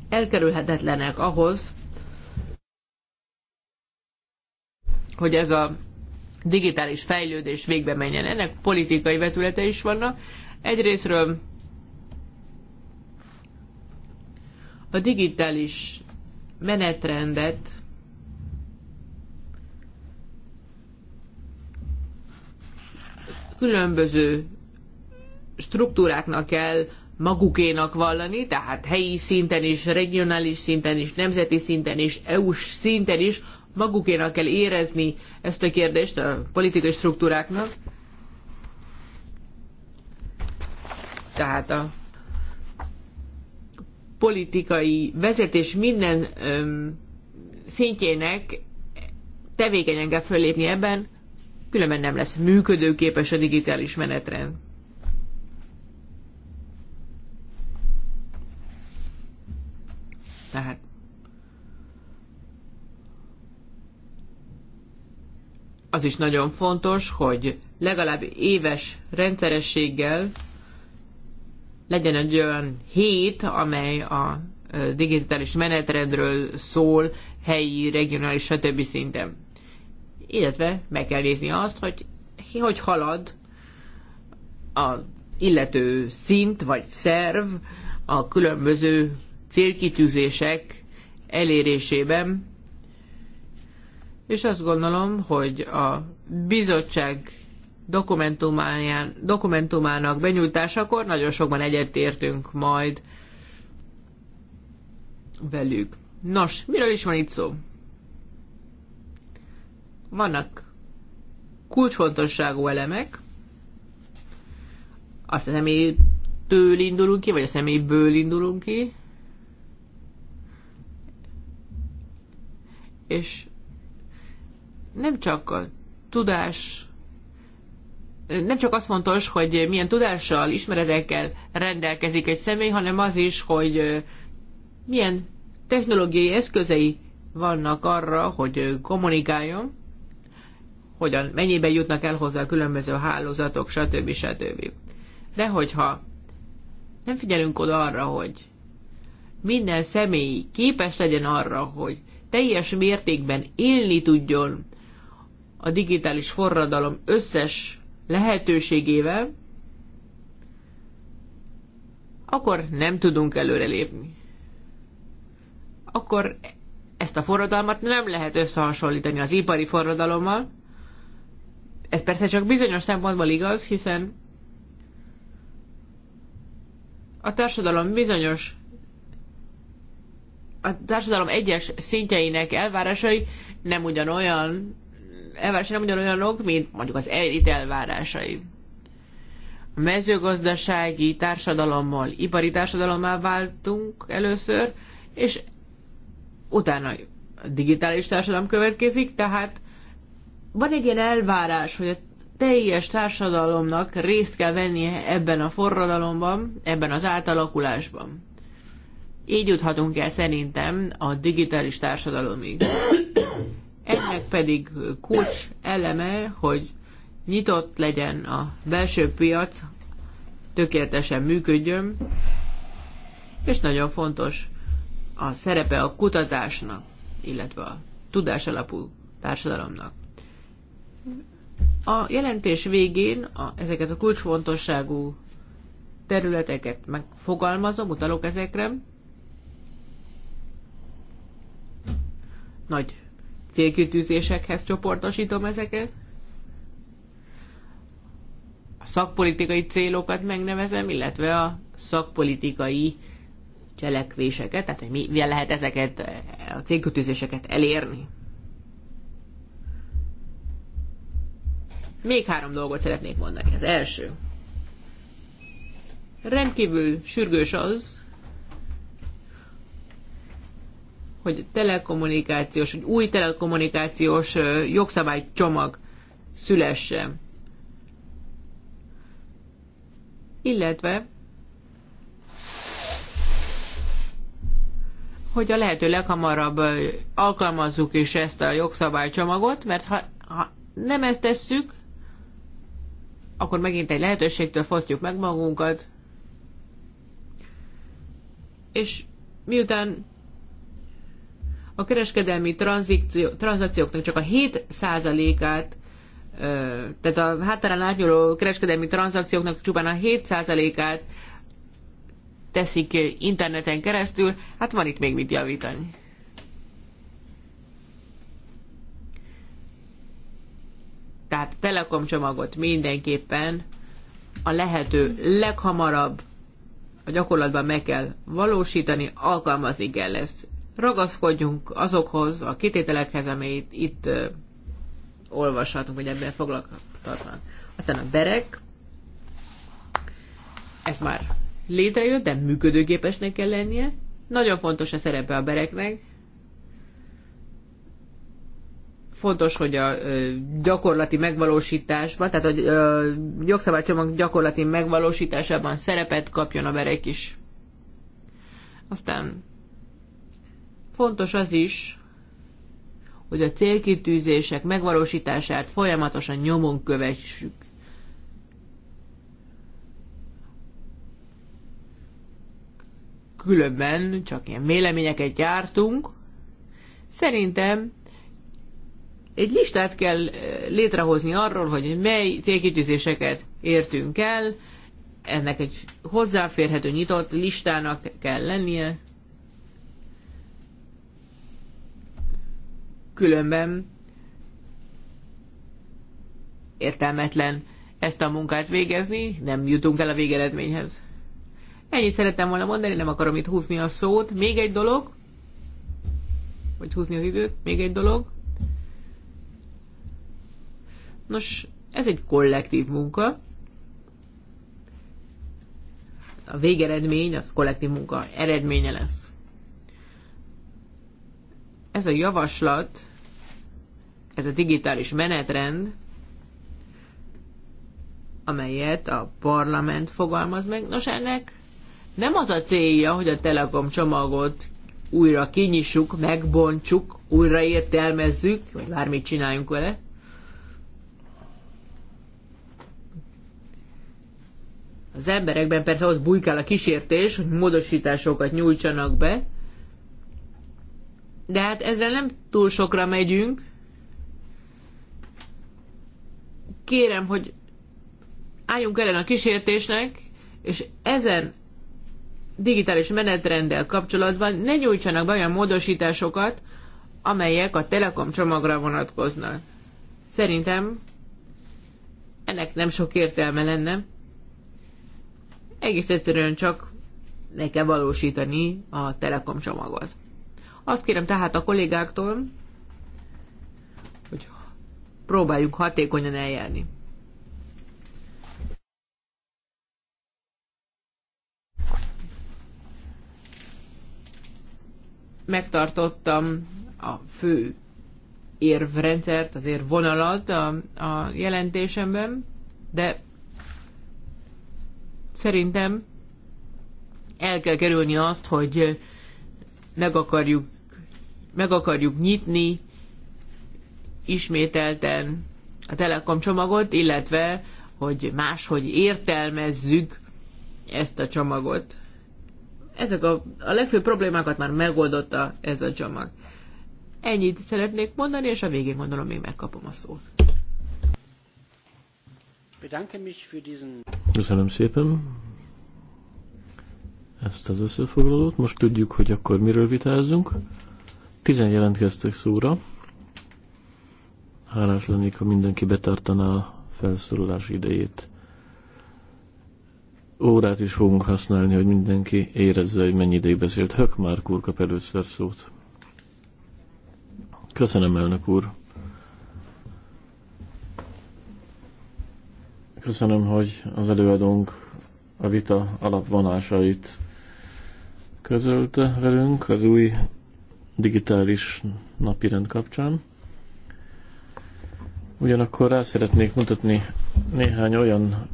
elkerülhetetlenek ahhoz, hogy ez a digitális fejlődés végbe menjen. Ennek politikai vetülete is vannak. Egyrésztről a digitális menetrendet különböző struktúráknak kell magukénak vallani, tehát helyi szinten is, regionális szinten is, nemzeti szinten is, EU-s szinten is magukénak kell érezni ezt a kérdést a politikai struktúráknak. Tehát a politikai vezetés minden öm, szintjének tevékenyen kell föllépni ebben, különben nem lesz működőképes a digitális menetrend. Tehát az is nagyon fontos, hogy legalább éves rendszerességgel legyen egy olyan hét, amely a digitális menetrendről szól, helyi, regionális, stb. szinten illetve meg kell nézni azt, hogy hogy halad a illető szint vagy szerv a különböző célkitűzések elérésében, és azt gondolom, hogy a bizottság dokumentumának benyújtásakor nagyon sokban egyetértünk majd velük. Nos, miről is van itt szó? Vannak kulcsfontosságú elemek, azt a személytől indulunk ki, vagy a személyből indulunk ki, és nem csak a tudás, nem csak az fontos, hogy milyen tudással, ismeretekkel rendelkezik egy személy, hanem az is, hogy milyen technológiai eszközei vannak arra, hogy kommunikáljon hogyan, mennyiben jutnak el hozzá a különböző hálózatok, stb. stb. De hogyha nem figyelünk oda arra, hogy minden személy képes legyen arra, hogy teljes mértékben élni tudjon a digitális forradalom összes lehetőségével, akkor nem tudunk előrelépni. Akkor ezt a forradalmat nem lehet összehasonlítani az ipari forradalommal, ez persze csak bizonyos szempontból igaz, hiszen a társadalom bizonyos a társadalom egyes szintjeinek elvárásai nem ugyanolyan elvárásai nem ugyanolyanok, mint mondjuk az elit elvárásai. A mezőgazdasági társadalommal, ipari társadalommal váltunk először, és utána a digitális társadalom következik, tehát van egy ilyen elvárás, hogy a teljes társadalomnak részt kell vennie ebben a forradalomban, ebben az átalakulásban. Így juthatunk el szerintem a digitális társadalomig. Ennek pedig kulcs eleme, hogy nyitott legyen a belső piac, tökéletesen működjön, és nagyon fontos a szerepe a kutatásnak, illetve a tudásalapú társadalomnak. A jelentés végén a, ezeket a kulcsfontosságú területeket megfogalmazom, utalok ezekre. Nagy célkitűzésekhez csoportosítom ezeket. A szakpolitikai célokat megnevezem, illetve a szakpolitikai cselekvéseket, tehát hogy mi, milyen lehet ezeket a célkötőzéseket elérni. Még három dolgot szeretnék mondani. Az első. Rendkívül sürgős az, hogy telekommunikációs, hogy új telekommunikációs jogszabálycsomag szülesse, Illetve hogy a lehető leghamarabb alkalmazzuk is ezt a jogszabálycsomagot, mert ha, ha nem ezt tesszük, akkor megint egy lehetőségtől fosztjuk meg magunkat, és miután a kereskedelmi tranzakcióknak csak a 7%-át, tehát a hátterán átnyúló kereskedelmi tranzakcióknak csupán a 7%-át teszik interneten keresztül, hát van itt még mit javítani. Tehát Telekom csomagot mindenképpen a lehető leghamarabb a gyakorlatban meg kell valósítani, alkalmazni kell ezt. Ragaszkodjunk azokhoz, a kitételekhez, amelyet itt ö, olvashatunk, hogy ebben foglalkoztatnak. Aztán a berek, ez már létrejött, de működőképesnek kell lennie. Nagyon fontos a szerepe a bereknek, Fontos, hogy a gyakorlati megvalósításban, tehát a jogszabálycsomag gyakorlati megvalósításában szerepet kapjon a verek is. Aztán fontos az is, hogy a célkitűzések megvalósítását folyamatosan nyomon kövessük. Különben csak ilyen véleményeket gyártunk. Szerintem egy listát kell eh, létrehozni arról, hogy mely célkitűzéseket értünk el, ennek egy hozzáférhető, nyitott listának kell lennie, különben értelmetlen ezt a munkát végezni, nem jutunk el a végeredményhez. Ennyit szerettem volna mondani, nem akarom itt húzni a szót. Még egy dolog, vagy húzni az időt, még egy dolog. Nos, ez egy kollektív munka. A végeredmény, az kollektív munka eredménye lesz. Ez a javaslat, ez a digitális menetrend, amelyet a parlament fogalmaz meg. Nos, ennek nem az a célja, hogy a Telekom csomagot újra kinyissuk, megbontsuk, újra értelmezzük, vagy bármit csináljunk vele, Az emberekben persze ott bujkál a kísértés, hogy módosításokat nyújtsanak be, de hát ezzel nem túl sokra megyünk. Kérem, hogy álljunk ellen a kísértésnek, és ezen digitális menetrenddel kapcsolatban ne nyújtsanak be olyan módosításokat, amelyek a Telekom csomagra vonatkoznak. Szerintem ennek nem sok értelme lenne. Egész egyszerűen csak le kell valósítani a Telekom csomagot. Azt kérem tehát a kollégáktól, hogy próbáljuk hatékonyan eljárni. Megtartottam a fő érvrendszert, az érvonalat a, a jelentésemben, de Szerintem el kell kerülni azt, hogy meg akarjuk, meg akarjuk nyitni ismételten a Telekom csomagot, illetve hogy máshogy értelmezzük ezt a csomagot. Ezek a, a legfőbb problémákat már megoldotta ez a csomag. Ennyit szeretnék mondani, és a végén gondolom még megkapom a szót. Köszönöm szépen ezt az összefoglalót. Most tudjuk, hogy akkor miről vitázzunk. Tizen jelentkeztek szóra. Hálás lennék, ha mindenki betartaná a felszólalás idejét. Órát is fogunk használni, hogy mindenki érezze, hogy mennyi ideig beszélt. Hök már kap először szót. Köszönöm, elnök úr. Köszönöm, hogy az előadónk a vita alapvonásait közölte velünk az új digitális napirend kapcsán. Ugyanakkor rá szeretnék mutatni néhány olyan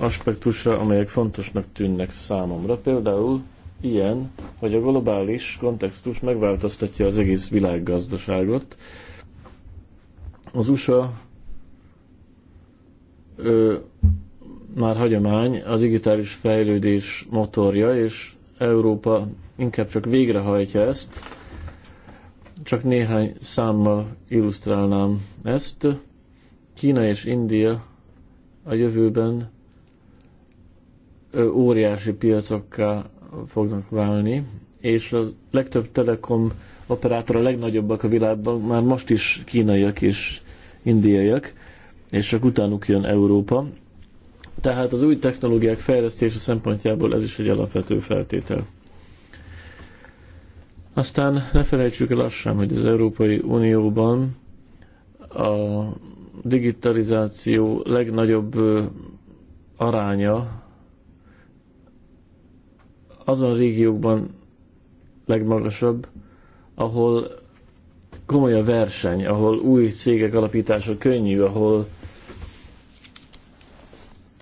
aspektusra, amelyek fontosnak tűnnek számomra. Például ilyen, hogy a globális kontextus megváltoztatja az egész világgazdaságot. Az USA ö, már hagyomány, a digitális fejlődés motorja, és Európa inkább csak végrehajtja ezt. Csak néhány számmal illusztrálnám ezt. Kína és India a jövőben óriási piacokká fognak válni, és a legtöbb telekom operátor a legnagyobbak a világban, már most is kínaiak és indiaiak és csak utánuk jön Európa. Tehát az új technológiák fejlesztése szempontjából ez is egy alapvető feltétel. Aztán ne felejtsük el azt sem, hogy az Európai Unióban a digitalizáció legnagyobb aránya azon régiókban legmagasabb, ahol komoly a verseny, ahol új cégek alapítása könnyű, ahol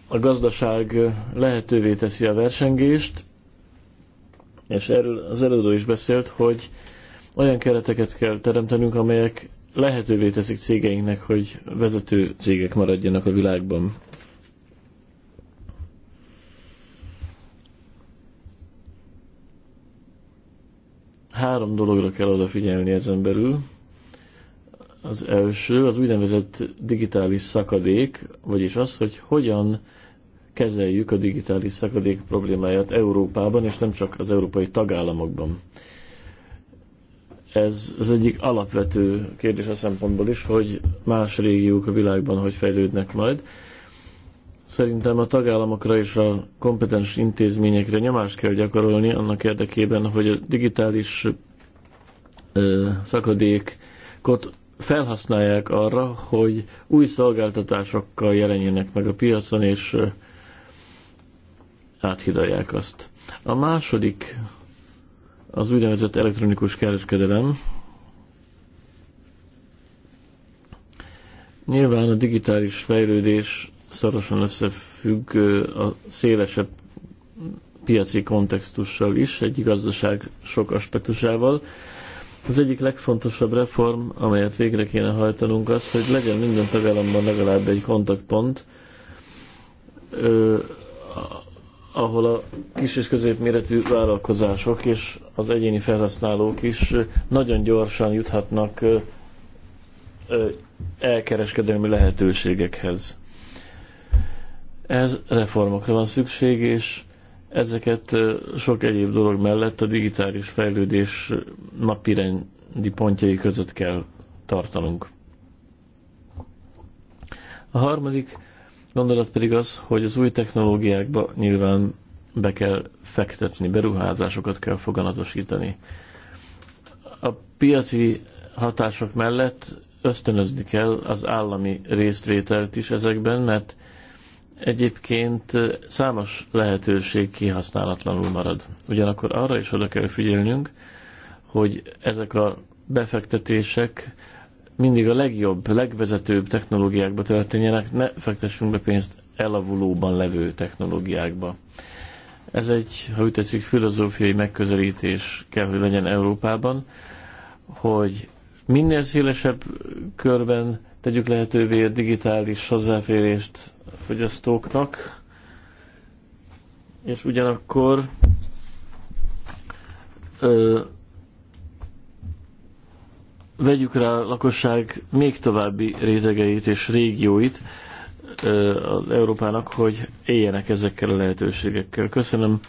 a gazdaság lehetővé teszi a versengést, és erről az előadó is beszélt, hogy olyan kereteket kell teremtenünk, amelyek lehetővé teszik cégeinknek, hogy vezető cégek maradjanak a világban. Három dologra kell odafigyelni ezen belül. Az első az úgynevezett digitális szakadék, vagyis az, hogy hogyan kezeljük a digitális szakadék problémáját Európában, és nem csak az európai tagállamokban. Ez az egyik alapvető kérdés a szempontból is, hogy más régiók a világban hogy fejlődnek majd. Szerintem a tagállamokra és a kompetens intézményekre nyomást kell gyakorolni annak érdekében, hogy a digitális ö, szakadékot felhasználják arra, hogy új szolgáltatásokkal jelenjenek meg a piacon, és áthidalják azt. A második az úgynevezett elektronikus kereskedelem. Nyilván a digitális fejlődés szorosan összefügg a szélesebb piaci kontextussal is, egy gazdaság sok aspektusával. Az egyik legfontosabb reform, amelyet végre kéne hajtanunk az, hogy legyen minden tagállamban legalább egy kontaktpont, ahol a kis és középméretű vállalkozások és az egyéni felhasználók is nagyon gyorsan juthatnak elkereskedelmi lehetőségekhez. Ez reformokra van szükség, és Ezeket sok egyéb dolog mellett a digitális fejlődés napirendi pontjai között kell tartanunk. A harmadik gondolat pedig az, hogy az új technológiákba nyilván be kell fektetni, beruházásokat kell foganatosítani. A piaci hatások mellett ösztönözni kell az állami résztvételt is ezekben, mert egyébként számos lehetőség kihasználatlanul marad. Ugyanakkor arra is oda kell figyelnünk, hogy ezek a befektetések mindig a legjobb, legvezetőbb technológiákba történjenek, ne fektessünk be pénzt elavulóban levő technológiákba. Ez egy, ha úgy tetszik, filozófiai megközelítés kell, hogy legyen Európában, hogy minél szélesebb körben tegyük lehetővé a digitális hozzáférést fogyasztóknak, és ugyanakkor ö, vegyük rá a lakosság még további rétegeit és régióit ö, az Európának, hogy éljenek ezekkel a lehetőségekkel. Köszönöm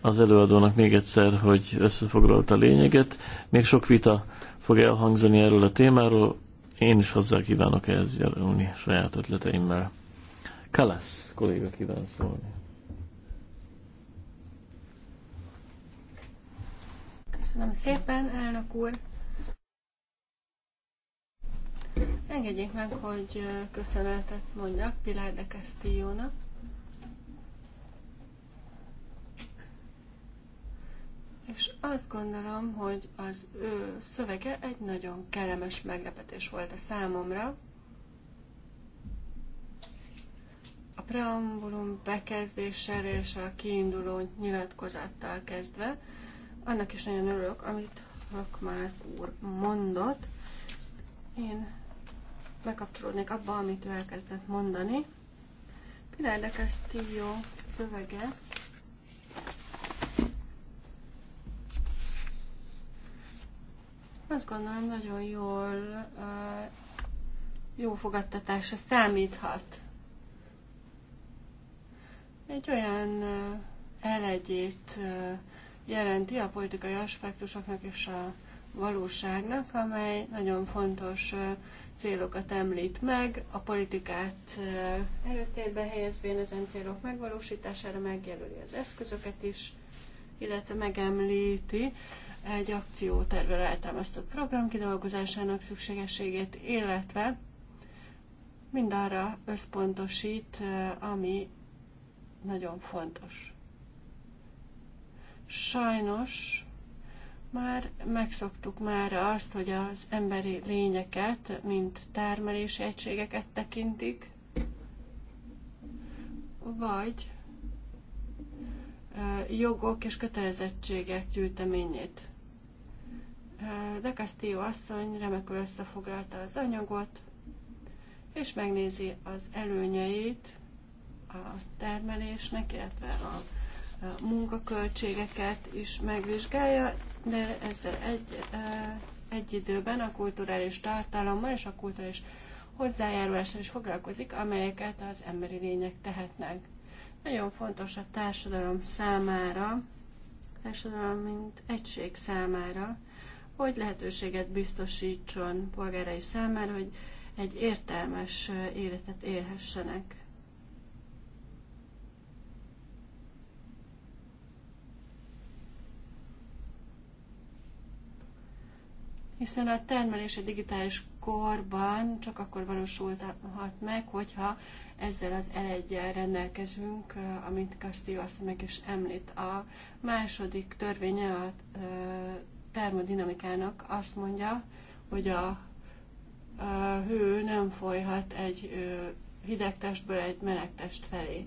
az előadónak még egyszer, hogy összefoglalta a lényeget. Még sok vita fog elhangzani erről a témáról. Én is hozzá kívánok ehhez járulni saját ötleteimmel. Kalasz kolléga kíván szólni. Köszönöm szépen, elnök úr. Engedjék meg, hogy köszönetet mondjak Pilar de Castillo-nak. És azt gondolom, hogy az ő szövege egy nagyon kellemes meglepetés volt a számomra. a preambulum bekezdéssel és a kiinduló nyilatkozattal kezdve. Annak is nagyon örülök, amit Rakmár úr mondott. Én megkapcsolódnék abba, amit ő elkezdett mondani. Pilar de Castillo szövege azt gondolom nagyon jól, jó fogadtatásra számíthat egy olyan elegyét jelenti a politikai aspektusoknak és a valóságnak, amely nagyon fontos célokat említ meg, a politikát előtérbe helyezvén ezen célok megvalósítására megjelöli az eszközöket is, illetve megemlíti egy akciótervvel eltámasztott program kidolgozásának szükségességét, illetve mindarra összpontosít, ami nagyon fontos. Sajnos már megszoktuk már azt, hogy az emberi lényeket, mint termelési egységeket tekintik, vagy jogok és kötelezettségek gyűjteményét. De Castillo asszony remekül összefoglalta az anyagot, és megnézi az előnyeit, a termelésnek, illetve a munkaköltségeket is megvizsgálja, de ezzel egy, egy időben a kulturális tartalommal és a kulturális hozzájárulással is foglalkozik, amelyeket az emberi lények tehetnek. Nagyon fontos a társadalom számára, társadalom mint egység számára, hogy lehetőséget biztosítson polgárai számára, hogy egy értelmes életet élhessenek. hiszen a termelés a digitális korban csak akkor valósulhat meg, hogyha ezzel az elegyel rendelkezünk, eh, amit Castillo azt meg is említ. A második törvénye a eh, termodinamikának azt mondja, hogy a, a hő nem folyhat egy eh, hideg testből egy meleg test felé.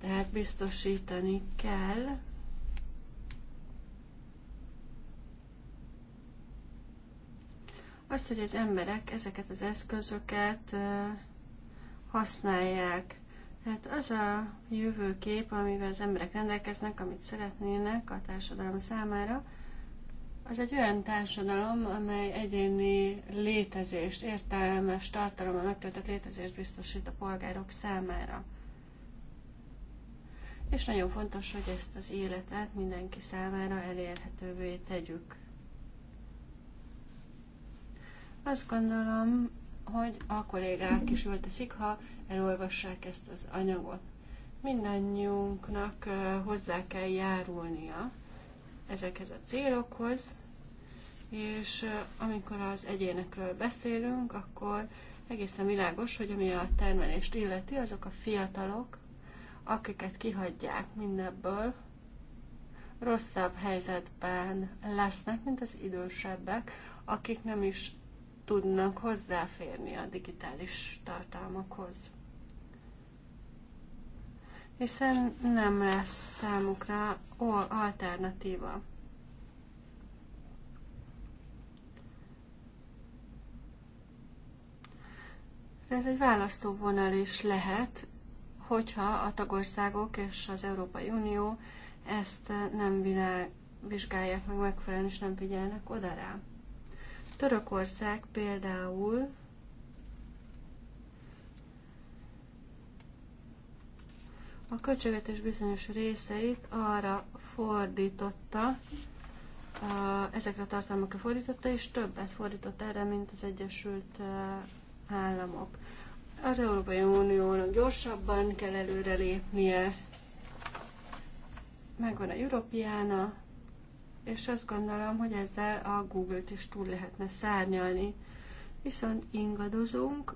Tehát biztosítani kell az, hogy az emberek ezeket az eszközöket használják. Tehát az a jövőkép, amivel az emberek rendelkeznek, amit szeretnének a társadalom számára, az egy olyan társadalom, amely egyéni létezést, értelmes tartalommal megtöltött létezést biztosít a polgárok számára. És nagyon fontos, hogy ezt az életet mindenki számára elérhetővé tegyük. Azt gondolom, hogy a kollégák is jól teszik, ha elolvassák ezt az anyagot. Mindannyiunknak hozzá kell járulnia ezekhez a célokhoz, és amikor az egyénekről beszélünk, akkor egészen világos, hogy ami a termelést illeti, azok a fiatalok, akiket kihagyják mindebből, rosszabb helyzetben lesznek, mint az idősebbek, akik nem is tudnak hozzáférni a digitális tartalmakhoz. Hiszen nem lesz számukra alternatíva. Ez egy választóvonal is lehet, hogyha a tagországok és az Európai Unió ezt nem vizsgálják meg megfelelően, és nem figyelnek oda rá. Törökország például a költségvetés bizonyos részeit arra fordította, ezekre a tartalmakra fordította, és többet fordított erre, mint az Egyesült Államok. Az Európai Uniónak gyorsabban kell előrelépnie, megvan a Európiána, és azt gondolom, hogy ezzel a Google-t is túl lehetne szárnyalni. Viszont ingadozunk,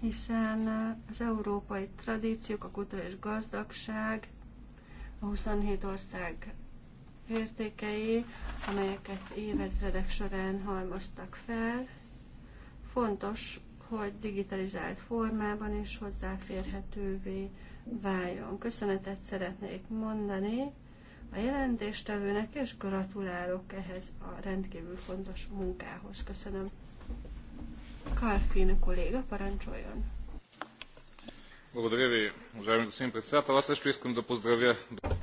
hiszen az európai tradíciók, a és gazdagság, a 27 ország értékei, amelyeket évezredek során halmoztak fel. Fontos, hogy digitalizált formában is hozzáférhetővé váljon. Köszönetet szeretnék mondani a jelentéstevőnek, és gratulálok ehhez a rendkívül fontos munkához. Köszönöm. Karfin kolléga, parancsoljon.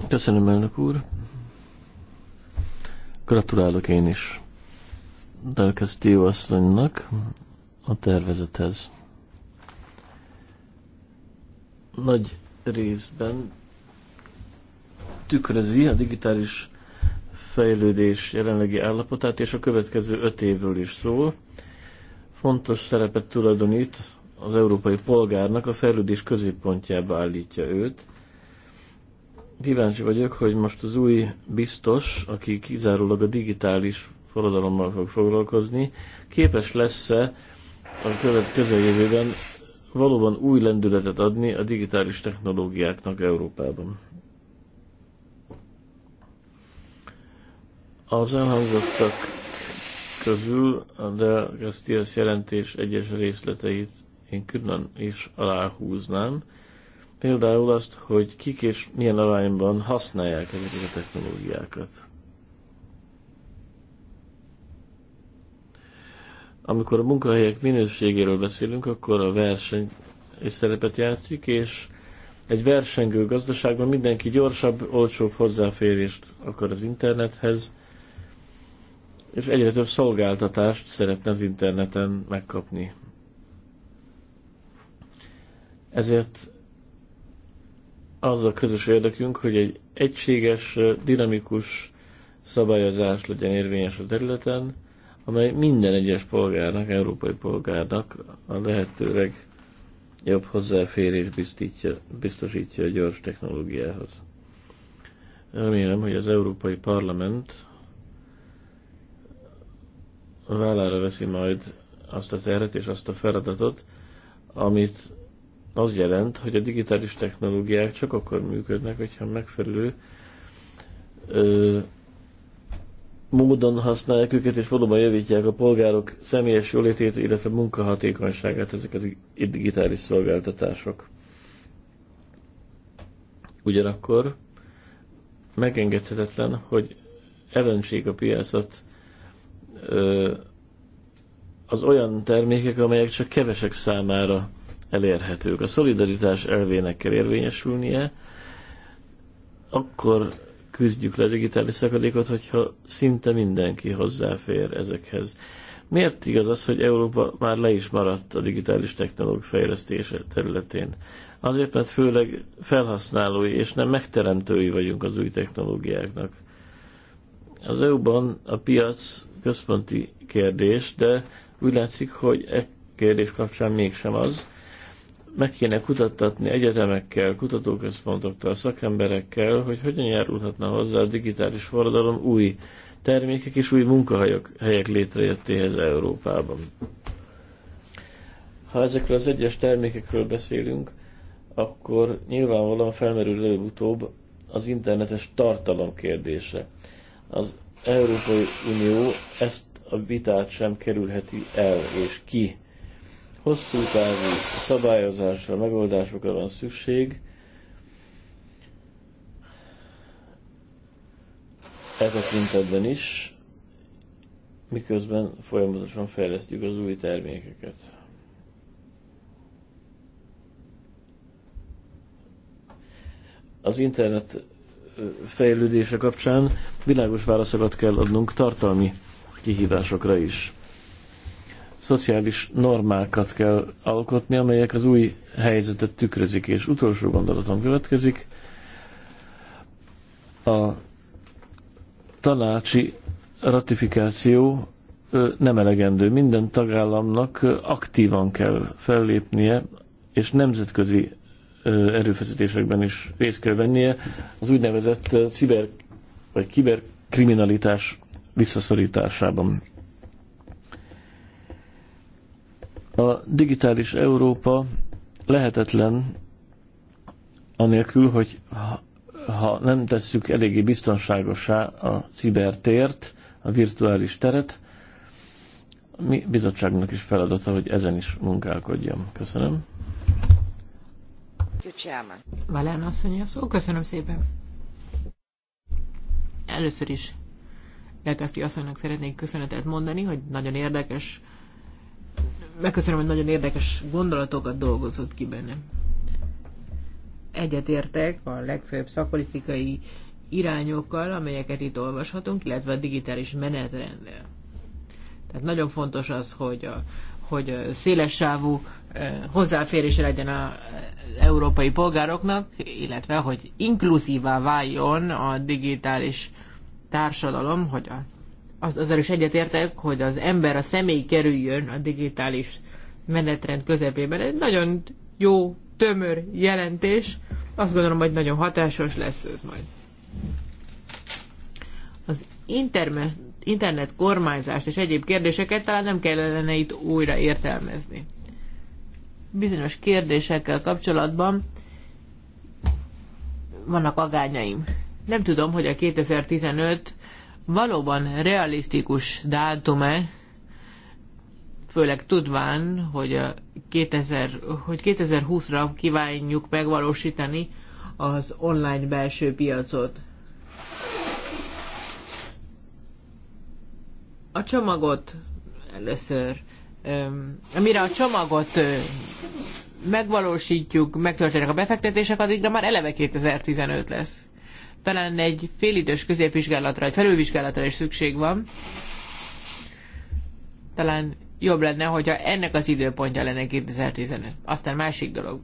Köszönöm, elnök úr. Gratulálok én is Del Castillo asszonynak a tervezethez. Nagy részben tükrözi a digitális fejlődés jelenlegi állapotát, és a következő öt évről is szól. Fontos szerepet tulajdonít az európai polgárnak, a fejlődés középpontjába állítja őt. Kíváncsi vagyok, hogy most az új biztos, aki kizárólag a digitális forradalommal fog foglalkozni, képes lesz-e a követ közeljövőben valóban új lendületet adni a digitális technológiáknak Európában. Az elhangzottak közül a Del Castillas jelentés egyes részleteit én külön is aláhúznám. Például azt, hogy kik és milyen arányban használják ezeket a technológiákat. Amikor a munkahelyek minőségéről beszélünk, akkor a verseny és szerepet játszik, és egy versengő gazdaságban mindenki gyorsabb, olcsóbb hozzáférést akar az internethez, és egyre több szolgáltatást szeretne az interneten megkapni. Ezért az a közös érdekünk, hogy egy egységes, dinamikus szabályozás legyen érvényes a területen, amely minden egyes polgárnak, európai polgárnak a lehetőleg jobb hozzáférés biztítja, biztosítja a gyors technológiához. Remélem, hogy az Európai Parlament vállára veszi majd azt a terhet és azt a feladatot, amit az jelent, hogy a digitális technológiák csak akkor működnek, hogyha megfelelő ö, módon használják őket, és valóban javítják a polgárok személyes jólétét, illetve munkahatékonyságát ezek az digitális szolgáltatások. Ugyanakkor megengedhetetlen, hogy elöntsék a piacot az olyan termékek, amelyek csak kevesek számára elérhetők. A szolidaritás elvének kell érvényesülnie, akkor küzdjük le a digitális szakadékot, hogyha szinte mindenki hozzáfér ezekhez. Miért igaz az, hogy Európa már le is maradt a digitális technológia fejlesztése területén? Azért, mert főleg felhasználói és nem megteremtői vagyunk az új technológiáknak. Az EU-ban a piac központi kérdés, de úgy látszik, hogy e kérdés kapcsán mégsem az. Meg kéne kutattatni egyetemekkel, kutatóközpontokkal, szakemberekkel, hogy hogyan járulhatna hozzá a digitális forradalom új termékek és új munkahelyek létrejöttéhez Európában. Ha ezekről az egyes termékekről beszélünk, akkor nyilvánvalóan felmerül előbb-utóbb az internetes tartalom kérdése. Az Európai Unió ezt a vitát sem kerülheti el és ki. Hosszú távú szabályozásra, megoldásokra van szükség. a e tekintetben is, miközben folyamatosan fejlesztjük az új termékeket. Az internet fejlődése kapcsán világos válaszokat kell adnunk tartalmi kihívásokra is. Szociális normákat kell alkotni, amelyek az új helyzetet tükrözik, és utolsó gondolatom következik. A tanácsi ratifikáció nem elegendő. Minden tagállamnak aktívan kell fellépnie, és nemzetközi erőfeszítésekben is részt kell vennie, az úgynevezett ciber vagy kiberkriminalitás visszaszorításában. A digitális Európa lehetetlen anélkül, hogy ha nem tesszük eléggé biztonságosá a cibertért, a virtuális teret, mi bizottságnak is feladata, hogy ezen is munkálkodjam. Köszönöm. Valán asszony, szó. Köszönöm szépen. Először is Elkászti asszonynak szeretnék köszönetet mondani, hogy nagyon érdekes, megköszönöm, hogy nagyon érdekes gondolatokat dolgozott ki benne. Egyetértek a legfőbb szakpolitikai irányokkal, amelyeket itt olvashatunk, illetve a digitális menetrendel. Tehát nagyon fontos az, hogy a hogy széles sávú hozzáférése legyen az európai polgároknak, illetve hogy inkluzívá váljon a digitális társadalom, hogy a, az, azzal is egyetértek, hogy az ember, a személy kerüljön a digitális menetrend közepében. Egy nagyon jó, tömör jelentés. Azt gondolom, hogy nagyon hatásos lesz ez majd. Az internet internet kormányzást és egyéb kérdéseket talán nem kellene itt újra értelmezni. Bizonyos kérdésekkel kapcsolatban vannak agányaim. Nem tudom, hogy a 2015 valóban realisztikus dátum-e, főleg tudván, hogy, a 2000, hogy 2020-ra kívánjuk megvalósítani az online belső piacot. a csomagot először, amire a csomagot megvalósítjuk, megtörténnek a befektetések, addigra már eleve 2015 lesz. Talán egy félidős középvizsgálatra, egy felülvizsgálatra is szükség van. Talán jobb lenne, hogyha ennek az időpontja lenne 2015. Aztán másik dolog.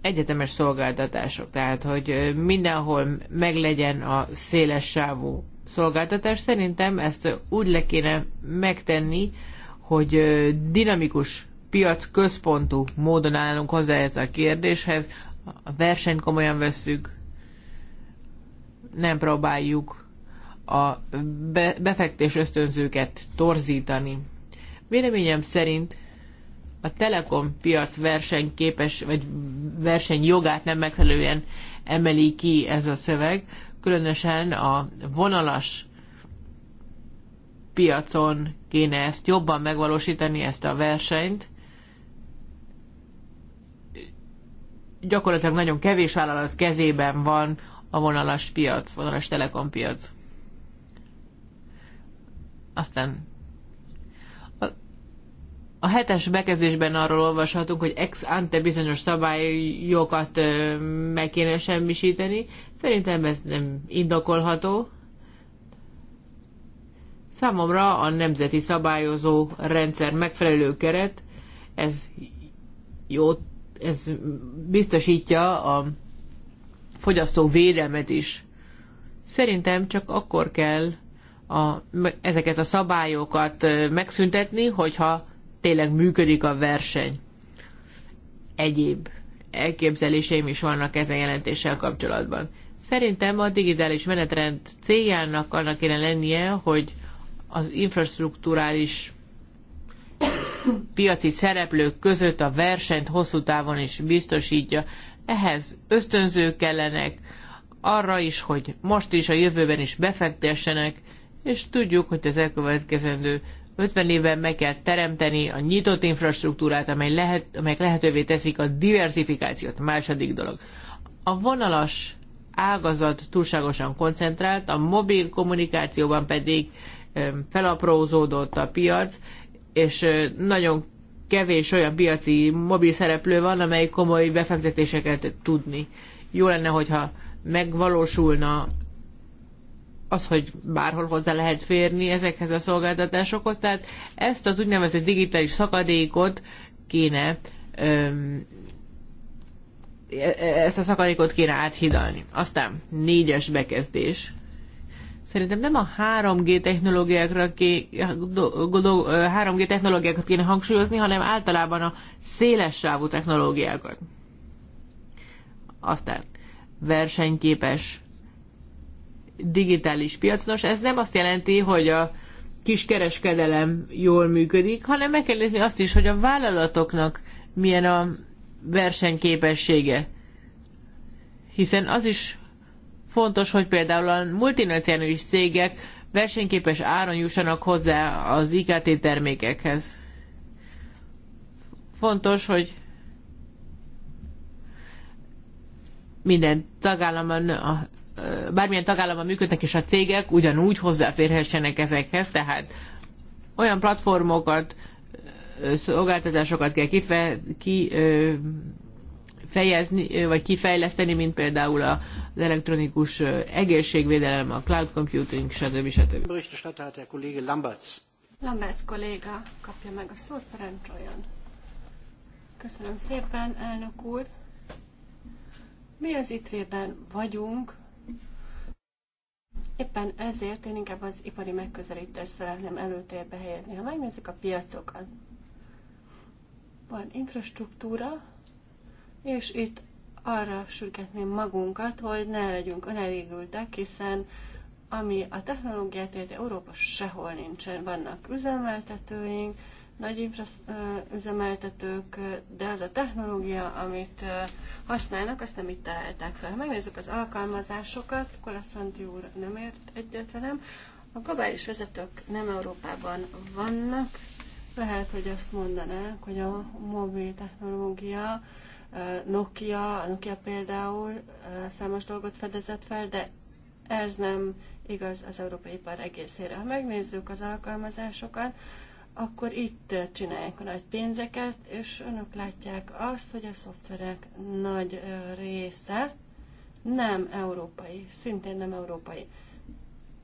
Egyetemes szolgáltatások, tehát hogy mindenhol meglegyen a széles sávú szolgáltatás. Szerintem ezt úgy le kéne megtenni, hogy dinamikus piac központú módon állunk hozzá ez a kérdéshez, a versenyt komolyan veszük, nem próbáljuk a befektés ösztönzőket torzítani. Véleményem szerint a telekom piac versenyképes, vagy versenyjogát nem megfelelően emeli ki ez a szöveg különösen a vonalas piacon kéne ezt jobban megvalósítani, ezt a versenyt. Gyakorlatilag nagyon kevés vállalat kezében van a vonalas piac, vonalas telekompiac. Aztán a hetes bekezdésben arról olvashatunk, hogy ex ante bizonyos szabályokat meg kéne semmisíteni. Szerintem ez nem indokolható. Számomra a nemzeti szabályozó rendszer megfelelő keret, ez jó, ez biztosítja a fogyasztó védelmet is. Szerintem csak akkor kell a, ezeket a szabályokat megszüntetni, hogyha tényleg működik a verseny. Egyéb elképzeléseim is vannak ezen jelentéssel kapcsolatban. Szerintem a digitális menetrend céljának annak kéne lennie, hogy az infrastruktúrális piaci szereplők között a versenyt hosszú távon is biztosítja. Ehhez ösztönzők kellenek, arra is, hogy most is, a jövőben is befektessenek, és tudjuk, hogy az elkövetkezendő 50 évben meg kell teremteni a nyitott infrastruktúrát, amely lehet, amelyek lehetővé teszik a diversifikációt. Második dolog. A vonalas ágazat túlságosan koncentrált, a mobil kommunikációban pedig felaprózódott a piac, és nagyon kevés olyan piaci mobil szereplő van, amely komoly befektetéseket tudni. Jó lenne, hogyha megvalósulna az, hogy bárhol hozzá lehet férni ezekhez a szolgáltatásokhoz. Tehát ezt az úgynevezett digitális szakadékot kéne öm, e- e- ezt a szakadékot kéne áthidalni. Aztán négyes bekezdés. Szerintem nem a 3G technológiákra ké, 3G technológiákat kéne hangsúlyozni, hanem általában a széles sávú technológiákat. Aztán versenyképes digitális piac. Nos, ez nem azt jelenti, hogy a kis kereskedelem jól működik, hanem meg kell nézni azt is, hogy a vállalatoknak milyen a versenyképessége. Hiszen az is fontos, hogy például a multinacionális cégek versenyképes áron jussanak hozzá az IKT termékekhez. Fontos, hogy minden tagállamban a bármilyen tagállamban működnek is a cégek, ugyanúgy hozzáférhessenek ezekhez, tehát olyan platformokat, szolgáltatásokat kell kife, ki, fejezni, vagy kifejleszteni, mint például az elektronikus egészségvédelem, a cloud computing, stb. stb. Lamberts. Lamberts kolléga kapja meg a szót, parancsoljon. Köszönöm szépen, elnök úr. Mi az itrében vagyunk, Éppen ezért én inkább az ipari megközelítést szeretném előtérbe helyezni. Ha megnézzük a piacokat, van infrastruktúra, és itt arra sürgetném magunkat, hogy ne legyünk önelégültek, hiszen ami a technológiát érti, Európa sehol nincsen. Vannak üzemeltetőink, nagy üzemeltetők, de az a technológia, amit használnak, azt nem itt találták fel. megnézzük az alkalmazásokat, Kolaszanti úr nem ért egyet velem, a globális vezetők nem Európában vannak, lehet, hogy azt mondanák, hogy a mobil technológia, Nokia, a Nokia például számos dolgot fedezett fel, de ez nem igaz az európai ipar egészére. Ha megnézzük az alkalmazásokat, akkor itt csinálják a nagy pénzeket, és önök látják azt, hogy a szoftverek nagy része nem európai, szintén nem európai.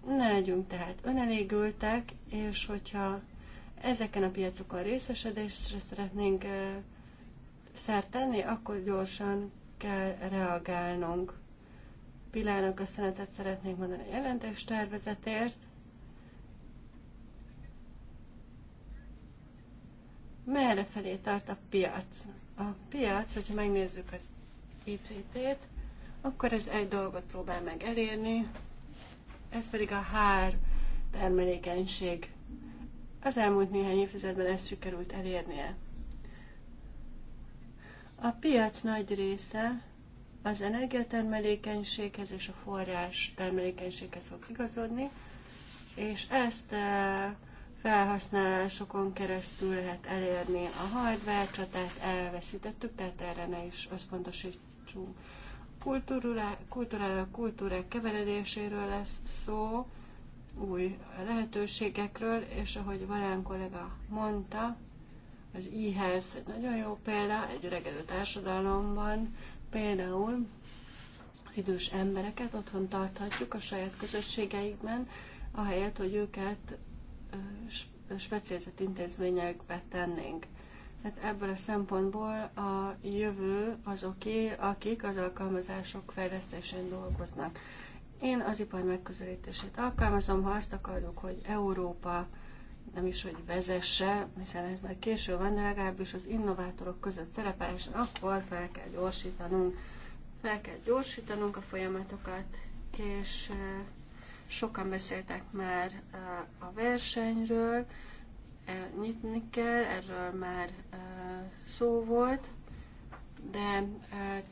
Ne legyünk tehát önelégültek, és hogyha ezeken a piacokon részesedésre szeretnénk szert tenni, akkor gyorsan kell reagálnunk. Pilának köszönetet szeretnénk mondani a jelentés tervezetért, merre felé tart a piac? A piac, hogyha megnézzük az ICT-t, akkor ez egy dolgot próbál meg elérni, ez pedig a hár termelékenység. Az elmúlt néhány évtizedben ezt sikerült elérnie. A piac nagy része az energiatermelékenységhez és a forrás termelékenységhez fog igazodni, és ezt eh, felhasználásokon keresztül lehet elérni a hardware csatát, elveszítettük, tehát erre ne is összpontosítsunk. kultúrál a kultúrák keveredéséről lesz szó, új lehetőségekről, és ahogy Valán kollega mondta, az e-health egy nagyon jó példa, egy öregedő társadalomban például az idős embereket otthon tarthatjuk a saját közösségeikben, ahelyett, hogy őket specializált intézményekbe tennénk. Tehát ebből a szempontból a jövő azoké, akik az alkalmazások fejlesztésén dolgoznak. Én az ipar megközelítését alkalmazom, ha azt akarjuk, hogy Európa nem is, hogy vezesse, hiszen ez már késő van, de legalábbis az innovátorok között szerepelésen, akkor fel kell gyorsítanunk, fel kell gyorsítanunk a folyamatokat, és Sokan beszéltek már eh, a versenyről, eh, nyitni kell, erről már eh, szó volt, de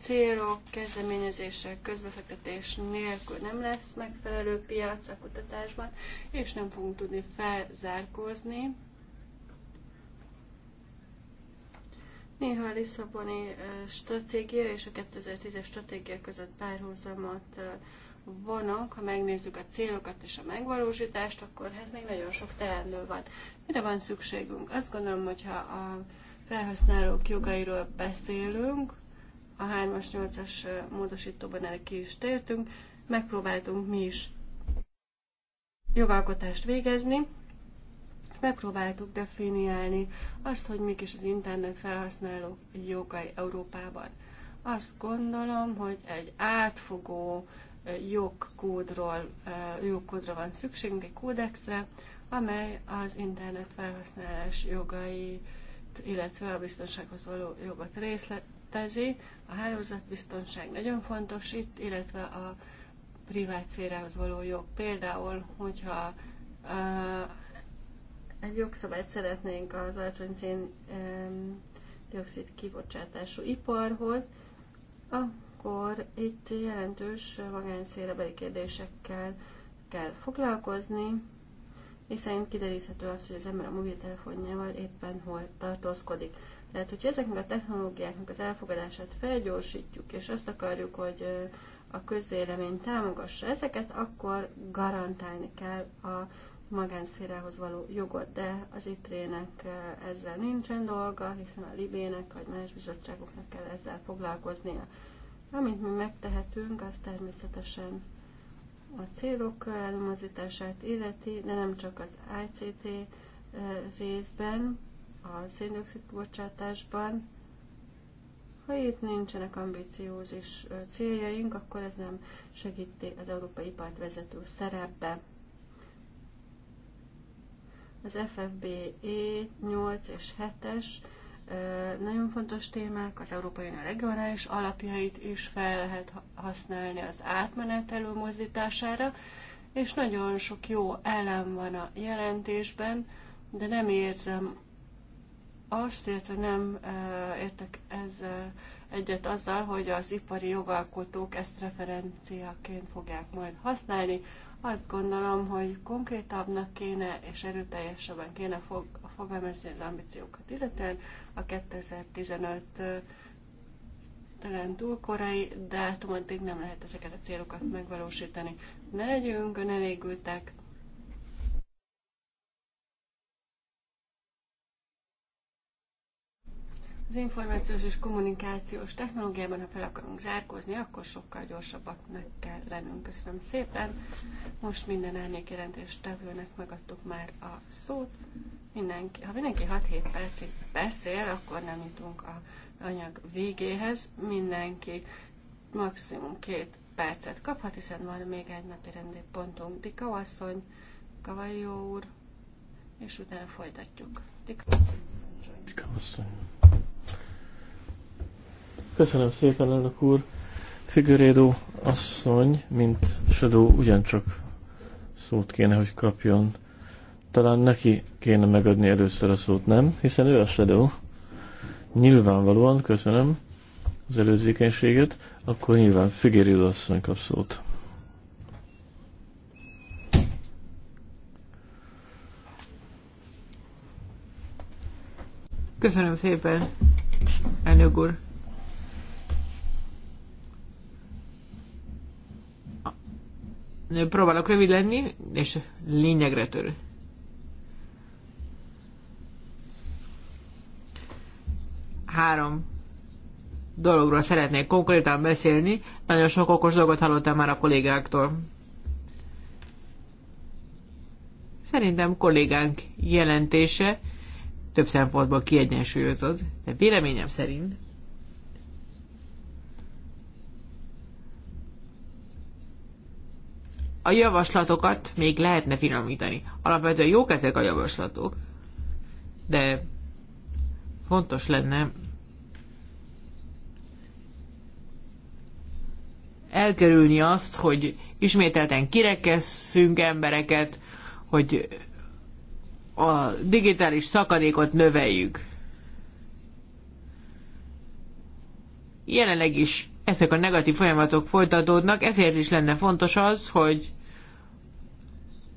célok, kezdeményezések, közbefektetés nélkül nem lesz megfelelő piac a kutatásban, és nem fogunk tudni felzárkózni. Néha a Lisszaboni stratégia és a 2010-es stratégia között párhuzamot vonok, ha megnézzük a célokat és a megvalósítást, akkor hát még nagyon sok teendő van. Mire van szükségünk? Azt gondolom, hogyha a felhasználók jogairól beszélünk, a 3-as, 8-as módosítóban erre ki is tértünk, megpróbáltunk mi is jogalkotást végezni, megpróbáltuk definiálni azt, hogy mik is az internet felhasználók jogai Európában. Azt gondolom, hogy egy átfogó jogkódról, jogkódra van szükségünk, egy kódexre, amely az internet felhasználás jogai, illetve a biztonsághoz való jogot részletezi. A hálózatbiztonság nagyon fontos itt, illetve a privát szférához való jog. Például, hogyha uh, egy jogszabályt szeretnénk az alacsony szén um, dioxid kibocsátású iparhoz, a akkor itt jelentős magánszélebeli kérdésekkel kell foglalkozni, hiszen kideríthető az, hogy az ember a mobiltelefonjával éppen hol tartózkodik. Tehát, hogyha ezeknek a technológiáknak az elfogadását felgyorsítjuk, és azt akarjuk, hogy a közvélemény támogassa ezeket, akkor garantálni kell a magánszférához való jogot, de az itre nek ezzel nincsen dolga, hiszen a Libének vagy más bizottságoknak kell ezzel foglalkoznia. Amit mi megtehetünk, az természetesen a célok elmozdítását illeti, de nem csak az ICT eh, részben, a széndiokszid kibocsátásban. Ha itt nincsenek ambiciózis eh, céljaink, akkor ez nem segíti az európai ipart vezető szerepbe. Az FFBE 8 és 7-es nagyon fontos témák, az Európai Unió regionális alapjait is fel lehet használni az átmenet előmozdítására, és nagyon sok jó elem van a jelentésben, de nem érzem azt, illetve nem értek ez egyet azzal, hogy az ipari jogalkotók ezt referenciaként fogják majd használni. Azt gondolom, hogy konkrétabbnak kéne és erőteljesebben kéne fog, fogalmazni az ambíciókat, illetően a 2015 talán túl korai dátumot, nem lehet ezeket a célokat megvalósítani. Ne legyünk önelégültek, Az információs és kommunikációs technológiában, ha fel akarunk zárkózni, akkor sokkal gyorsabbaknak kell lennünk. Köszönöm szépen. Most minden árnyékjelentés tevőnek megadtuk már a szót. Mindenki, ha mindenki 6-7 percig beszél, akkor nem jutunk a anyag végéhez. Mindenki maximum két percet kaphat, hiszen van még egy napi rendi pontunk. Dika asszony, Kavajó úr, és utána folytatjuk. Dika Dika asszony. Köszönöm szépen, elnök úr. Figurédó asszony, mint Shadow ugyancsak szót kéne, hogy kapjon. Talán neki kéne megadni először a szót, nem? Hiszen ő a Shadow. Nyilvánvalóan, köszönöm az előzékenységet, akkor nyilván Figurédó asszony kap szót. Köszönöm szépen, elnök úr. próbálok rövid lenni, és lényegre törő. Három dologról szeretnék konkrétan beszélni. Nagyon sok okos dolgot hallottam már a kollégáktól. Szerintem kollégánk jelentése több szempontból kiegyensúlyozott, de véleményem szerint a javaslatokat még lehetne finomítani. Alapvetően jók ezek a javaslatok, de fontos lenne elkerülni azt, hogy ismételten kirekesszünk embereket, hogy a digitális szakadékot növeljük. Jelenleg is ezek a negatív folyamatok folytatódnak, ezért is lenne fontos az, hogy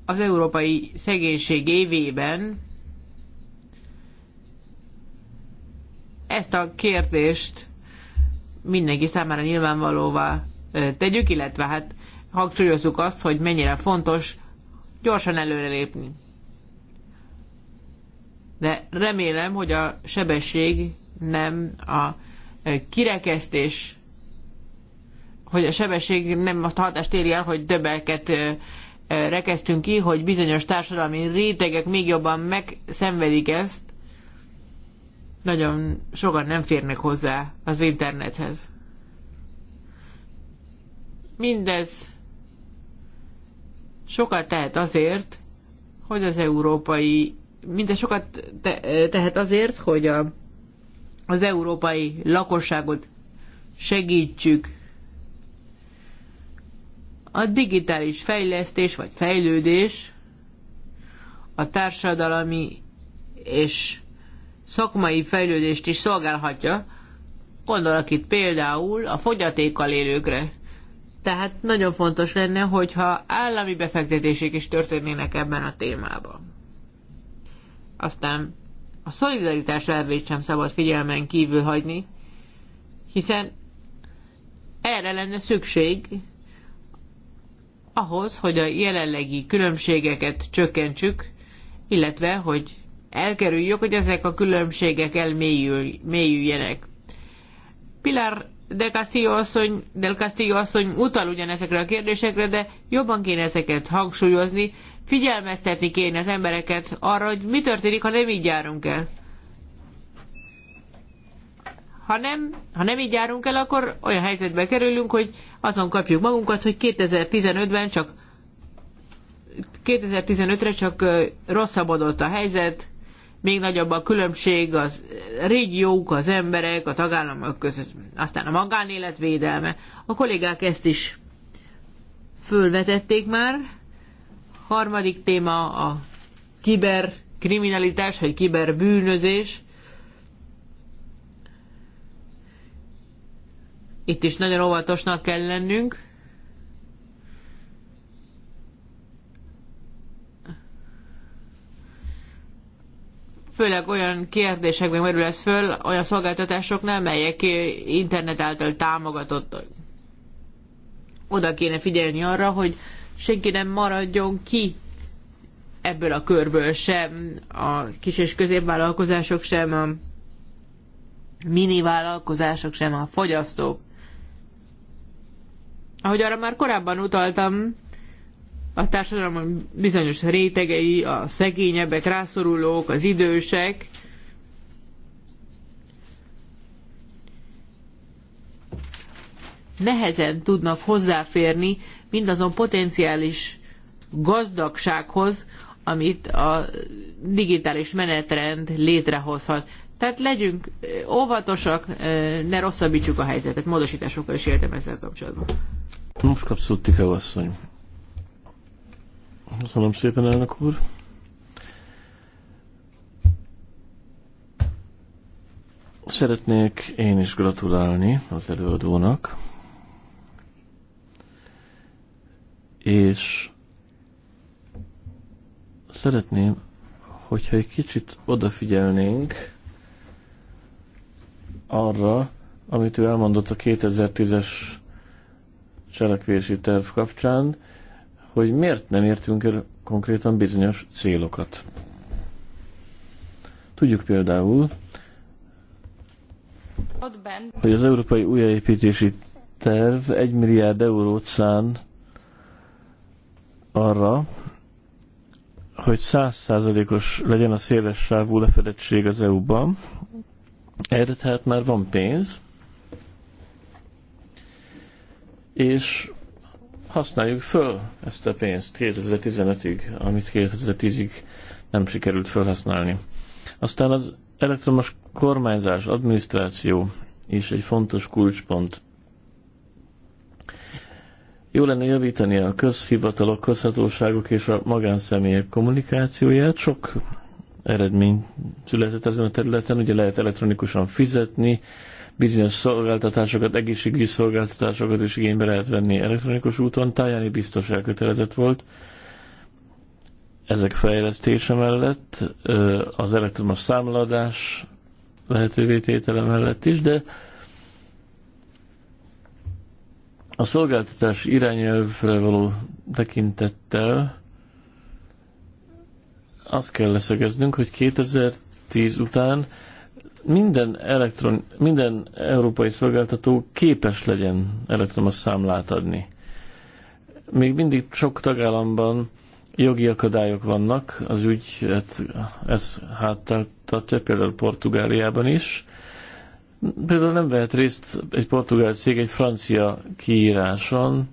az európai szegénység évében ezt a kérdést mindenki számára nyilvánvalóvá tegyük, illetve hát hangsúlyozzuk azt, hogy mennyire fontos gyorsan előrelépni. De remélem, hogy a sebesség nem a kirekesztés hogy a sebesség nem azt a hatást éri el, hogy döbelket rekesztünk ki, hogy bizonyos társadalmi rétegek még jobban megszenvedik ezt, nagyon sokan nem férnek hozzá az internethez. Mindez sokat tehet azért, hogy az európai, mindez sokat te, tehet azért, hogy a, az európai lakosságot segítsük a digitális fejlesztés vagy fejlődés a társadalmi és szakmai fejlődést is szolgálhatja, gondolok itt például a fogyatékkal élőkre. Tehát nagyon fontos lenne, hogyha állami befektetések is történnének ebben a témában. Aztán a szolidaritás elvét sem szabad figyelmen kívül hagyni, hiszen erre lenne szükség ahhoz, hogy a jelenlegi különbségeket csökkentsük, illetve hogy elkerüljük, hogy ezek a különbségek elmélyüljenek. Pilar de Castillo asszony, del Castillo asszony utal ugyanezekre a kérdésekre, de jobban kéne ezeket hangsúlyozni, figyelmeztetni kéne az embereket arra, hogy mi történik, ha nem így járunk el. Ha nem, ha nem így járunk el, akkor olyan helyzetbe kerülünk, hogy azon kapjuk magunkat, hogy 2015-ben csak 2015-re csak rosszabbodott a helyzet, még nagyobb a különbség az régiók, az emberek, a tagállamok között, aztán a magánélet védelme. A kollégák ezt is fölvetették már. Harmadik téma a kiberkriminalitás, vagy kiberbűnözés. Itt is nagyon óvatosnak kell lennünk. Főleg olyan kérdésekben merül ez föl, olyan szolgáltatásoknál, melyek internet által támogatottak. Oda kéne figyelni arra, hogy senki nem maradjon ki ebből a körből sem, a kis és középvállalkozások sem, a mini vállalkozások sem, a fogyasztók. Ahogy arra már korábban utaltam, a társadalom bizonyos rétegei, a szegényebbek, rászorulók, az idősek, nehezen tudnak hozzáférni mindazon potenciális gazdagsághoz, amit a digitális menetrend létrehozhat. Tehát legyünk óvatosak, ne rosszabbítsuk a helyzetet. Módosításokkal is éltem ezzel kapcsolatban. Most kapsz Tika asszony. Köszönöm szépen, elnök úr. Szeretnék én is gratulálni az előadónak, és szeretném, hogyha egy kicsit odafigyelnénk, arra, amit ő elmondott a 2010-es cselekvési terv kapcsán, hogy miért nem értünk el konkrétan bizonyos célokat. Tudjuk például, hogy az Európai Újjáépítési Terv 1 milliárd eurót szán arra, hogy 100%-os legyen a széles sávú lefedettség az EU-ban, erre tehát már van pénz, és használjuk föl ezt a pénzt 2015-ig, amit 2010-ig nem sikerült felhasználni. Aztán az elektromos kormányzás, adminisztráció is egy fontos kulcspont. Jó lenne javítani a közhivatalok, közhatóságok és a magánszemélyek kommunikációját. Sok eredmény született ezen a területen. Ugye lehet elektronikusan fizetni, bizonyos szolgáltatásokat, egészségügyi szolgáltatásokat is igénybe lehet venni elektronikus úton. Tájáni biztos elkötelezett volt ezek fejlesztése mellett, az elektromos számladás lehetővé tétele mellett is, de a szolgáltatás irányelvre való tekintettel azt kell leszögeznünk, hogy 2010 után minden, elektron, minden európai szolgáltató képes legyen elektromos számlát adni. Még mindig sok tagállamban jogi akadályok vannak, az ügy hát, ez háttal tartja, például Portugáliában is. Például nem vehet részt egy portugál cég egy francia kiíráson,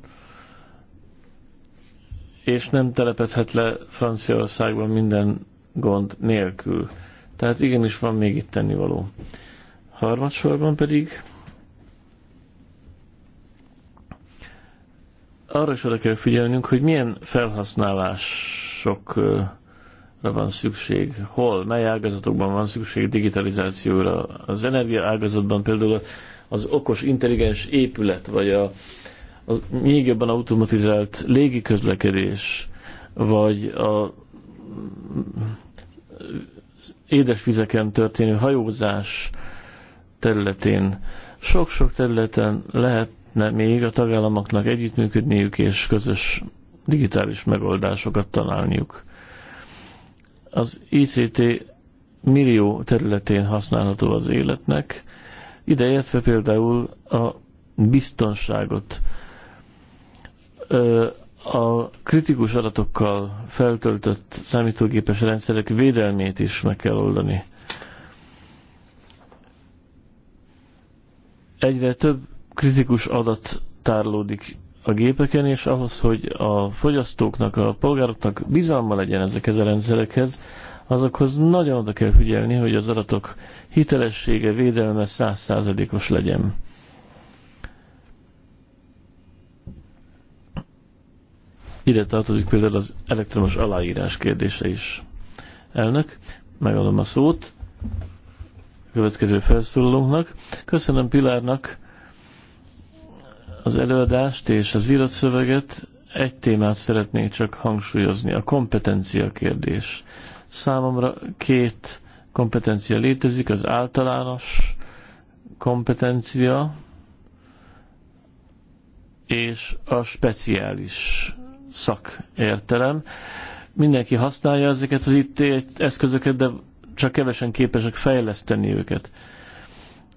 és nem telepedhet le Franciaországban minden gond nélkül. Tehát igenis van még itt tennivaló. Harmadsorban pedig arra is oda kell figyelnünk, hogy milyen felhasználásokra van szükség, hol, mely ágazatokban van szükség digitalizációra. Az energia ágazatban például az okos, intelligens épület, vagy a, az még jobban automatizált közlekedés, vagy a édesvizeken történő hajózás területén, sok-sok területen lehetne még a tagállamoknak együttműködniük és közös digitális megoldásokat találniuk. Az ICT millió területén használható az életnek, ideértve például a biztonságot, a kritikus adatokkal feltöltött számítógépes rendszerek védelmét is meg kell oldani. Egyre több kritikus adat tárlódik a gépeken, és ahhoz, hogy a fogyasztóknak, a polgároknak bizalma legyen ezekhez a rendszerekhez, azokhoz nagyon oda kell figyelni, hogy az adatok hitelessége, védelme százszázalékos legyen. Ide tartozik például az elektromos aláírás kérdése is. Elnök, megadom a szót a következő felszólalónknak. Köszönöm Pilárnak az előadást és az iratszöveget. Egy témát szeretnék csak hangsúlyozni, a kompetencia kérdés. Számomra két kompetencia létezik, az általános kompetencia és a speciális szakértelem. Mindenki használja ezeket az IT eszközöket, de csak kevesen képesek fejleszteni őket.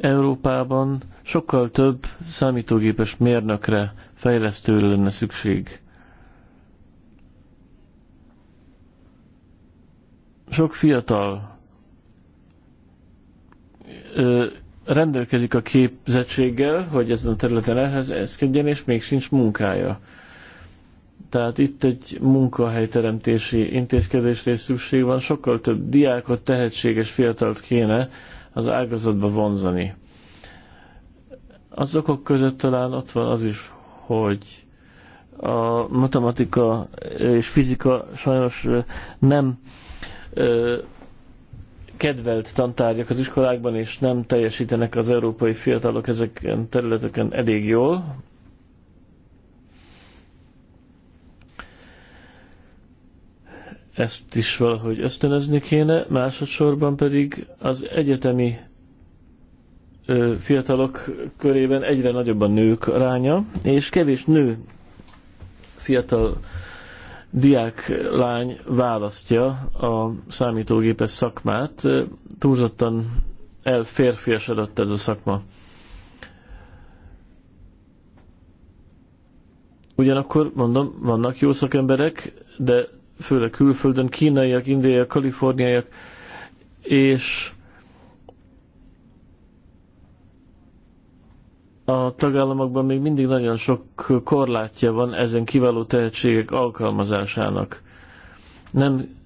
Európában sokkal több számítógépes mérnökre, fejlesztőre lenne szükség. Sok fiatal ö, rendelkezik a képzettséggel, hogy ezen a területen ehhez eszkedjen, és még sincs munkája. Tehát itt egy munkahelyteremtési intézkedésre is szükség van, sokkal több diákot, tehetséges fiatalt kéne az ágazatba vonzani. Az okok között talán ott van az is, hogy a matematika és fizika sajnos nem kedvelt tantárgyak az iskolákban, és nem teljesítenek az európai fiatalok ezeken területeken elég jól, ezt is valahogy ösztönözni kéne, másodszorban pedig az egyetemi fiatalok körében egyre nagyobb a nők aránya, és kevés nő fiatal diák lány választja a számítógépes szakmát. Túlzottan elférfiasodott ez a szakma. Ugyanakkor mondom, vannak jó szakemberek, de főleg külföldön, kínaiak, indiaiak, kaliforniaiak, és a tagállamokban még mindig nagyon sok korlátja van ezen kiváló tehetségek alkalmazásának. Nem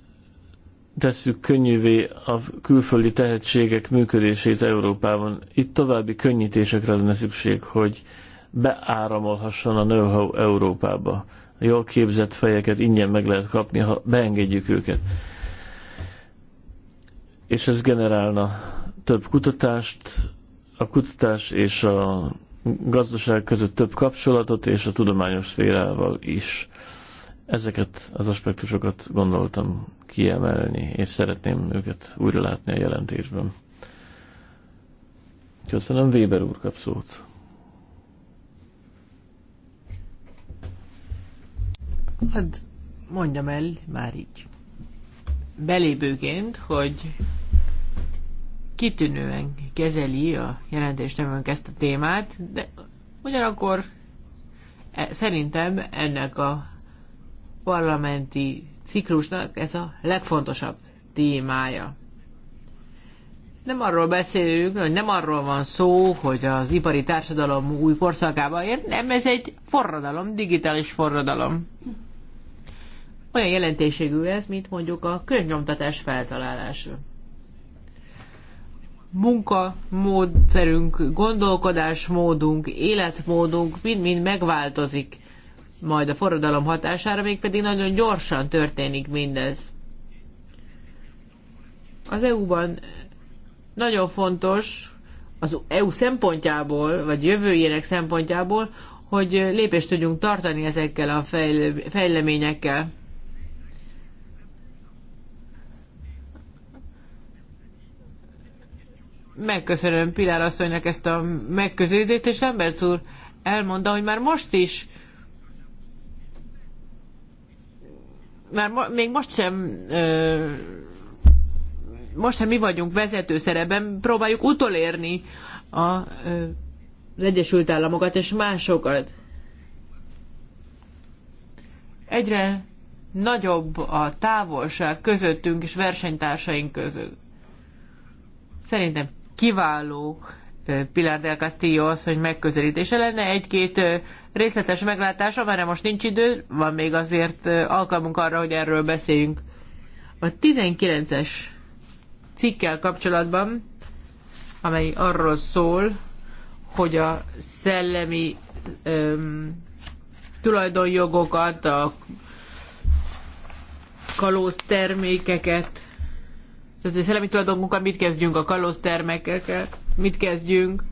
tesszük könnyűvé a külföldi tehetségek működését Európában. Itt további könnyítésekre lenne szükség, hogy beáramolhasson a know-how Európába jól képzett fejeket ingyen meg lehet kapni, ha beengedjük őket. És ez generálna több kutatást, a kutatás és a gazdaság között több kapcsolatot, és a tudományos szférával is. Ezeket az aspektusokat gondoltam kiemelni, és szeretném őket újra látni a jelentésben. Köszönöm, Weber úr kap szót. Hát mondjam el már így belépőként, hogy kitűnően kezeli a jelentéstevőnk ezt a témát, de ugyanakkor e- szerintem ennek a parlamenti ciklusnak ez a legfontosabb témája. Nem arról beszélünk, hogy nem arról van szó, hogy az ipari társadalom új korszakába ér, nem, ez egy forradalom, digitális forradalom. Olyan jelentésségű ez, mint mondjuk a könyvnyomtatás feltalálása. Munka, módszerünk, gondolkodásmódunk, életmódunk mind-mind megváltozik majd a forradalom hatására, mégpedig nagyon gyorsan történik mindez. Az EU-ban nagyon fontos az EU szempontjából, vagy jövőjének szempontjából, hogy lépést tudjunk tartani ezekkel a fejleményekkel. Megköszönöm Pilár asszonynak ezt a megközelítést, és Lambert úr elmondta, hogy már most is már mo még most sem ö, most sem mi vagyunk vezető szerepben, próbáljuk utolérni a, ö, az Egyesült Államokat és másokat. Egyre nagyobb a távolság közöttünk és versenytársaink között. Szerintem kiváló Pilar del Castillo asszony megközelítése lenne. Egy-két részletes meglátása, mert most nincs idő, van még azért alkalmunk arra, hogy erről beszéljünk. A 19-es cikkel kapcsolatban, amely arról szól, hogy a szellemi öm, tulajdonjogokat, a termékeket a szellemi tulajdonmunkkal mit kezdjünk a kalóztermekkel, mit kezdjünk.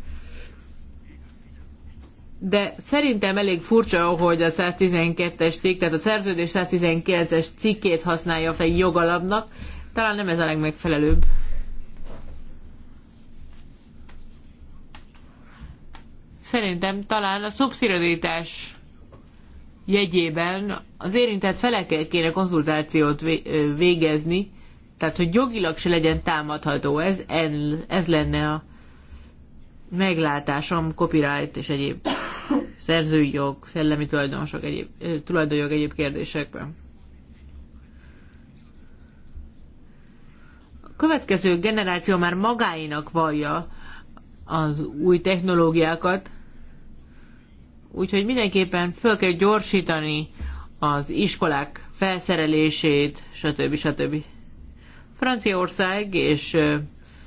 De szerintem elég furcsa, hogy a 112-es cikk, tehát a szerződés 119-es cikkét használja fel jogalapnak. Talán nem ez a legmegfelelőbb. Szerintem talán a szubszidiaritás jegyében az érintett felekkel kéne konzultációt végezni, tehát hogy jogilag se legyen támadható, ez, ez lenne a meglátásom, copyright és egyéb szerzői jog, szellemi tulajdonosok egyéb, tulajdonjog egyéb kérdésekben. A következő generáció már magáinak vallja az új technológiákat, úgyhogy mindenképpen föl kell gyorsítani az iskolák felszerelését, stb. stb. Franciaország és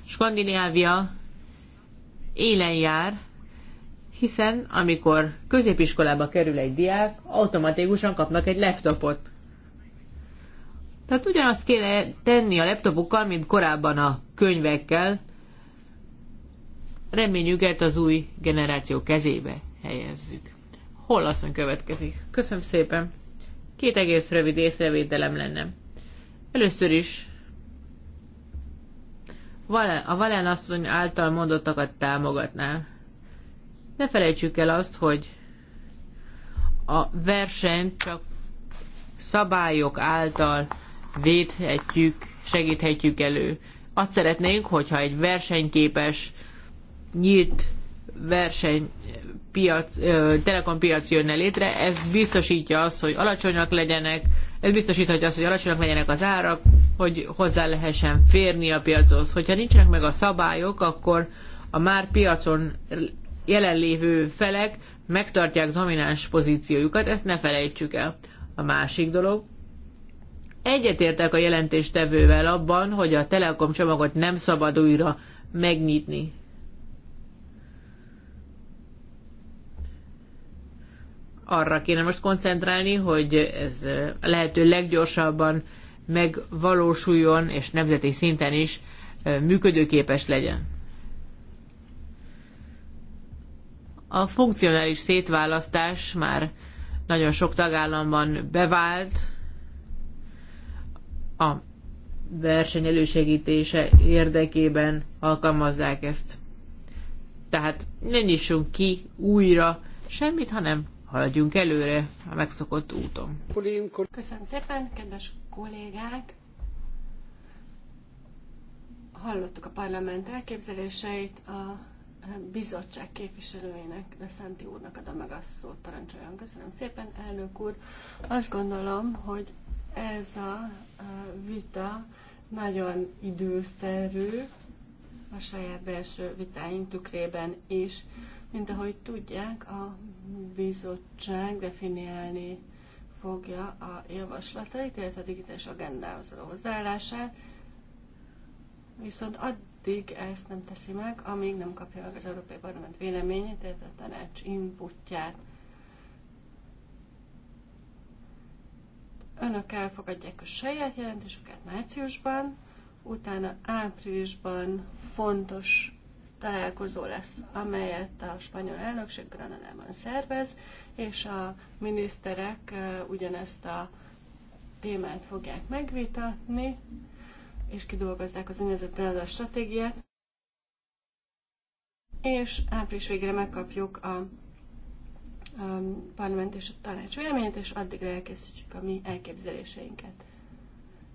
Skandinávia élen jár, hiszen amikor középiskolába kerül egy diák, automatikusan kapnak egy laptopot. Tehát ugyanazt kéne tenni a laptopokkal, mint korábban a könyvekkel. Reményüket hát az új generáció kezébe helyezzük. Hol következik? Köszönöm szépen. Két egész rövid észrevételem lenne. Először is a Valen asszony által mondottakat támogatná. Ne felejtsük el azt, hogy a versenyt csak szabályok által védhetjük, segíthetjük elő. Azt szeretnénk, hogyha egy versenyképes, nyílt piac, telekompiac jönne létre, ez biztosítja azt, hogy alacsonyak legyenek ez biztosíthatja azt, hogy alacsonyak legyenek az árak, hogy hozzá lehessen férni a piachoz. Hogyha nincsenek meg a szabályok, akkor a már piacon jelenlévő felek megtartják domináns pozíciójukat, ezt ne felejtsük el. A másik dolog, egyetértek a jelentéstevővel abban, hogy a Telekom csomagot nem szabad újra megnyitni. arra kéne most koncentrálni, hogy ez lehető leggyorsabban megvalósuljon, és nemzeti szinten is működőképes legyen. A funkcionális szétválasztás már nagyon sok tagállamban bevált, a verseny elősegítése érdekében alkalmazzák ezt. Tehát ne nyissunk ki újra semmit, hanem haladjunk előre a megszokott úton. Köszönöm szépen, kedves kollégák! Hallottuk a parlament elképzeléseit, a bizottság képviselőjének, Szenti úrnak adom meg a szót, parancsoljon. Köszönöm szépen, elnök úr. Azt gondolom, hogy ez a vita nagyon időszerű, a saját belső vitáink tükrében is. Mm mint ahogy tudják, a bizottság definiálni fogja a javaslatait, illetve a digitális agendához a hozzáállását, viszont addig ezt nem teszi meg, amíg nem kapja meg az Európai Parlament véleményét, illetve a tanács inputját. Önök elfogadják a saját jelentésüket márciusban, utána áprilisban fontos találkozó lesz, amelyet a spanyol elnökség Granadában szervez, és a miniszterek ugyanezt a témát fogják megvitatni, és kidolgozzák az önvezetben a stratégiát. És április végre megkapjuk a, a parlament és a tanács véleményét, és addigra elkészítjük a mi elképzeléseinket.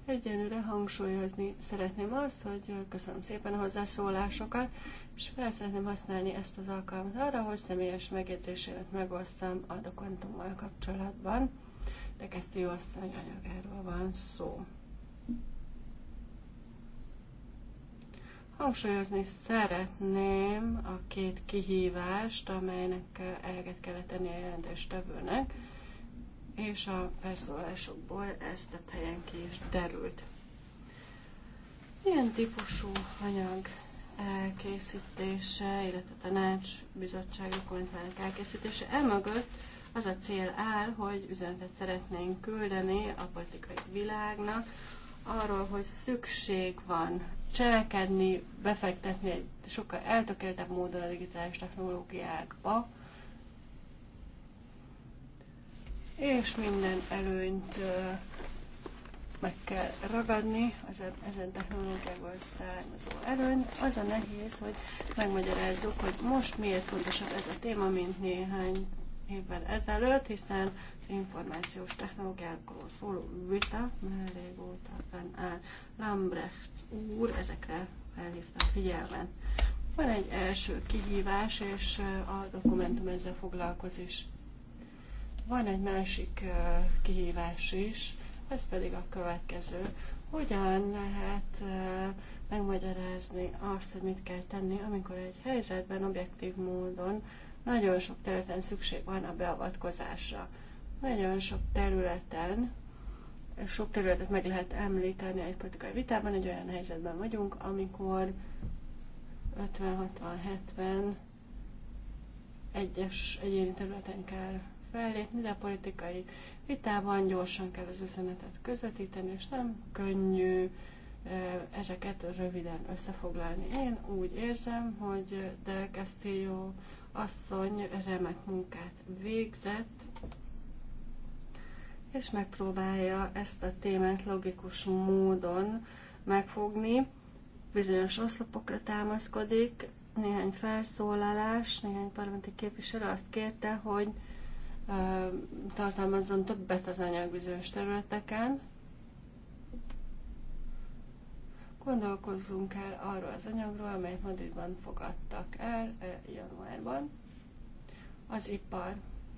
Egyenőre hangsúlyozni szeretném azt, hogy köszönöm szépen a hozzászólásokat, és fel szeretném használni ezt az alkalmat arra, hogy személyes megjegyzésémet megosztam a dokumentummal kapcsolatban, de kezdő asszony anyagáról van szó. Hangsúlyozni szeretném a két kihívást, amelynek eleget kell tenni a tevőnek, és a felszólásokból ez több helyen ki is derült. Milyen típusú anyag elkészítése, illetve a tanács bizottság dokumentumának elkészítése. Emögött az a cél áll, hogy üzenetet szeretnénk küldeni a politikai világnak arról, hogy szükség van cselekedni, befektetni egy sokkal eltökéltebb módon a digitális technológiákba, és minden előnyt meg kell ragadni az, ezen technológiából származó előny. Az a nehéz, hogy megmagyarázzuk, hogy most miért fontosabb ez a téma, mint néhány évvel ezelőtt, hiszen az információs technológiákról szóló vita már régóta fenn áll. Lambrecht úr ezekre felhívta a figyelmet. Van egy első kihívás, és a dokumentum ezzel foglalkozik. Van egy másik kihívás is, ez pedig a következő. Hogyan lehet megmagyarázni azt, hogy mit kell tenni, amikor egy helyzetben objektív módon nagyon sok területen szükség van a beavatkozásra. Nagyon sok területen, sok területet meg lehet említeni egy politikai vitában, egy olyan helyzetben vagyunk, amikor 50-60-70 egyes egyéni területen kell fellépni, de a politikai vitában gyorsan kell az üzenetet közvetíteni, és nem könnyű ezeket röviden összefoglalni. Én úgy érzem, hogy Del Castillo asszony remek munkát végzett, és megpróbálja ezt a témát logikus módon megfogni. Bizonyos oszlopokra támaszkodik, néhány felszólalás, néhány parlamenti képviselő azt kérte, hogy tartalmazzon többet az anyag bizonyos területeken. Gondolkozzunk el arról az anyagról, amelyet Madridban fogadtak el januárban az ipar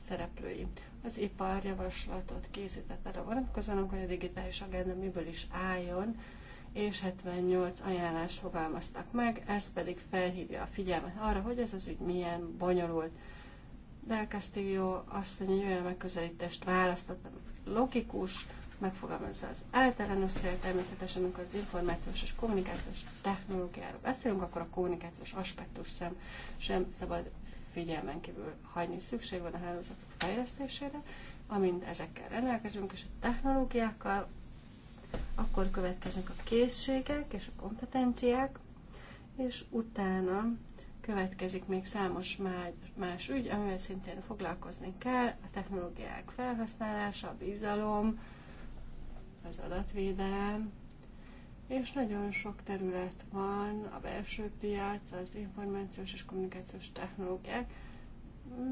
szereplői. Az ipar javaslatot készített arra vonatkozóan, hogy a digitális agenda miből is álljon, és 78 ajánlást fogalmaztak meg, ez pedig felhívja a figyelmet arra, hogy ez az ügy milyen bonyolult. Del Castillo asszony egy olyan megközelítést választott, logikus, megfogalmazza az általános cél, természetesen, amikor az információs és kommunikációs technológiáról beszélünk, akkor a kommunikációs aspektus sem, sem szabad figyelmen kívül hagyni. Szükség van a hálózat fejlesztésére, amint ezekkel rendelkezünk, és a technológiákkal, akkor következnek a készségek és a kompetenciák, és utána Következik még számos más ügy, amivel szintén foglalkozni kell, a technológiák felhasználása, a bizalom, az adatvédelem, és nagyon sok terület van, a belső piac, az információs és kommunikációs technológiák,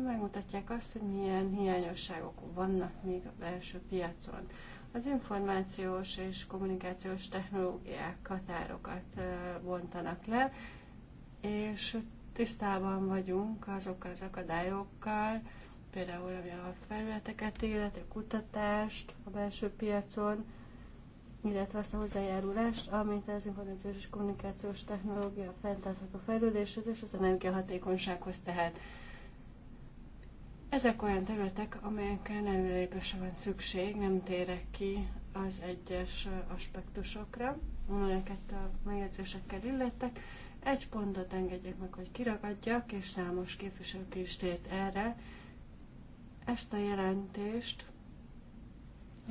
megmutatják azt, hogy milyen hiányosságok vannak még a belső piacon. Az információs és kommunikációs technológiák határokat bontanak le, és tisztában vagyunk azokkal az akadályokkal, például ami a felületeket illeti, a kutatást a belső piacon, illetve azt a hozzájárulást, amit az információs és kommunikációs technológia fenntartható fejlődéshez és az energiahatékonysághoz tehet. Ezek olyan területek, amelyeken előrelépésre van szükség, nem térek ki az egyes aspektusokra, amelyeket a megjegyzésekkel illettek, egy pontot engedjek meg, hogy kiragadjak, és számos képviselők is tért erre. Ezt a jelentést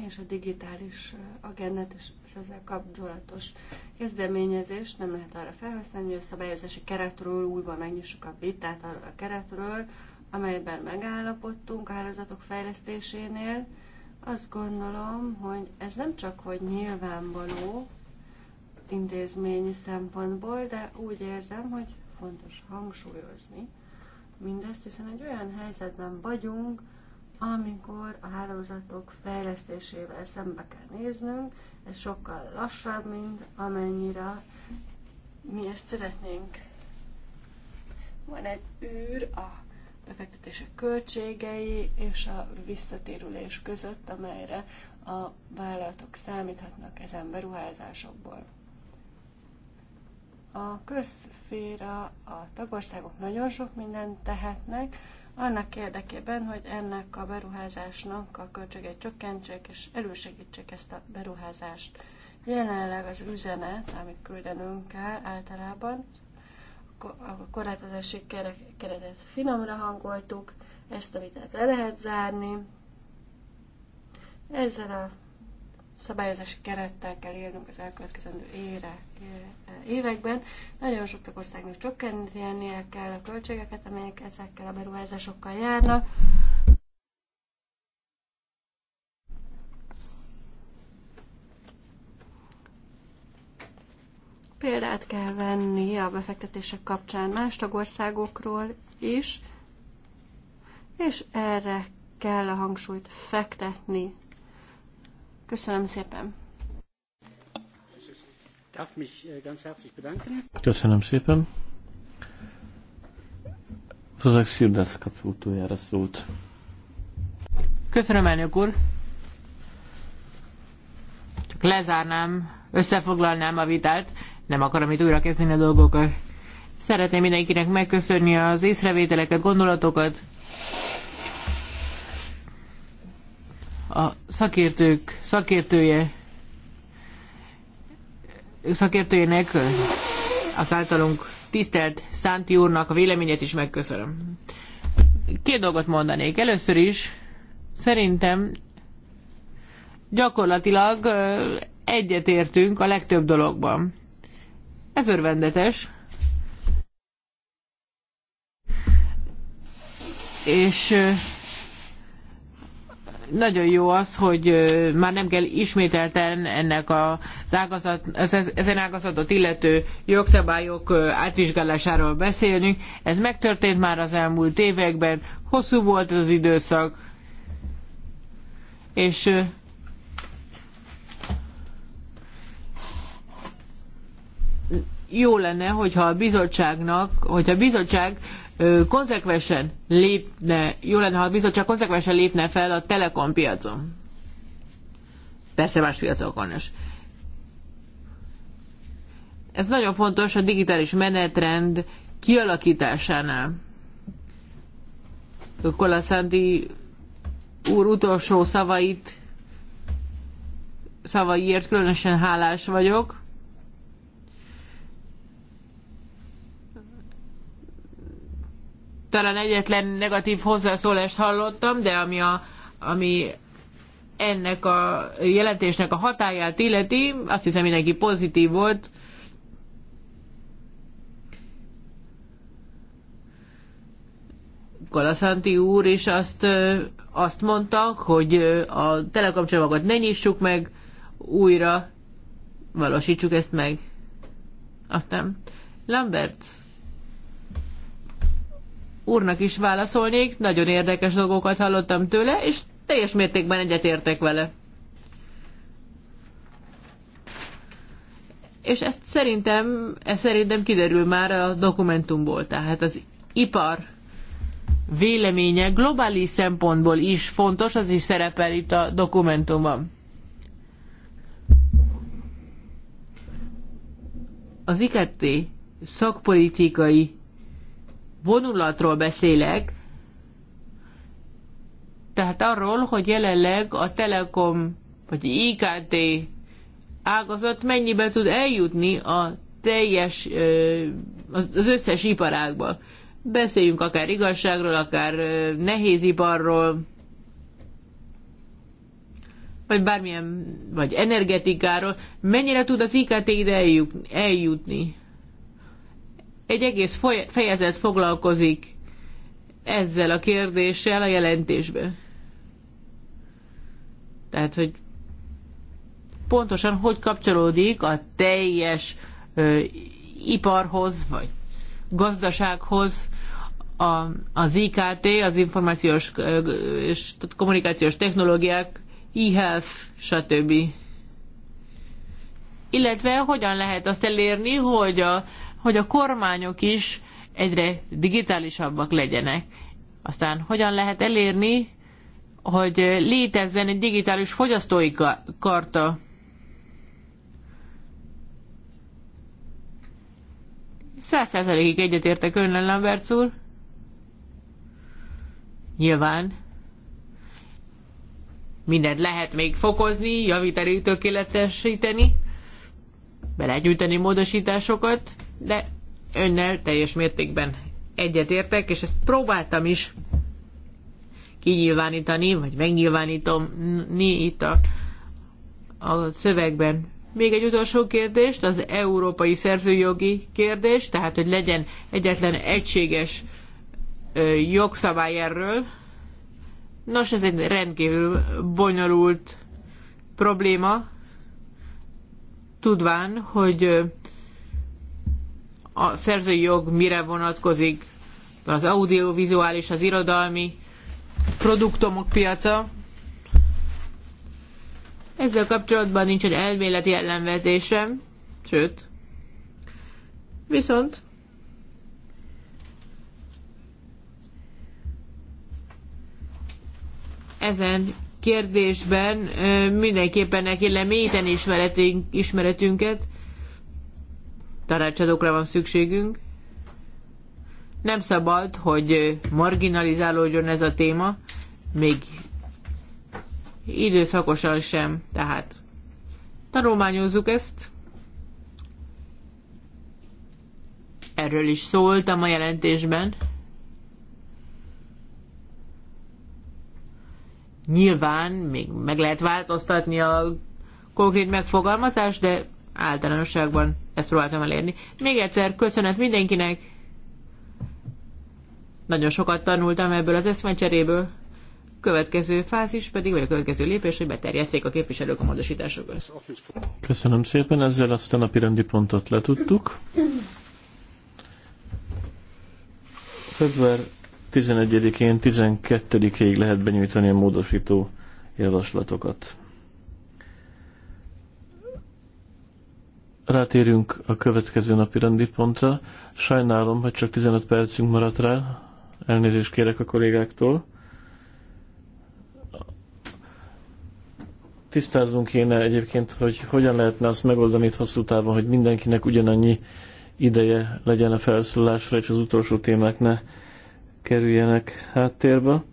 és a digitális agendát és az ezzel kapcsolatos kezdeményezést nem lehet arra felhasználni, hogy a szabályozási keretről újra megnyissuk a vitát arról a keretről, amelyben megállapodtunk a hálózatok fejlesztésénél. Azt gondolom, hogy ez nem csak hogy nyilvánvaló, intézményi szempontból, de úgy érzem, hogy fontos hangsúlyozni mindezt, hiszen egy olyan helyzetben vagyunk, amikor a hálózatok fejlesztésével szembe kell néznünk, ez sokkal lassabb, mint amennyire mi ezt szeretnénk. Van egy űr a befektetések költségei és a visszatérülés között, amelyre a vállalatok számíthatnak ezen beruházásokból. A közszféra, a tagországok nagyon sok mindent tehetnek, annak érdekében, hogy ennek a beruházásnak a költségeit csökkentsék és elősegítsék ezt a beruházást. Jelenleg az üzenet, amit küldenünk kell általában, a korlátozási keretet finomra hangoltuk, ezt a vitát le lehet zárni. Ezzel a szabályozási kerettel kell élnünk az elkövetkezendő ére, eh, években. Nagyon sok országnak csökkentenie kell a költségeket, amelyek ezekkel a beruházásokkal járnak. Példát kell venni a befektetések kapcsán más tagországokról is, és erre kell a hangsúlyt fektetni Köszönöm szépen. Äh, Köszönöm szépen. Rozek Szirdász kap utoljára szót. Köszönöm, elnök úr. Csak lezárnám, összefoglalnám a vitát. Nem akarom itt újra kezdeni a dolgokat. Szeretném mindenkinek megköszönni az észrevételeket, gondolatokat, a szakértők szakértője szakértőjének, az általunk tisztelt Szánti úrnak a véleményét is megköszönöm. Két dolgot mondanék. Először is szerintem gyakorlatilag egyetértünk a legtöbb dologban. Ez örvendetes. És nagyon jó az, hogy már nem kell ismételten ennek az ágazat, ezen ágazatot illető jogszabályok átvizsgálásáról beszélnünk. Ez megtörtént már az elmúlt években, hosszú volt az időszak, és jó lenne, hogyha a bizottságnak, hogyha a bizottság konzekvensen lépne, jó lenne, ha a bizottság konzekvensen lépne fel a telekom piacon. Persze más piacokon is. Ez nagyon fontos a digitális menetrend kialakításánál. Kolaszánti úr utolsó szavait szavaiért különösen hálás vagyok. talán egyetlen negatív hozzászólást hallottam, de ami, a, ami ennek a jelentésnek a hatáját illeti, azt hiszem mindenki pozitív volt. Kolaszanti úr is azt, azt mondta, hogy a telekom csomagot ne nyissuk meg, újra valósítsuk ezt meg. Aztán Lamberts úrnak is válaszolnék, nagyon érdekes dolgokat hallottam tőle, és teljes mértékben egyetértek vele. És ezt szerintem, ez szerintem kiderül már a dokumentumból. Tehát az ipar véleménye globális szempontból is fontos, az is szerepel itt a dokumentumban. Az IKT szakpolitikai vonulatról beszélek, tehát arról, hogy jelenleg a Telekom vagy IKT ágazat mennyibe tud eljutni a teljes, az összes iparágba. Beszéljünk akár igazságról, akár nehéziparról, vagy bármilyen, vagy energetikáról, mennyire tud az IKT ide eljutni? Egy egész fejezet foglalkozik ezzel a kérdéssel a jelentésben. Tehát, hogy pontosan hogy kapcsolódik a teljes ö, iparhoz, vagy gazdasághoz a, az IKT, az információs ö, és kommunikációs technológiák, e-health, stb. Illetve hogyan lehet azt elérni, hogy a hogy a kormányok is egyre digitálisabbak legyenek. Aztán hogyan lehet elérni, hogy létezzen egy digitális fogyasztói karta? Száz százalékig egyetértek önnel, Lamberts úr. Nyilván. Mindent lehet még fokozni, javítani, tökéletesíteni, belegyűjteni módosításokat, de önnel teljes mértékben egyetértek, és ezt próbáltam is kinyilvánítani, vagy megnyilvánítom itt a, a szövegben. Még egy utolsó kérdést, az európai szerzőjogi kérdés, tehát hogy legyen egyetlen egységes ö, jogszabály erről. Nos, ez egy rendkívül bonyolult probléma, tudván, hogy a szerzői jog mire vonatkozik, az audiovizuális, az irodalmi produktumok piaca. Ezzel kapcsolatban egy elméleti ellenvetésem, sőt. Viszont ezen kérdésben mindenképpen neki kell mélyíteni ismeretünk, ismeretünket, tanácsadókra van szükségünk. Nem szabad, hogy marginalizálódjon ez a téma, még időszakosan sem, tehát tanulmányozzuk ezt. Erről is szóltam a jelentésben. Nyilván még meg lehet változtatni a konkrét megfogalmazást, de általánosságban ezt próbáltam elérni. Még egyszer köszönet mindenkinek. Nagyon sokat tanultam ebből az eszmecseréből. Következő fázis pedig, vagy a következő lépés, hogy beterjesszék a képviselők a módosításokat. Köszönöm szépen, ezzel azt a napi rendi pontot letudtuk. Február 11-én, 12-ig lehet benyújtani a módosító javaslatokat. rátérünk a következő napi rendi pontra. Sajnálom, hogy csak 15 percünk maradt rá. Elnézést kérek a kollégáktól. Tisztáznunk kéne egyébként, hogy hogyan lehetne azt megoldani itt hosszú távon, hogy mindenkinek ugyanannyi ideje legyen a felszólásra, és az utolsó témák ne kerüljenek háttérbe.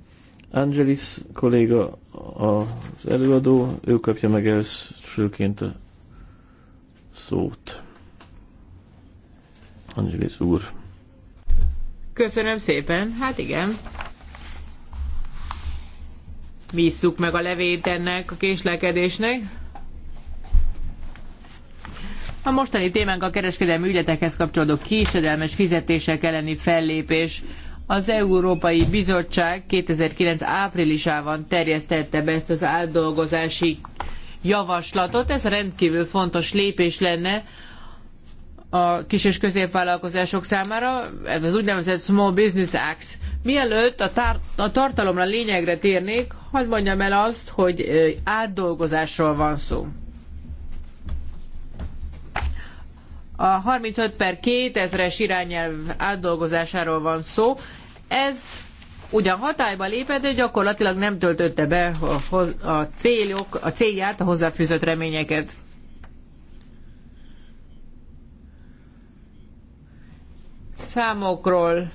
Angelis kolléga az előadó, ő kapja meg elsőként a szót. Angelis úr. Köszönöm szépen. Hát igen. Visszuk meg a levét ennek a késlekedésnek. A mostani témánk a kereskedelmi ügyetekhez kapcsolódó késedelmes fizetések elleni fellépés. Az Európai Bizottság 2009 áprilisában terjesztette be ezt az átdolgozási javaslatot. Ez rendkívül fontos lépés lenne a kis- és középvállalkozások számára, ez az úgynevezett Small Business Act. Mielőtt a, tar- a tartalomra, lényegre térnék, hadd mondjam el azt, hogy átdolgozásról van szó. A 35 per 2000-es irányelv átdolgozásáról van szó. Ez ugyan hatályba lépett, de gyakorlatilag nem töltötte be a, a, célok, a célját, a hozzáfűzött reményeket. Számokról,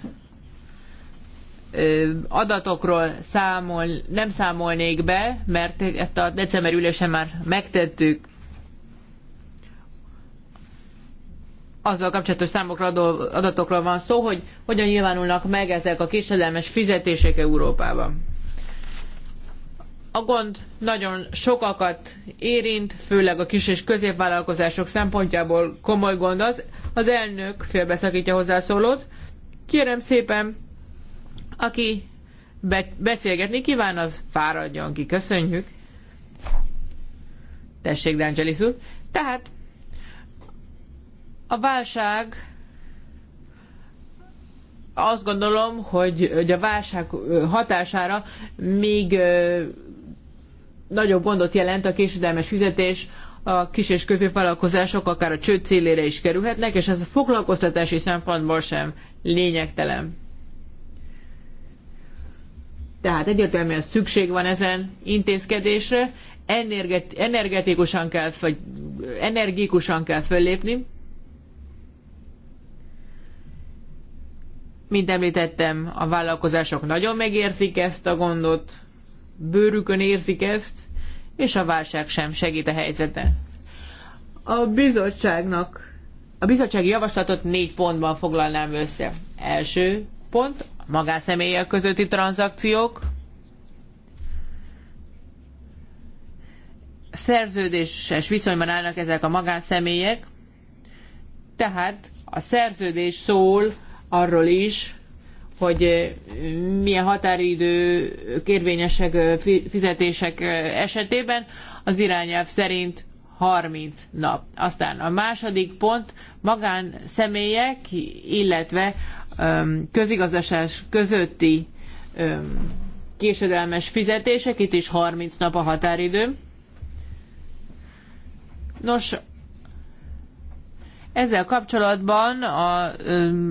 adatokról számol, nem számolnék be, mert ezt a december ülésen már megtettük. azzal kapcsolatos számokra, adatokról van szó, hogy hogyan nyilvánulnak meg ezek a késedelmes fizetések Európában. A gond nagyon sokakat érint, főleg a kis és középvállalkozások szempontjából komoly gond az. Az elnök félbeszakítja hozzászólót. Kérem szépen, aki be- beszélgetni kíván, az fáradjon ki. Köszönjük. Tessék, D'Angelis úr. Tehát a válság azt gondolom, hogy, hogy a válság hatására még nagyobb gondot jelent a késedelmes fizetés, a kis és középvállalkozások akár a csőd célére is kerülhetnek, és ez a foglalkoztatási szempontból sem lényegtelen. Tehát egyértelműen szükség van ezen intézkedésre, energetikusan kell, vagy energikusan kell föllépni, Mint említettem, a vállalkozások nagyon megérzik ezt a gondot, bőrükön érzik ezt, és a válság sem segít a helyzeten. A bizottságnak a bizottsági javaslatot négy pontban foglalnám össze. Első pont, a magánszemélyek közötti tranzakciók. Szerződéses viszonyban állnak ezek a magánszemélyek, tehát a szerződés szól arról is, hogy milyen határidő kérvényesek fizetések esetében az irányelv szerint 30 nap. Aztán a második pont magánszemélyek, illetve közigazgatás közötti késedelmes fizetések, itt is 30 nap a határidő. Nos, ezzel kapcsolatban a,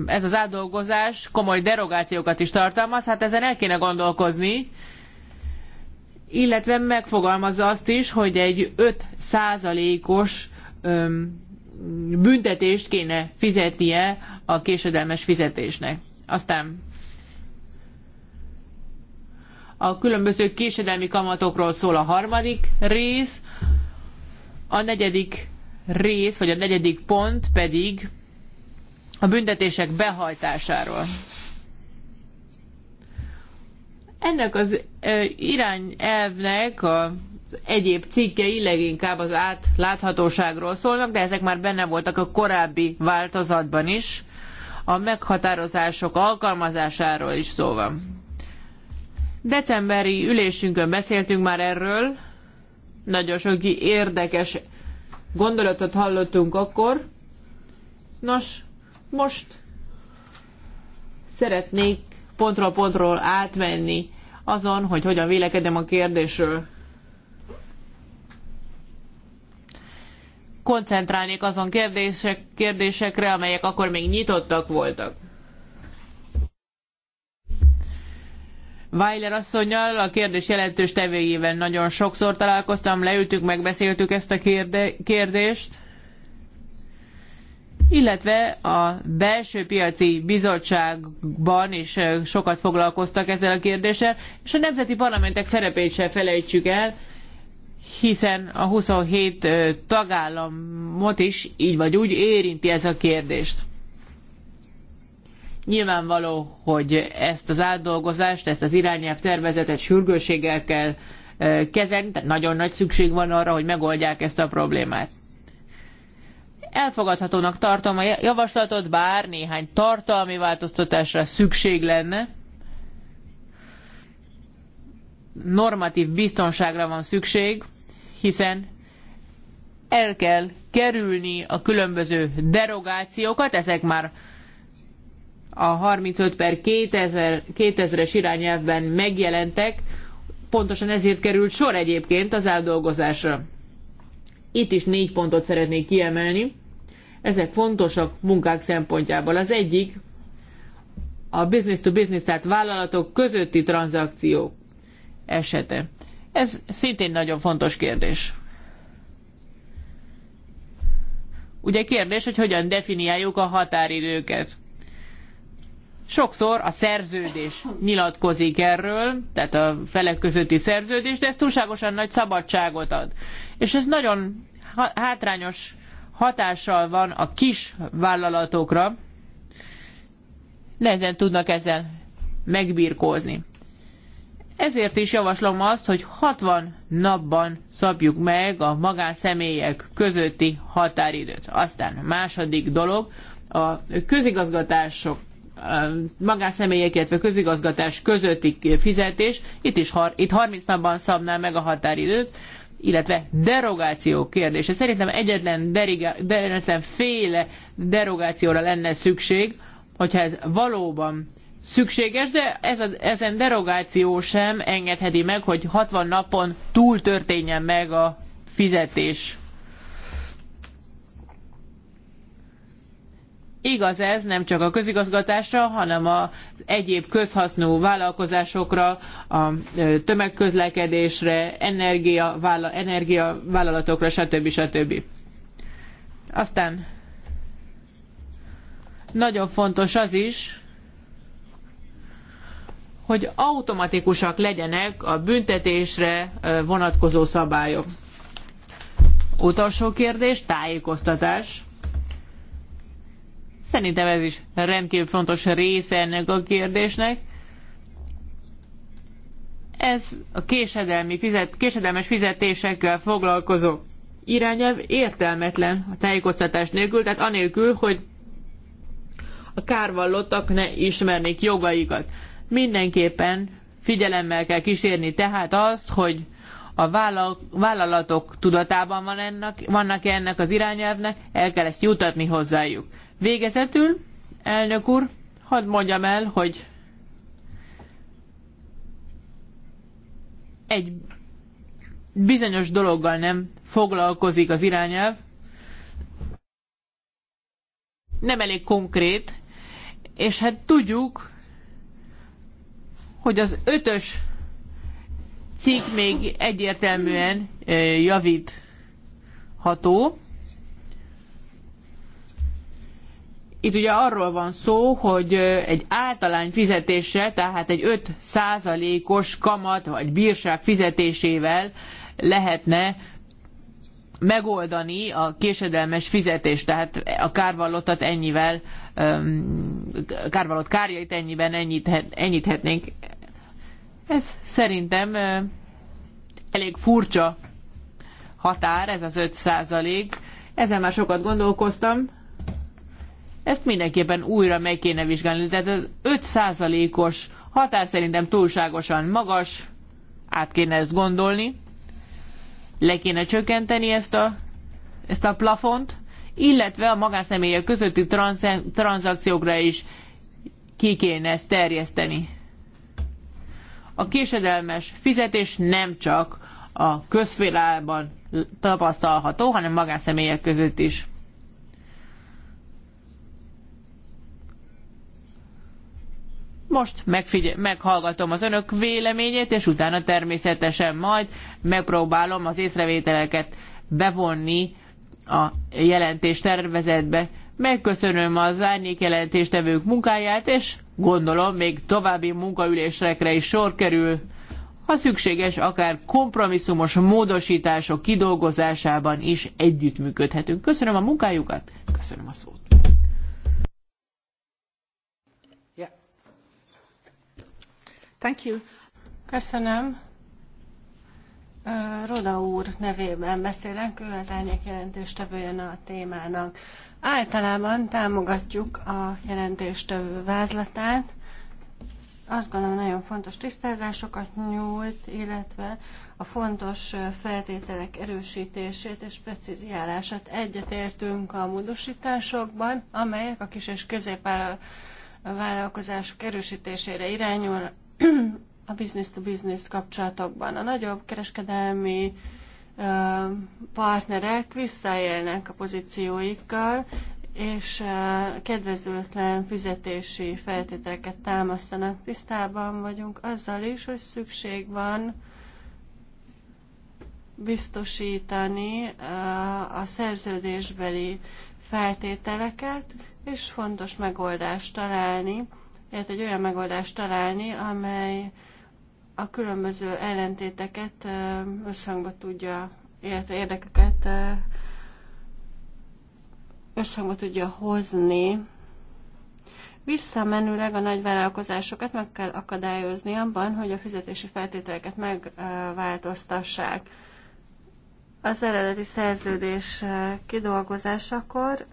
ez az átdolgozás komoly derogációkat is tartalmaz, hát ezen el kéne gondolkozni, illetve megfogalmazza azt is, hogy egy 5%-os büntetést kéne fizetnie a késedelmes fizetésnek. Aztán a különböző késedelmi kamatokról szól a harmadik rész, a negyedik rész, vagy a negyedik pont pedig a büntetések behajtásáról. Ennek az irányelvnek a egyéb cikkei leginkább az átláthatóságról szólnak, de ezek már benne voltak a korábbi változatban is. A meghatározások alkalmazásáról is szó van. Decemberi ülésünkön beszéltünk már erről, nagyon sok érdekes gondolatot hallottunk akkor. Nos, most szeretnék pontról pontról átmenni azon, hogy hogyan vélekedem a kérdésről. Koncentrálnék azon kérdések, kérdésekre, amelyek akkor még nyitottak voltak. Weiler asszonynal a kérdés jelentős tevéjében nagyon sokszor találkoztam, leültük, megbeszéltük ezt a kérdést, illetve a belső piaci bizottságban is sokat foglalkoztak ezzel a kérdéssel, és a nemzeti parlamentek szerepét se felejtsük el, hiszen a 27 tagállamot is így vagy úgy érinti ez a kérdést. Nyilvánvaló, hogy ezt az átdolgozást, ezt az irányelv tervezetet sürgősséggel kell e, kezelni, tehát nagyon nagy szükség van arra, hogy megoldják ezt a problémát. Elfogadhatónak tartom a javaslatot, bár néhány tartalmi változtatásra szükség lenne. Normatív biztonságra van szükség, hiszen el kell kerülni a különböző derogációkat, ezek már a 35 per 2000, 2000-es irányelvben megjelentek, pontosan ezért került sor egyébként az eldolgozásra. Itt is négy pontot szeretnék kiemelni. Ezek fontosak munkák szempontjából. Az egyik a business to business, tehát vállalatok közötti tranzakciók esete. Ez szintén nagyon fontos kérdés. Ugye kérdés, hogy hogyan definiáljuk a határidőket. Sokszor a szerződés nyilatkozik erről, tehát a felek közötti szerződés, de ez túlságosan nagy szabadságot ad. És ez nagyon hátrányos hatással van a kis vállalatokra, nehezen tudnak ezzel megbirkózni. Ezért is javaslom azt, hogy 60 napban szabjuk meg a magánszemélyek közötti határidőt. Aztán második dolog, a közigazgatások magánszemélyek, illetve közigazgatás közötti fizetés. Itt is itt 30 napban szabná meg a határidőt, illetve derogáció kérdése. Szerintem egyetlen, deriga, egyetlen féle derogációra lenne szükség, hogyha ez valóban szükséges, de ez a, ezen derogáció sem engedheti meg, hogy 60 napon túl történjen meg a fizetés. Igaz ez nem csak a közigazgatásra, hanem az egyéb közhasznú vállalkozásokra, a tömegközlekedésre, energiavállalatokra, stb. stb. Aztán nagyon fontos az is, hogy automatikusak legyenek a büntetésre vonatkozó szabályok. Utolsó kérdés, tájékoztatás. Szerintem ez is rendkívül fontos része ennek a kérdésnek. Ez a késedelmi fizet, késedelmes fizetésekkel foglalkozó irányelv értelmetlen a tájékoztatás nélkül, tehát anélkül, hogy a kárvallottak ne ismernék jogaikat. Mindenképpen figyelemmel kell kísérni tehát azt, hogy a vállalatok tudatában van ennek, vannak -e ennek az irányelvnek, el kell ezt jutatni hozzájuk. Végezetül, elnök úr, hadd mondjam el, hogy egy bizonyos dologgal nem foglalkozik az irányelv, nem elég konkrét, és hát tudjuk, hogy az ötös cikk még egyértelműen eh, javítható, itt ugye arról van szó, hogy egy általány fizetése, tehát egy 5 os kamat vagy bírság fizetésével lehetne megoldani a késedelmes fizetést, tehát a kárvallottat ennyivel, kárvallott kárjait ennyiben enyíthet, enyíthetnénk. Ez szerintem elég furcsa határ, ez az 5 százalék. Ezen már sokat gondolkoztam, ezt mindenképpen újra meg kéne vizsgálni. Tehát az 5%-os határ szerintem túlságosan magas, át kéne ezt gondolni, le kéne csökkenteni ezt a, ezt a plafont, illetve a magánszemélyek közötti transz, tranzakciókra is ki kéne ezt terjeszteni. A késedelmes fizetés nem csak a közfélában tapasztalható, hanem magánszemélyek között is. Most meghallgatom az önök véleményét, és utána természetesen majd megpróbálom az észrevételeket bevonni a jelentés tervezetbe. Megköszönöm az árnyék jelentéstevők munkáját, és gondolom még további munkaülésekre is sor kerül, ha szükséges, akár kompromisszumos módosítások kidolgozásában is együttműködhetünk. Köszönöm a munkájukat, köszönöm a szót. Thank you. Köszönöm. Roda úr nevében beszélek, ő az árnyék jelentéstevője a témának. Általában támogatjuk a jelentéstevő vázlatát. Azt gondolom nagyon fontos tisztázásokat nyújt, illetve a fontos feltételek erősítését és precíziálását egyetértünk a módosításokban, amelyek a kis és középvállalkozások erősítésére irányul, a business-to-business kapcsolatokban. A nagyobb kereskedelmi partnerek visszaélnek a pozícióikkal, és kedvezőtlen fizetési feltételeket támasztanak. Tisztában vagyunk azzal is, hogy szükség van biztosítani a szerződésbeli feltételeket, és fontos megoldást találni illetve egy olyan megoldást találni, amely a különböző ellentéteket összhangba tudja, illetve érdekeket összhangba tudja hozni. Visszamenőleg a nagyvállalkozásokat meg kell akadályozni abban, hogy a fizetési feltételeket megváltoztassák. Az eredeti szerződés kidolgozásakor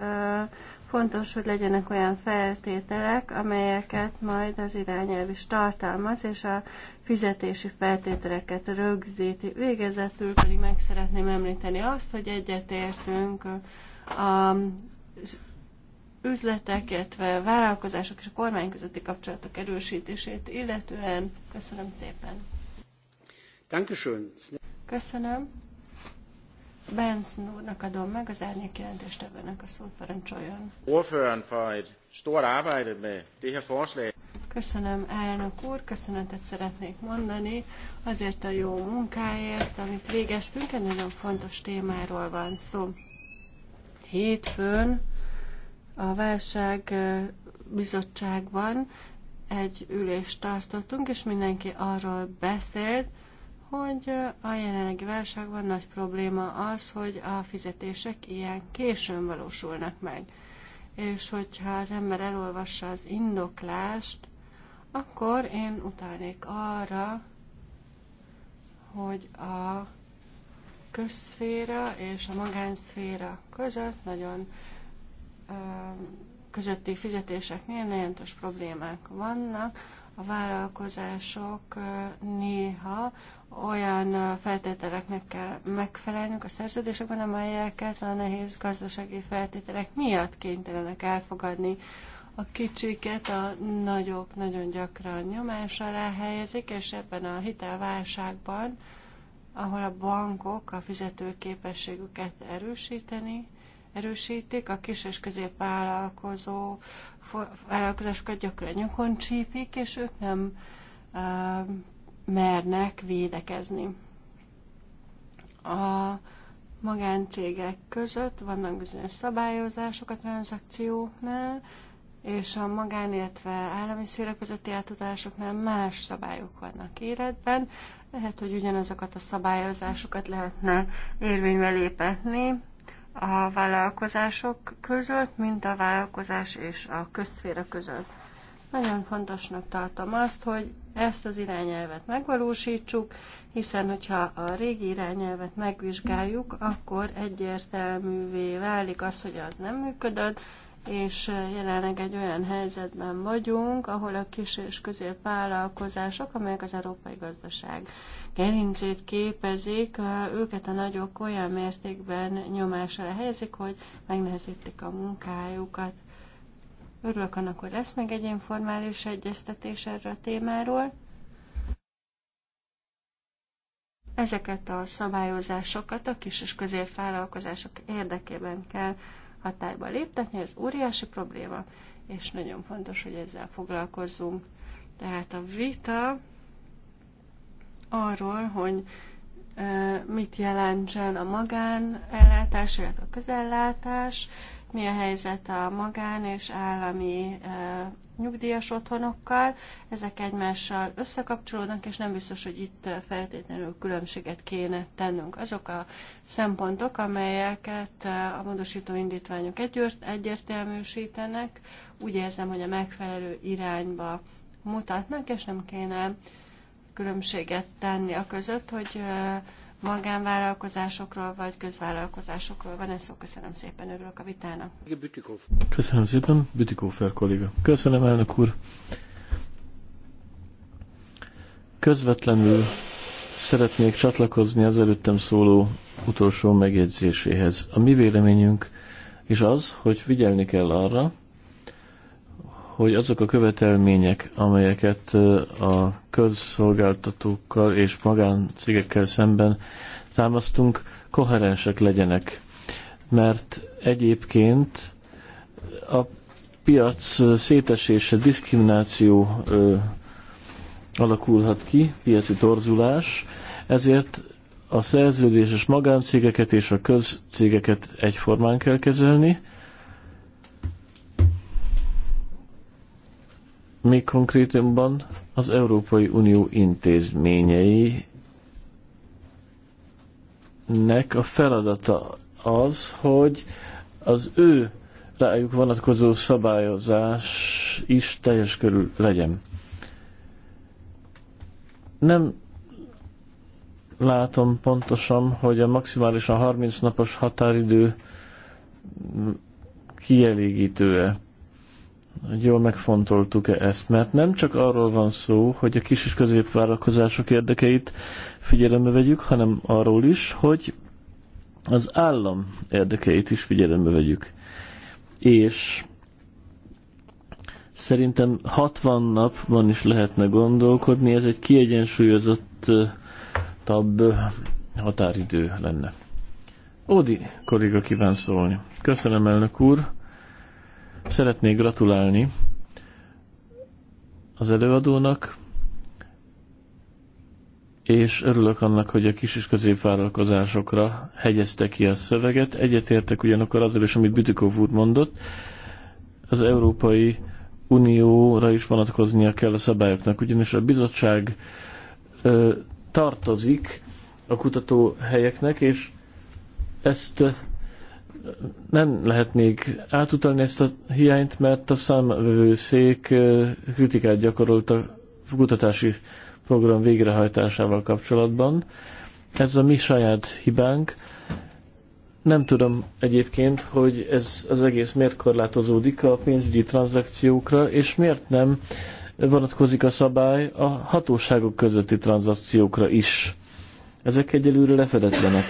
Fontos, hogy legyenek olyan feltételek, amelyeket majd az irányelv is tartalmaz, és a fizetési feltételeket rögzíti. Végezetül pedig meg szeretném említeni azt, hogy egyetértünk a üzletek, illetve vállalkozások és a kormány közötti kapcsolatok erősítését illetően. Köszönöm szépen. Köszönöm. Benson úrnak adom meg, az árnyék jelentéstevőnek a szót parancsoljon. Ordføreren for et stort arbejde med det her forslag. Köszönöm, elnök úr, köszönetet szeretnék mondani azért a jó munkáért, amit végeztünk, egy nagyon fontos témáról van szó. Hétfőn a válság bizottságban egy ülést tartottunk, és mindenki arról beszélt, hogy a jelenlegi válságban nagy probléma az, hogy a fizetések ilyen későn valósulnak meg. És hogyha az ember elolvassa az indoklást, akkor én utalnék arra, hogy a közszféra és a magánszféra között nagyon közötti fizetéseknél jelentős problémák vannak, a vállalkozások néha olyan feltételeknek kell megfelelnünk a szerződésekben, amelyeket a nehéz gazdasági feltételek miatt kénytelenek elfogadni. A kicsiket a nagyok nagyon gyakran nyomás alá helyezik, és ebben a hitelválságban, ahol a bankok a fizetőképességüket erősíteni, erősítik, a kis és középvállalkozó vállalkozásokat gyakran nyakon csípik, és ők nem uh, mernek védekezni. A magáncégek között vannak bizonyos szabályozások a tranzakcióknál, és a magán, illetve állami szféra közötti átutalásoknál más szabályok vannak életben. Lehet, hogy ugyanazokat a szabályozásokat lehetne érvénybe lépetni, a vállalkozások között, mint a vállalkozás és a közszféra között. Nagyon fontosnak tartom azt, hogy ezt az irányelvet megvalósítsuk, hiszen hogyha a régi irányelvet megvizsgáljuk, akkor egyértelművé válik az, hogy az nem működött, és jelenleg egy olyan helyzetben vagyunk, ahol a kis és középvállalkozások, amelyek az európai gazdaság gerincét képezik, őket a nagyok olyan mértékben nyomásra helyezik, hogy megnehezítik a munkájukat. Örülök annak, hogy lesz meg egy informális egyeztetés erről a témáról. Ezeket a szabályozásokat a kis és középvállalkozások érdekében kell hatályba léptetni, ez óriási probléma, és nagyon fontos, hogy ezzel foglalkozzunk. Tehát a vita arról, hogy mit jelentsen a magánellátás, illetve a közellátás, mi a helyzet a magán és állami nyugdíjas otthonokkal. Ezek egymással összekapcsolódnak, és nem biztos, hogy itt feltétlenül különbséget kéne tennünk. Azok a szempontok, amelyeket a módosító indítványok egyértelműsítenek, úgy érzem, hogy a megfelelő irányba mutatnak, és nem kéne különbséget tenni a között, hogy magánvállalkozásokról vagy közvállalkozásokról van ez szó. Köszönöm szépen, örülök a vitának. Köszönöm szépen, Bütikófer kolléga. Köszönöm, elnök úr. Közvetlenül szeretnék csatlakozni az előttem szóló utolsó megjegyzéséhez. A mi véleményünk is az, hogy figyelni kell arra, hogy azok a követelmények, amelyeket a közszolgáltatókkal és magáncégekkel szemben támasztunk, koherensek legyenek. Mert egyébként a piac szétesése, diszkrimináció ö, alakulhat ki, piaci torzulás, ezért a szerződéses magáncégeket és a közcégeket egyformán kell kezelni, még konkrétumban az Európai Unió intézményei nek a feladata az, hogy az ő rájuk vonatkozó szabályozás is teljes körül legyen. Nem látom pontosan, hogy a maximálisan 30 napos határidő kielégítő-e jól megfontoltuk-e ezt, mert nem csak arról van szó, hogy a kis és középvállalkozások érdekeit figyelembe vegyük, hanem arról is, hogy az állam érdekeit is figyelembe vegyük. És szerintem 60 napban is lehetne gondolkodni, ez egy kiegyensúlyozottabb határidő lenne. Ódi kolléga kíván szólni. Köszönöm, elnök úr! Szeretnék gratulálni az előadónak, és örülök annak, hogy a kis és középvállalkozásokra hegyezte ki a szöveget. Egyetértek ugyanakkor azzal is, amit Bütikov úr mondott, az Európai Unióra is vonatkoznia kell a szabályoknak, ugyanis a bizottság ö, tartozik a kutatóhelyeknek, és ezt nem lehet még átutalni ezt a hiányt, mert a szék kritikát gyakorolt a kutatási program végrehajtásával kapcsolatban. Ez a mi saját hibánk. Nem tudom egyébként, hogy ez az egész miért korlátozódik a pénzügyi tranzakciókra, és miért nem vonatkozik a szabály a hatóságok közötti tranzakciókra is. Ezek egyelőre lefedetlenek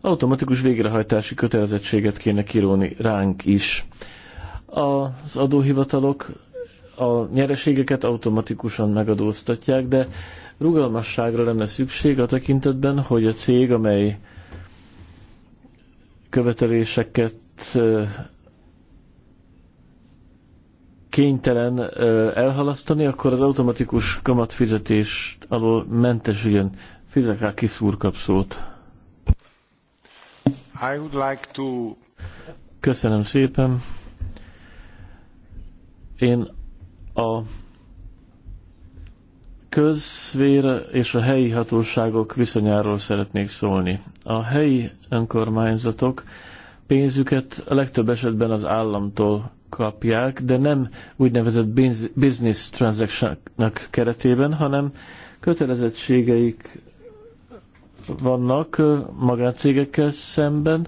automatikus végrehajtási kötelezettséget kéne kiróni ránk is. Az adóhivatalok a nyereségeket automatikusan megadóztatják, de rugalmasságra lenne szükség a tekintetben, hogy a cég, amely követeléseket kénytelen elhalasztani, akkor az automatikus kamatfizetés alól mentesüljön. Fizek rá kiszúrkapszót. kapszót. I would like to... Köszönöm szépen. Én a közvére és a helyi hatóságok viszonyáról szeretnék szólni. A helyi önkormányzatok pénzüket a legtöbb esetben az államtól kapják, de nem úgynevezett business transaction keretében, hanem kötelezettségeik vannak magáncégekkel szemben,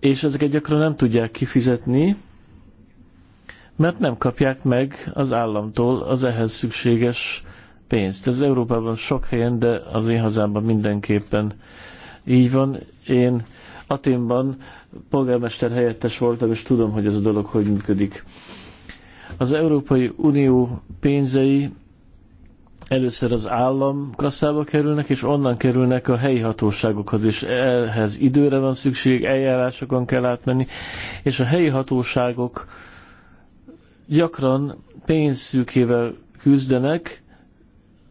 és ezeket gyakran nem tudják kifizetni, mert nem kapják meg az államtól az ehhez szükséges pénzt. Ez Európában sok helyen, de az én hazámban mindenképpen így van. Én Aténban polgármester helyettes voltam, és tudom, hogy ez a dolog hogy működik. Az Európai Unió pénzei először az állam kasszába kerülnek, és onnan kerülnek a helyi hatóságokhoz, és ehhez időre van szükség, eljárásokon kell átmenni, és a helyi hatóságok gyakran pénzszűkével küzdenek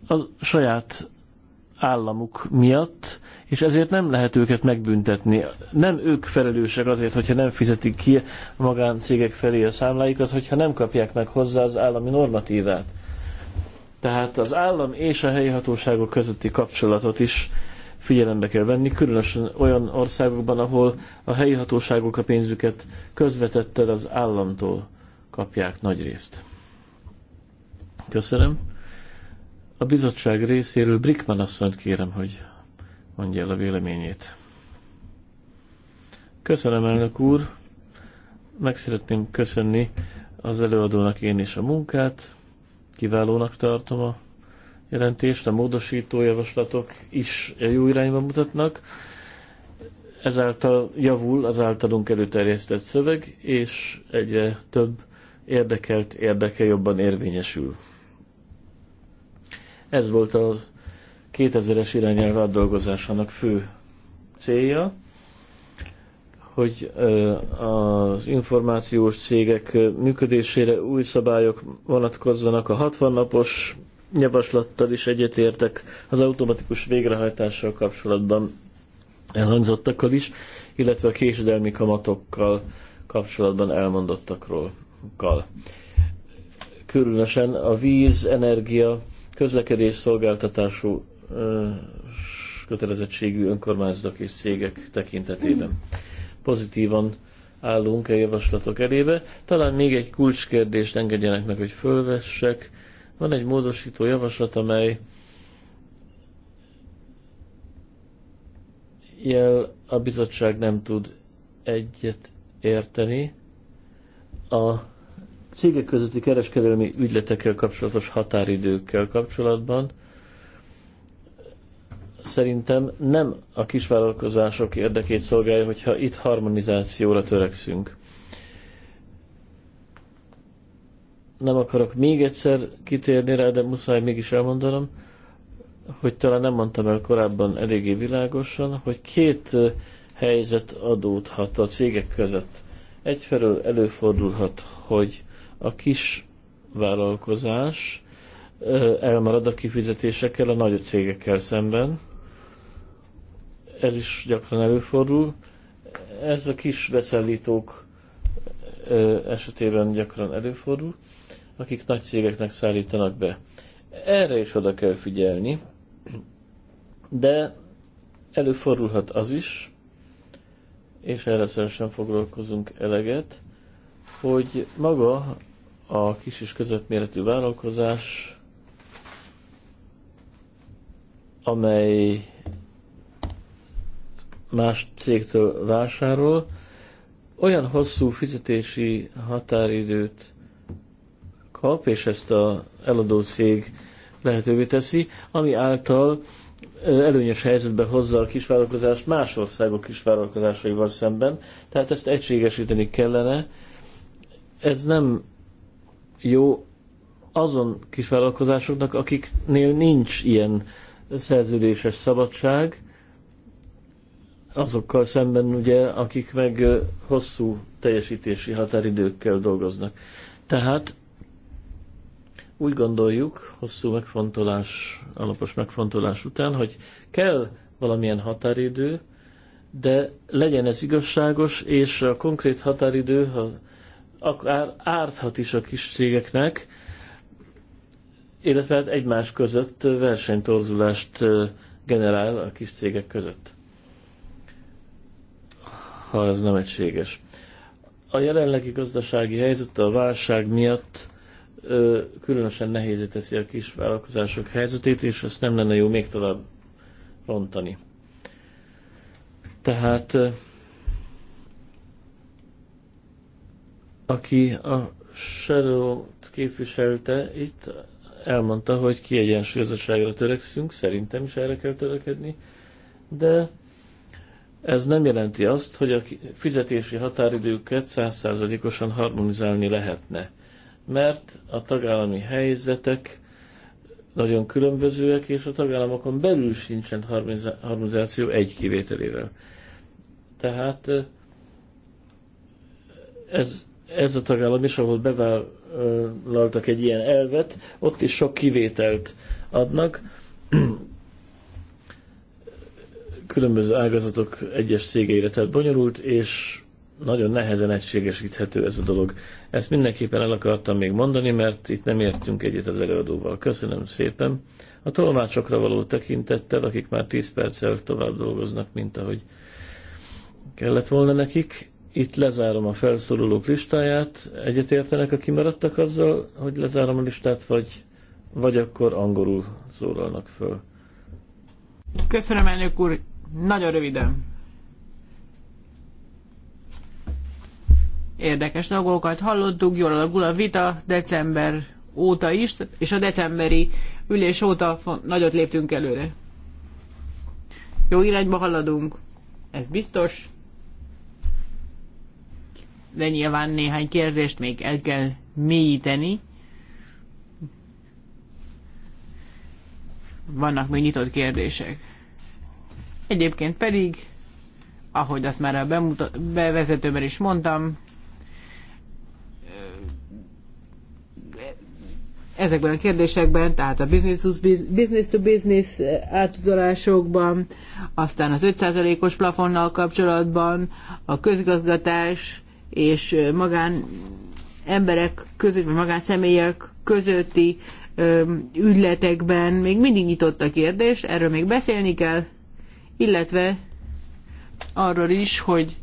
a saját államuk miatt, és ezért nem lehet őket megbüntetni. Nem ők felelősek azért, hogyha nem fizetik ki a magáncégek felé a számláikat, hogyha nem kapják meg hozzá az állami normatívát. Tehát az állam és a helyi hatóságok közötti kapcsolatot is figyelembe kell venni, különösen olyan országokban, ahol a helyi hatóságok a pénzüket közvetettel az államtól kapják nagy részt. Köszönöm. A bizottság részéről Brickman asszonyt kérem, hogy mondja el a véleményét. Köszönöm, elnök úr. Meg szeretném köszönni az előadónak én is a munkát. Kiválónak tartom a jelentést, a módosító javaslatok is jó irányba mutatnak. Ezáltal javul az általunk előterjesztett szöveg, és egyre több érdekelt érdeke jobban érvényesül. Ez volt a 2000-es irányelv átdolgozásának fő célja hogy az információs cégek működésére új szabályok vonatkozzanak. A 60 napos javaslattal is egyetértek az automatikus végrehajtással kapcsolatban elhangzottakkal is, illetve a késedelmi kamatokkal kapcsolatban elmondottakról. Különösen a víz, energia, közlekedés szolgáltatású kötelezettségű önkormányzatok és cégek tekintetében. Mm pozitívan állunk-e javaslatok elébe. Talán még egy kulcskérdést engedjenek meg, hogy fölvessek. Van egy módosító javaslat, amely jel a bizottság nem tud egyet érteni. A cégek közötti kereskedelmi ügyletekkel kapcsolatos határidőkkel kapcsolatban szerintem nem a kisvállalkozások érdekét szolgálja, hogyha itt harmonizációra törekszünk. Nem akarok még egyszer kitérni rá, de muszáj mégis elmondanom, hogy talán nem mondtam el korábban eléggé világosan, hogy két helyzet adódhat a cégek között. Egyfelől előfordulhat, hogy a kis vállalkozás elmarad a kifizetésekkel a nagy cégekkel szemben, ez is gyakran előfordul. Ez a kis beszállítók esetében gyakran előfordul, akik nagy cégeknek szállítanak be. Erre is oda kell figyelni, de előfordulhat az is, és erre sem foglalkozunk eleget, hogy maga a kis és középméretű vállalkozás, amely más cégtől vásárol, olyan hosszú fizetési határidőt kap, és ezt a eladó cég lehetővé teszi, ami által előnyös helyzetbe hozza a kisvállalkozást más országok kisvállalkozásaival szemben, tehát ezt egységesíteni kellene. Ez nem jó azon kisvállalkozásoknak, akiknél nincs ilyen szerződéses szabadság, azokkal szemben ugye, akik meg hosszú teljesítési határidőkkel dolgoznak. Tehát úgy gondoljuk, hosszú megfontolás, alapos megfontolás után, hogy kell valamilyen határidő, de legyen ez igazságos, és a konkrét határidő ha, akár árthat is a kis cégeknek, illetve hát egymás között versenytorzulást generál a kis cégek között ha ez nem egységes. A jelenlegi gazdasági helyzet a válság miatt ö, különösen nehézé teszi a kis vállalkozások helyzetét, és ezt nem lenne jó még tovább rontani. Tehát ö, aki a Shadow-t képviselte itt, elmondta, hogy kiegyensúlyozottságra törekszünk, szerintem is erre kell törekedni, de ez nem jelenti azt, hogy a fizetési határidőket százszázalékosan harmonizálni lehetne, mert a tagállami helyzetek nagyon különbözőek, és a tagállamokon belül sincsen harmonizáció egy kivételével. Tehát ez, ez a tagállam is, ahol bevállaltak egy ilyen elvet, ott is sok kivételt adnak, különböző ágazatok egyes szégeire tehát bonyolult, és nagyon nehezen egységesíthető ez a dolog. Ezt mindenképpen el akartam még mondani, mert itt nem értünk egyet az előadóval. Köszönöm szépen. A tolmácsokra való tekintettel, akik már 10 perccel tovább dolgoznak, mint ahogy kellett volna nekik. Itt lezárom a felszólulók listáját. Egyetértenek, aki maradtak azzal, hogy lezárom a listát, vagy, vagy akkor angolul szólalnak föl. Köszönöm, elnök úr! Nagyon röviden. Érdekes dolgokat hallottuk, jól alakul a vita december óta is, és a decemberi ülés óta nagyot léptünk előre. Jó irányba haladunk, ez biztos, de nyilván néhány kérdést még el kell mélyíteni. Vannak még nyitott kérdések. Egyébként pedig, ahogy azt már a bemuta- bevezetőben is mondtam, ezekben a kérdésekben, tehát a business to business, business átutalásokban, aztán az 5%-os plafonnal kapcsolatban, a közgazgatás és magán emberek között, vagy magánszemélyek közötti ügyletekben még mindig nyitott a kérdés, erről még beszélni kell, illetve arról is, hogy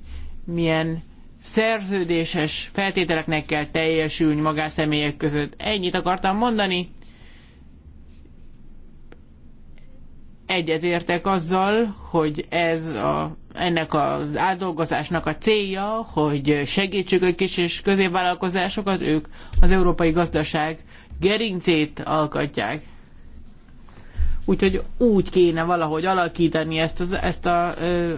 milyen szerződéses feltételeknek kell teljesülni magánszemélyek között. Ennyit akartam mondani. Egyetértek azzal, hogy ez a, ennek az átdolgozásnak a célja, hogy segítsük a kis és középvállalkozásokat, ők az európai gazdaság gerincét alkotják. Úgyhogy úgy kéne valahogy alakítani ezt, az, ezt a ö,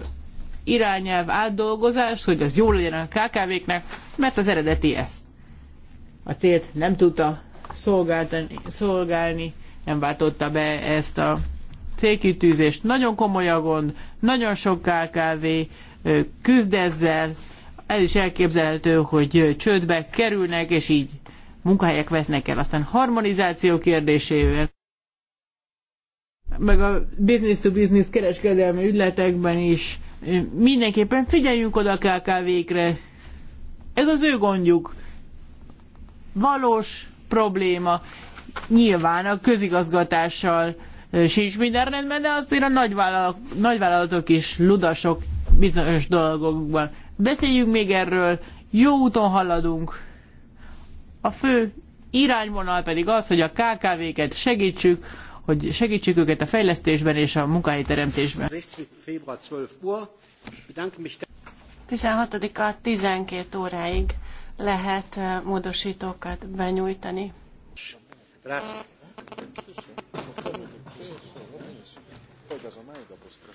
irányelv átdolgozás, hogy az jó legyen a KKV-knek, mert az eredeti ez. A célt nem tudta szolgálni, nem váltotta be ezt a célkitűzést. Nagyon komoly a gond, nagyon sok KKV küzd ezzel, ez is elképzelhető, hogy csődbe kerülnek, és így munkahelyek vesznek el. Aztán harmonizáció kérdésével meg a business-to-business kereskedelmi ügyletekben is mindenképpen figyeljünk oda a KKV-kre. Ez az ő gondjuk. Valós probléma. Nyilván a közigazgatással sincs minden rendben, de azért a nagyvállalatok, nagyvállalatok is ludasok bizonyos dolgokban. Beszéljünk még erről, jó úton haladunk. A fő irányvonal pedig az, hogy a KKV-ket segítsük, hogy segítsük őket a fejlesztésben és a munkahelyteremtésben. 16-a 12 óráig lehet módosítókat benyújtani. Köszönöm.